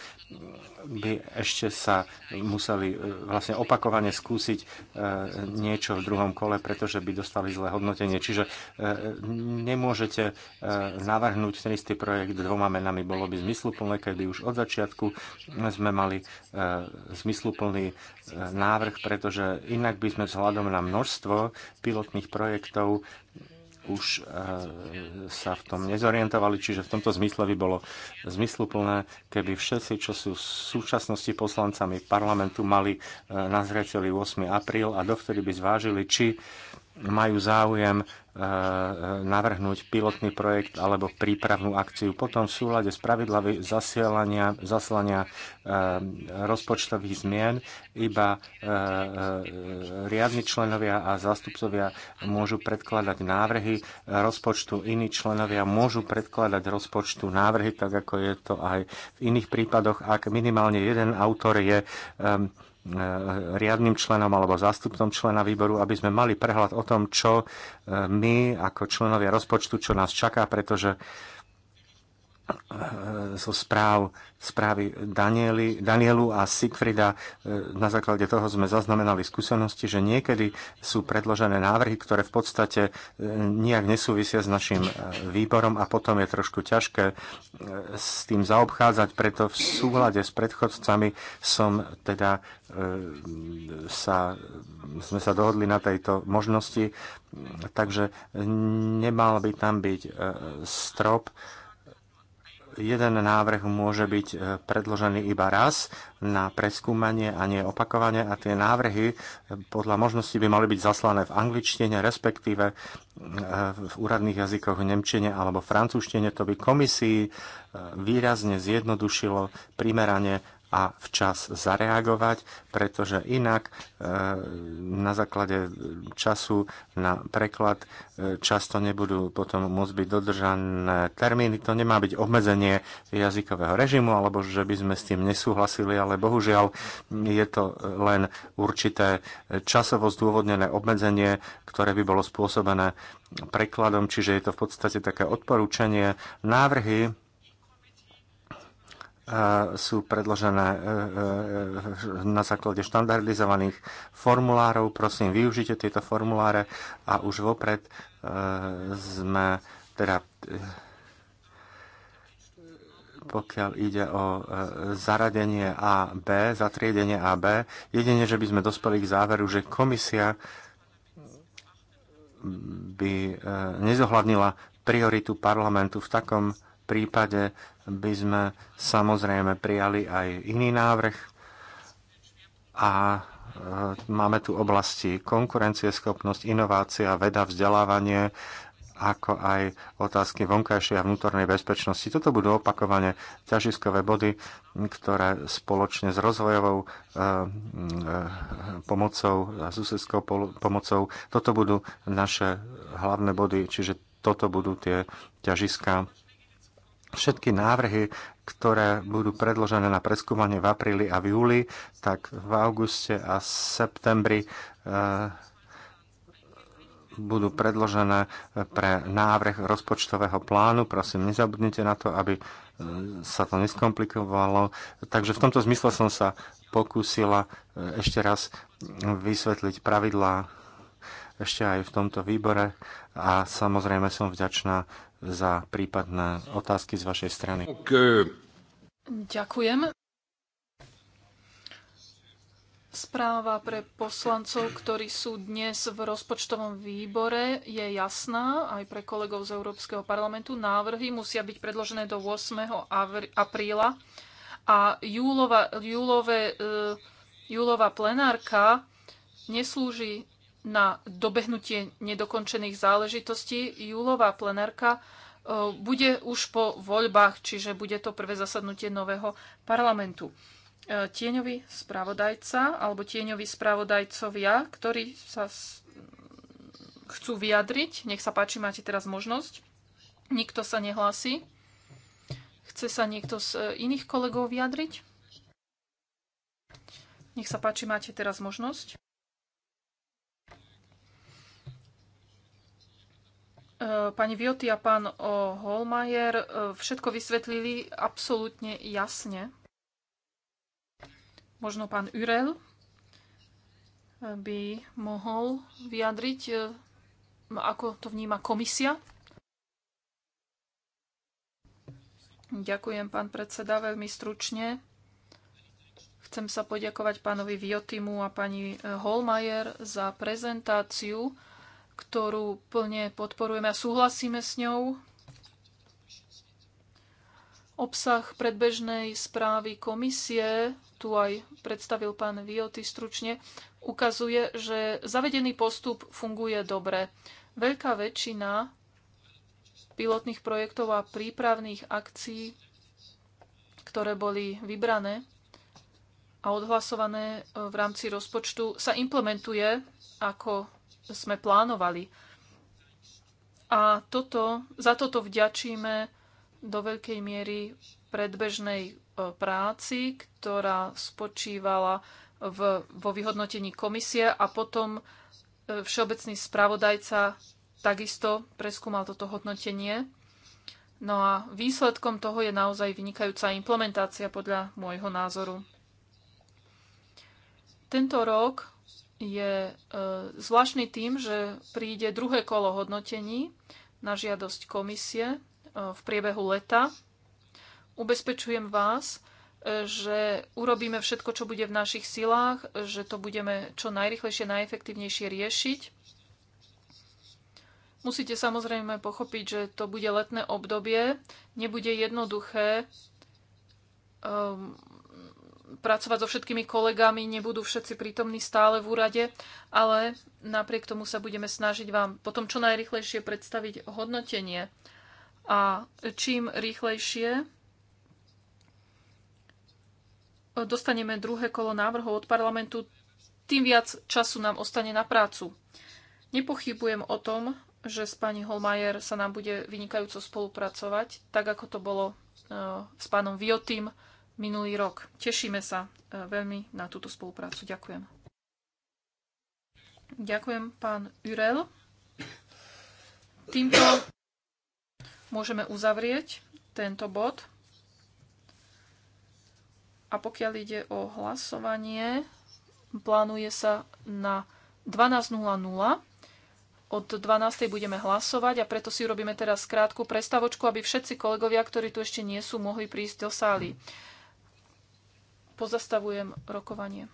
by ešte sa museli vlastne opakovane skúsiť niečo v druhom kole, pretože by dostali zlé hodnotenie. Čiže nemôžete navrhnúť ten istý projekt dvoma menami. Bolo by zmysluplné, keby už od začiatku sme mali zmysluplný návrh, pretože inak by sme vzhľadom na množstvo pilotných projektov už e, sa v tom nezorientovali, čiže v tomto zmysle by bolo zmysluplné, keby všetci, čo sú v súčasnosti poslancami parlamentu, mali e, na zreteli 8. apríl a dovtedy by zvážili, či majú záujem navrhnúť pilotný projekt alebo prípravnú akciu. Potom v súlade s pravidlami zasielania, zaslania e, rozpočtových zmien iba e, e, riadni členovia a zástupcovia môžu predkladať návrhy rozpočtu, iní členovia môžu predkladať rozpočtu návrhy, tak ako je to aj v iných prípadoch, ak minimálne jeden autor je E, riadnym členom alebo zástupcom člena výboru, aby sme mali prehľad o tom, čo e, my ako členovia rozpočtu, čo nás čaká, pretože zo správ, správy Danieli, Danielu a Siegfrida. E, na základe toho sme zaznamenali skúsenosti, že niekedy sú predložené návrhy, ktoré v podstate e, nijak nesúvisia s našim e, výborom a potom je trošku ťažké s tým zaobchádzať. Preto v súhľade s predchodcami som teda sa, sme sa dohodli na tejto možnosti, takže nemal by tam byť strop, jeden návrh môže byť e, predložený iba raz na preskúmanie a nie opakovanie a tie návrhy e, podľa možností by mali byť zaslané v angličtine, respektíve e, v úradných jazykoch v nemčine alebo francúzštine. To by komisii výrazne zjednodušilo primerane a včas zareagovať, pretože inak e, na základe času na preklad e, často nebudú potom môcť byť dodržané termíny. To nemá byť obmedzenie jazykového režimu, alebo že by sme s tým nesúhlasili, ale bohužiaľ je to len určité časovo zdôvodnené obmedzenie, ktoré by bolo spôsobené prekladom, čiže je to v podstate také odporúčanie. Návrhy sú predložené e, e, na základe štandardizovaných formulárov. Prosím, využite tieto formuláre a už vopred e, sme teda pokiaľ ide o zaradenie A, B, zatriedenie A, B, jedine, že by sme dospeli k záveru, že komisia by nezohľadnila prioritu parlamentu v takom prípade by sme samozrejme prijali aj iný návrh a e, máme tu oblasti konkurencieschopnosť, inovácia, veda, vzdelávanie, ako aj otázky vonkajšej a vnútornej bezpečnosti. Toto budú opakovane ťažiskové body, ktoré spoločne s rozvojovou e, e, pomocou a susedskou pomocou, toto budú naše hlavné body, čiže toto budú tie ťažiska všetky návrhy, ktoré budú predložené na preskúmanie v apríli a v júli, tak v auguste a septembri e, budú predložené pre návrh rozpočtového plánu. Prosím, nezabudnite na to, aby e, sa to neskomplikovalo. Takže v tomto zmysle som sa pokúsila e, ešte raz vysvetliť pravidlá ešte aj v tomto výbore a samozrejme som vďačná za prípadné otázky z vašej strany. Ďakujem. Správa pre poslancov, ktorí sú dnes v rozpočtovom výbore, je jasná aj pre kolegov z Európskeho parlamentu. Návrhy musia byť predložené do 8. apríla a júlova, e, júlová plenárka neslúži na dobehnutie nedokončených záležitostí. Júlová plenárka e, bude už po voľbách, čiže bude to prvé zasadnutie nového parlamentu. E, tieňový spravodajca alebo tieňový spravodajcovia, ktorí sa chcú vyjadriť, nech sa páči, máte teraz možnosť. Nikto sa nehlási. Chce sa niekto z e, iných kolegov vyjadriť? Nech sa páči, máte teraz možnosť. E, pani Vioty a pán Holmajer e, všetko vysvetlili absolútne jasne. Možno pán Urel by mohol vyjadriť, e, ako to vníma komisia. Ďakujem, pán predseda, veľmi stručne. Chcem sa poďakovať pánovi Viotimu a pani Holmajer za prezentáciu ktorú plne podporujeme a súhlasíme s ňou. Obsah predbežnej správy komisie, tu aj predstavil pán Vioty stručne, ukazuje, že zavedený postup funguje dobre. Veľká väčšina pilotných projektov a prípravných akcií, ktoré boli vybrané a odhlasované v rámci rozpočtu, sa implementuje ako sme plánovali. A toto, za toto vďačíme do veľkej miery predbežnej e, práci, ktorá spočívala v, vo vyhodnotení komisie a potom e, všeobecný spravodajca takisto preskúmal toto hodnotenie. No a výsledkom toho je naozaj vynikajúca implementácia podľa môjho názoru. Tento rok je e, zvláštny tým, že príde druhé kolo hodnotení na žiadosť komisie e, v priebehu leta. Ubezpečujem vás, e, že urobíme všetko, čo bude v našich silách, že to budeme čo najrychlejšie, najefektívnejšie riešiť. Musíte samozrejme pochopiť, že to bude letné obdobie. Nebude jednoduché ehm, pracovať so všetkými kolegami, nebudú všetci prítomní stále v úrade, ale napriek tomu sa budeme snažiť vám potom čo najrychlejšie predstaviť hodnotenie. A čím rýchlejšie dostaneme druhé kolo návrhov od parlamentu, tým viac času nám ostane na prácu. Nepochybujem o tom, že s pani Holmajer sa nám bude vynikajúco spolupracovať, tak ako to bolo eh, s pánom Viotým, minulý rok. Tešíme sa e, veľmi na túto spoluprácu. Ďakujem. Ďakujem, pán Urel. Týmto môžeme uzavrieť tento bod. A pokiaľ ide o hlasovanie, plánuje sa na 12.00. Od 12.00 budeme hlasovať a preto si urobíme teraz krátku prestavočku, aby všetci kolegovia, ktorí tu ešte nie sú, mohli prísť do sály pozastavujem rokovanie.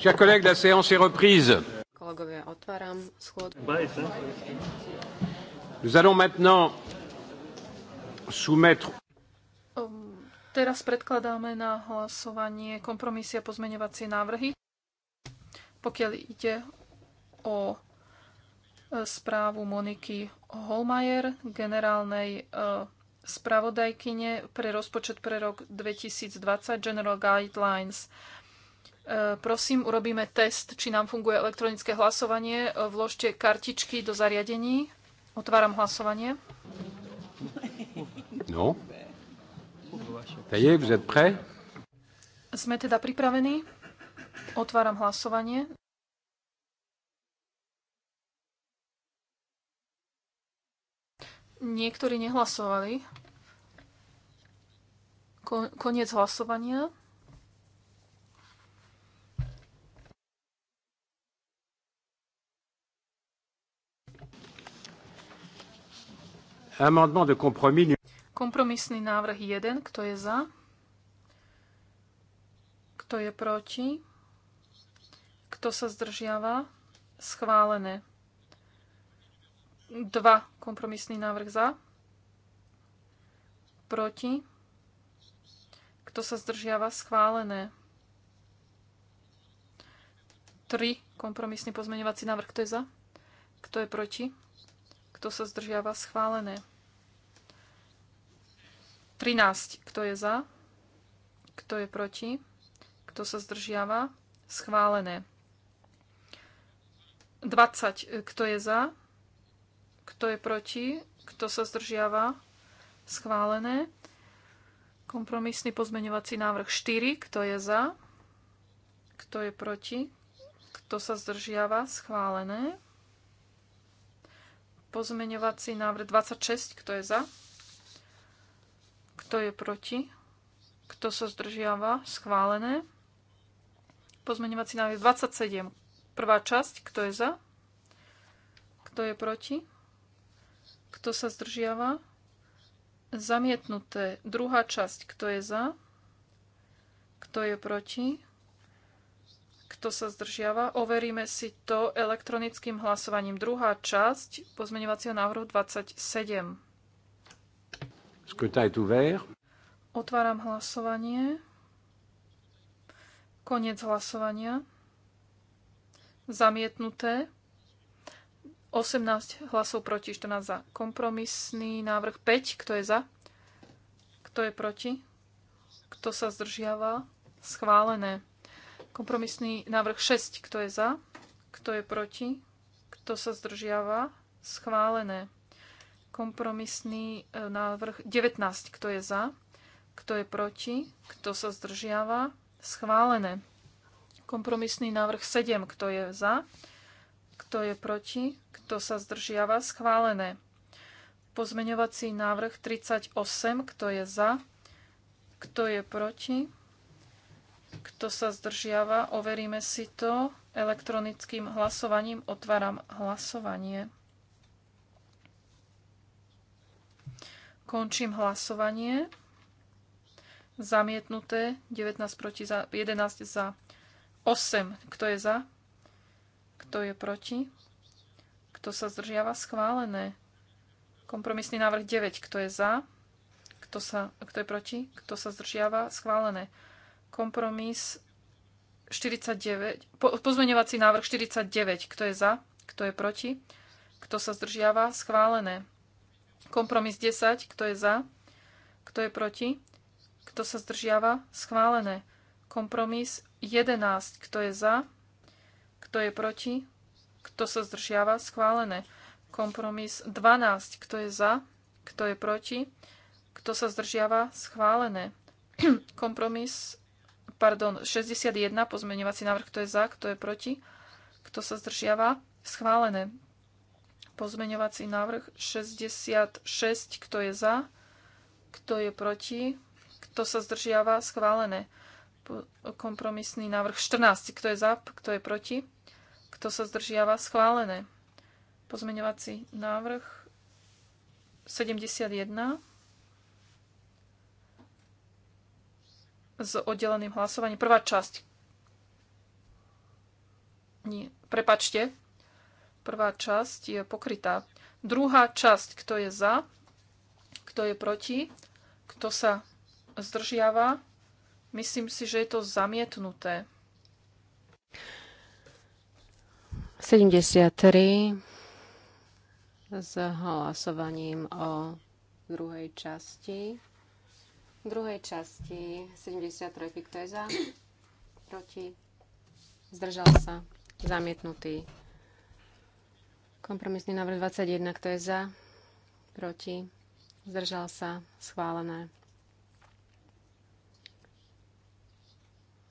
Chers collègues, la séance est reprise. Nous allons maintenant soumettre ehm, Teraz predkladáme na hlasovanie kompromisy a pozmeňovacie návrhy. Pokiaľ ide o e, správu Moniky Holmajer, generálnej e, spravodajkyne pre rozpočet pre rok 2020 General Guidelines. Prosím, urobíme test, či nám funguje elektronické hlasovanie. Vložte kartičky do zariadení. Otváram hlasovanie. No. Je, Sme teda pripravení. Otváram hlasovanie. Niektorí nehlasovali. Koniec hlasovania. Amendement de compromis. Kompromisný návrh 1. Kto je za? Kto je proti? Kto sa zdržiava? Schválené. 2. Kompromisný návrh za. Proti. Kto sa zdržiava? Schválené. 3. Kompromisný pozmeňovací návrh. Kto je za? Kto je proti? Kto sa zdržiava? Schválené. 13. Kto je za? Kto je proti? Kto sa zdržiava? Schválené. 20. Kto je za? Kto je proti? Kto sa zdržiava? Schválené. Kompromisný pozmeňovací návrh 4. Kto je za? Kto je proti? Kto sa zdržiava? Schválené. Pozmeňovací návrh 26. Kto je za? Kto je proti? Kto sa zdržiava? Schválené. Pozmeňovací návrh 27. Prvá časť. Kto je za? Kto je proti? Kto sa zdržiava? Zamietnuté. Druhá časť. Kto je za? Kto je proti? Kto sa zdržiava? Overíme si to elektronickým hlasovaním. Druhá časť pozmeňovacieho návrhu 27. Scrutin est ouvert. Otváram hlasovanie. Koniec hlasovania. Zamietnuté. 18 hlasov proti, 14 za. Kompromisný návrh 5. Kto je za? Kto je proti? Kto sa zdržiava? Schválené. Kompromisný návrh 6. Kto je za? Kto je proti? Kto sa zdržiava? Schválené. Kompromisný e, návrh 19. Kto je za? Kto je proti? Kto sa zdržiava? Schválené. Kompromisný návrh 7. Kto je za? Kto je proti? Kto sa zdržiava? Schválené. Pozmeňovací návrh 38. Kto je za? Kto je proti? Kto sa zdržiava? Overíme si to elektronickým hlasovaním. Otváram hlasovanie. Končím hlasovanie. Zamietnuté 19 proti za, 11 za 8. Kto je za? Kto je proti? Kto sa zdržiava? Schválené. Kompromisný návrh 9. Kto je za? Kto, sa, kto je proti? Kto sa zdržiava? Schválené. Kompromis 49. Po, pozmeňovací návrh 49. Kto je za? Kto je proti? Kto sa zdržiava? Schválené. Kompromis 10, kto je za, kto je proti, kto sa zdržiava, schválené. Kompromis 11, kto je za, kto je proti, kto sa zdržiava, schválené. Kompromis 12, kto je za, kto je proti, kto sa zdržiava, schválené. Kompromis, pardon, 61, pozmeňovací návrh, kto je za, kto je proti, kto sa zdržiava, schválené. Pozmeňovací návrh 66, kto je za, kto je proti, kto sa zdržiava, schválené. Kompromisný návrh 14, kto je za, kto je proti, kto sa zdržiava, schválené. Pozmeňovací návrh 71 s oddeleným hlasovaním. Prvá časť. Nie, prepačte, Prvá časť je pokrytá. Druhá časť, kto je za, kto je proti, kto sa zdržiava. Myslím si, že je to zamietnuté. 73 s hlasovaním o druhej časti. V druhej časti 73, kto je za? Proti? Zdržal sa? Zamietnutý. Kompromisný návrh 21, kto je za? Proti? Zdržal sa? Schválené.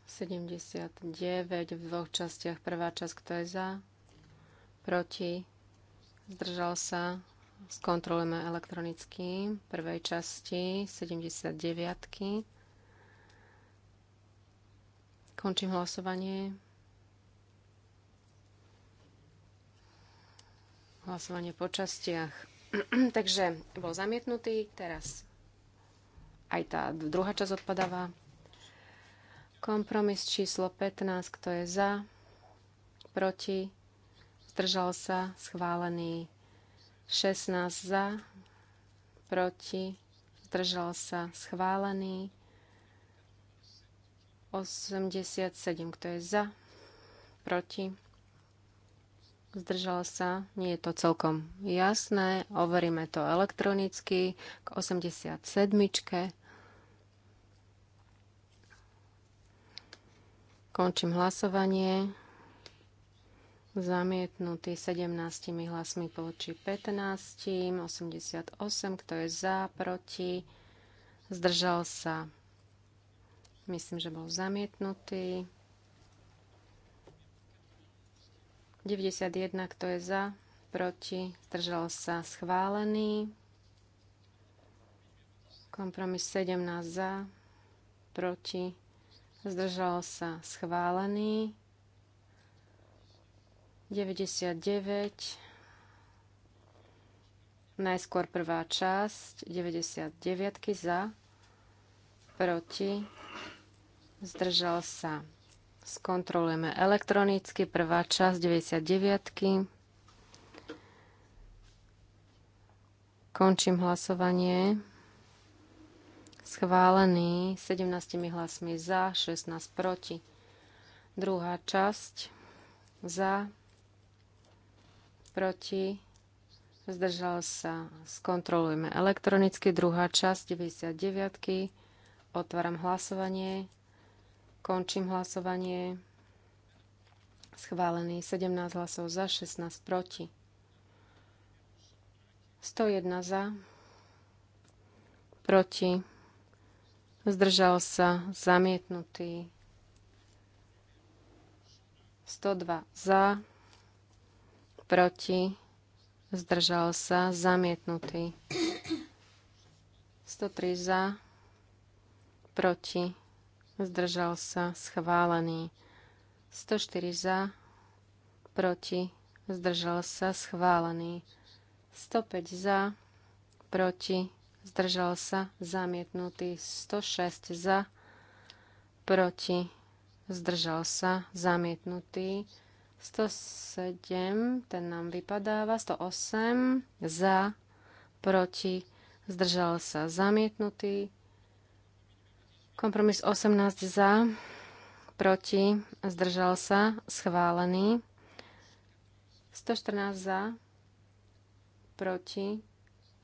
79 v dvoch častiach. Prvá časť, kto je za? Proti? Zdržal sa? Skontrolujeme elektronicky. Prvej časti 79. Končím hlasovanie. Hlasovanie po častiach. Takže bol zamietnutý, teraz aj tá druhá časť odpadáva. Kompromis číslo 15, kto je za, proti, zdržal sa, schválený 16 za, proti, zdržal sa, schválený 87, kto je za, proti, zdržal sa, nie je to celkom jasné, overíme to elektronicky k 87. Končím hlasovanie. Zamietnutý 17 hlasmi poči 15, 88, kto je za, proti, zdržal sa. Myslím, že bol zamietnutý. 91, kto je za, proti, zdržal sa, schválený. Kompromis 17 za, proti, zdržal sa, schválený. 99, najskôr prvá časť, 99 za, proti, zdržal sa, Skontrolujeme elektronicky. Prvá časť 99. Končím hlasovanie. Schválený 17 hlasmi za, 16 proti. Druhá časť za, proti, zdržal sa. Skontrolujeme elektronicky. Druhá časť 99. Otváram hlasovanie. Končím hlasovanie. Schválený 17 hlasov za, 16 proti. 101 za, proti, zdržal sa, zamietnutý. 102 za, proti, zdržal sa, zamietnutý. 103 za, proti, zdržal sa, schválený. 104 za, proti, zdržal sa, schválený. 105 za, proti, zdržal sa, zamietnutý. 106 za, proti, zdržal sa, zamietnutý. 107, ten nám vypadáva, 108, za, proti, zdržal sa, zamietnutý, Kompromis 18 za, proti, zdržal sa, schválený. 114 za, proti,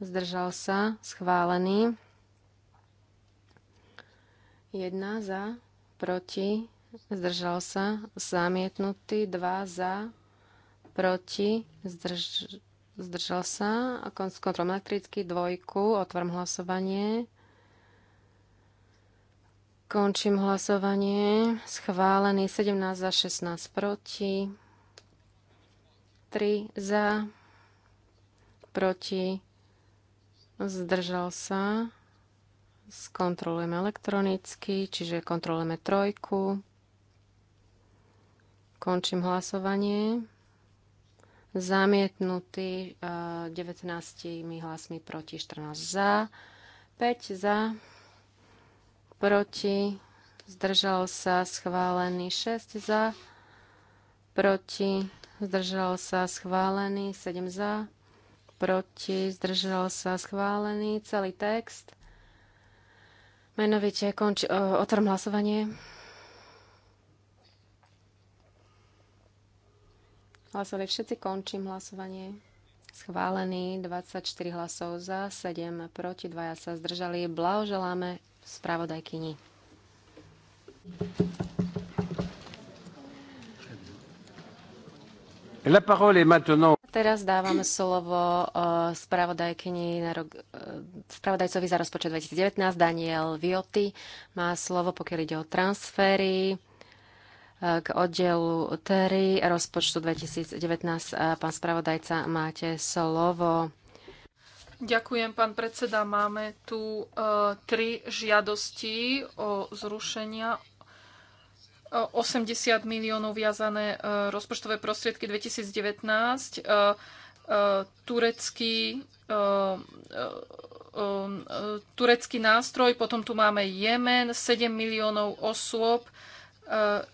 zdržal sa, schválený. 1 za, proti, zdržal sa, zamietnutý. 2 za, proti, zdrž, zdržal sa, kontrol elektrický, dvojku, otvorím hlasovanie. Končím hlasovanie. Schválený 17 za 16 proti. 3 za proti. Zdržal sa. Skontrolujeme elektronicky, čiže kontrolujeme trojku. Končím hlasovanie. Zamietnutý 19 eh, hlasmi proti, 14 za, 5 za proti, zdržal sa schválený 6 za, proti, zdržal sa schválený 7 za, proti, zdržal sa schválený celý text. Menovite konč, otvorím hlasovanie. Hlasovali všetci, končím hlasovanie. Schválený 24 hlasov za, 7 proti, 2 sa zdržali. Blahoželáme spravodajkyni. La parole est maintenant teraz dávam slovo eh, spravodajkyni eh, spravodajcovi za rozpočet 2019, Daniel Vioty. Má slovo, pokiaľ ide o transfery eh, k oddielu 3 rozpočtu 2019. Pán spravodajca, máte slovo. Ďakujem, pán predseda. Máme tu e, tri žiadosti o zrušenia 80 e, miliónov viazané e, rozpočtové prostriedky 2019. E, e, turecký, e, turecký nástroj, potom tu máme Jemen, 7 miliónov osôb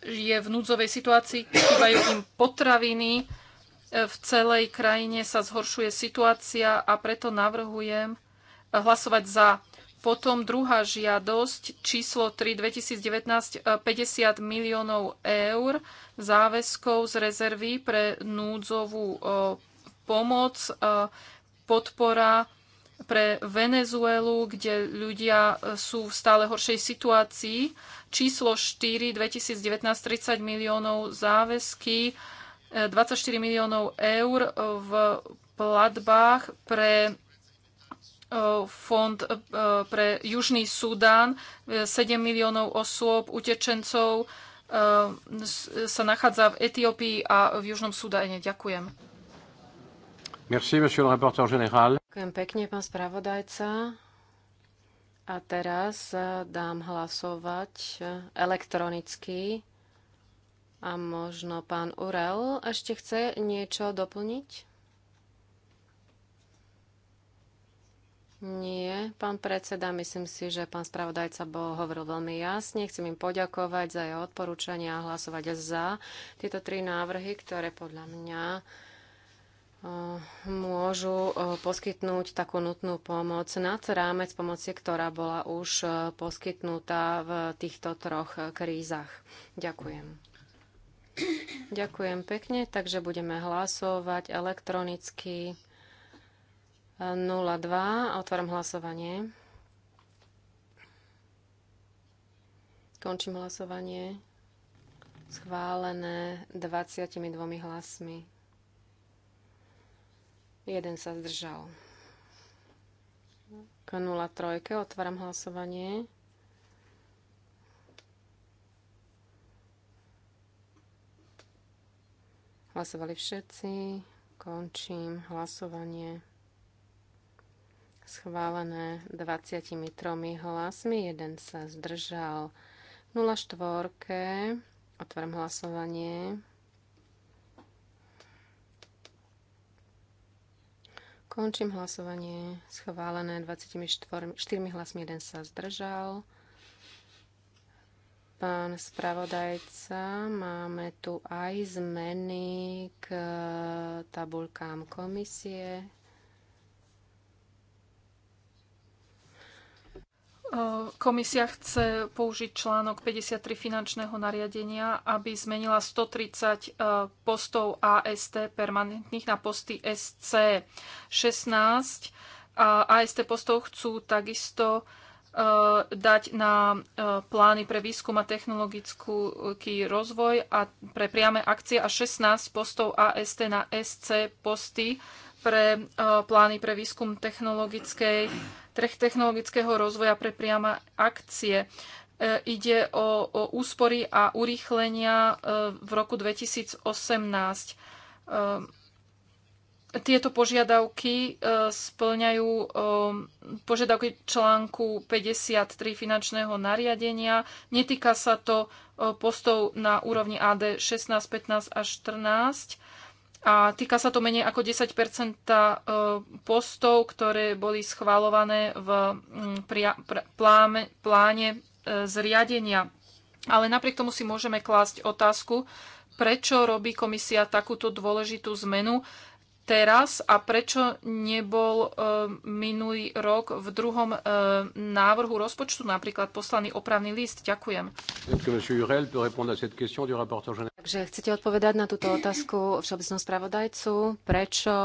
je v núdzovej situácii, chýbajú im potraviny v celej krajine sa zhoršuje situácia a preto navrhujem hlasovať za. Potom druhá žiadosť, číslo 3 2019, 50 miliónov eur záväzkov z rezervy pre núdzovú e, pomoc, e, podpora pre Venezuelu, kde ľudia e, sú v stále horšej situácii. Číslo 4 2019, 30 miliónov záväzky 24 miliónov eur v platbách pre e, fond e, pre Južný Sudán. 7 miliónov osôb, utečencov e, sa nachádza v Etiópii a v Južnom Sudáne. Ďakujem. Merci, monsieur le rapporteur général. Ďakujem pekne, pán spravodajca. A teraz dám hlasovať elektronicky a možno pán Urel ešte chce niečo doplniť? Nie, pán predseda, myslím si, že pán spravodajca bol, hovoril veľmi jasne. Chcem im poďakovať za jeho odporúčania a hlasovať za tieto tri návrhy, ktoré podľa mňa eh, môžu eh, poskytnúť takú nutnú pomoc nad rámec pomoci, ktorá bola už eh, poskytnutá v týchto troch krízach. Ďakujem. Ďakujem pekne, takže budeme hlasovať elektronicky 02. Otváram hlasovanie. Končím hlasovanie. Schválené 22 hlasmi. Jeden sa zdržal. K 03. Otváram hlasovanie. Hlasovali všetci. Končím hlasovanie. Schválené 23 hlasmi, jeden sa zdržal. 04. Otvorím hlasovanie. Končím hlasovanie. Schválené 24 4 hlasmi, jeden sa zdržal pán spravodajca. Máme tu aj zmeny k tabulkám komisie. Komisia chce použiť článok 53 finančného nariadenia, aby zmenila 130 postov AST permanentných na posty SC 16. A AST postov chcú takisto Eh, dať na eh, plány pre výskum a technologický rozvoj a pre priame akcie a 16 postov AST na SC posty pre eh, plány pre výskum technologickej, technologického rozvoja pre priama akcie. Ide o, o úspory a urýchlenia v roku 2018 tieto požiadavky e, splňajú e, požiadavky článku 53 finančného nariadenia. Netýka sa to e, postov na úrovni AD 16, 15 až 14 a týka sa to menej ako 10 postov, ktoré boli schvalované v pláne zriadenia. Ale napriek tomu si môžeme klásť otázku, prečo robí komisia takúto dôležitú zmenu teraz a prečo nebol e, minulý rok v druhom e, návrhu rozpočtu napríklad poslaný opravný list? Ďakujem. Takže chcete odpovedať na túto otázku všeobecnom spravodajcu? Prečo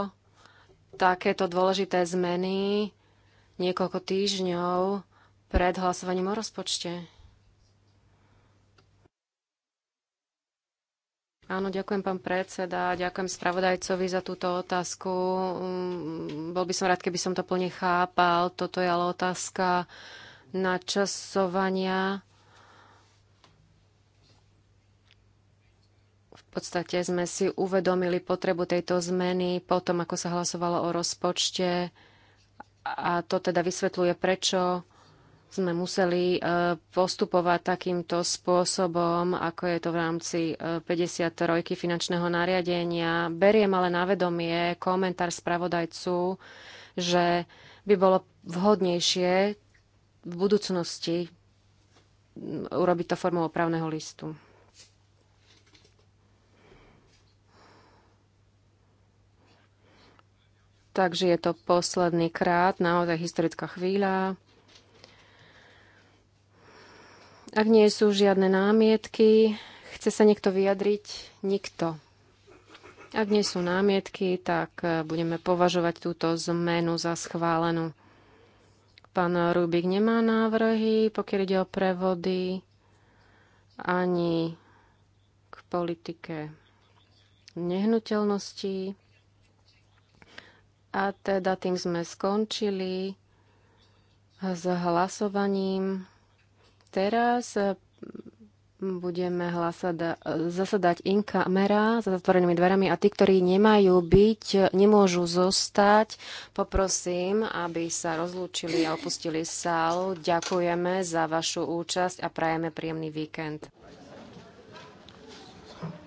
takéto dôležité zmeny niekoľko týždňov pred hlasovaním o rozpočte? Áno, ďakujem pán predseda, ďakujem spravodajcovi za túto otázku. Mm, bol by som rád, keby som to plne chápal. Toto je ale otázka načasovania. V podstate sme si uvedomili potrebu tejto zmeny potom, ako sa hlasovalo o rozpočte a to teda vysvetľuje, prečo sme museli e, postupovať takýmto spôsobom, ako je to v rámci 53 e, finančného nariadenia. Beriem ale na vedomie komentár spravodajcu, že by bolo vhodnejšie v budúcnosti urobiť to formou opravného listu. Takže je to posledný krát, naozaj historická chvíľa Ak nie sú žiadne námietky, chce sa niekto vyjadriť? Nikto. Ak nie sú námietky, tak e, budeme považovať túto zmenu za schválenú. Pán Rubik nemá návrhy, pokiaľ ide o prevody, ani k politike nehnuteľností. A teda tým sme skončili s hlasovaním. Teraz eh, budeme hlasať, eh, zasadať in kamera za zatvorenými dverami a tí, ktorí nemajú byť, eh, nemôžu zostať, poprosím, aby sa rozlúčili a opustili sálu. Ďakujeme za vašu účasť a prajeme príjemný víkend.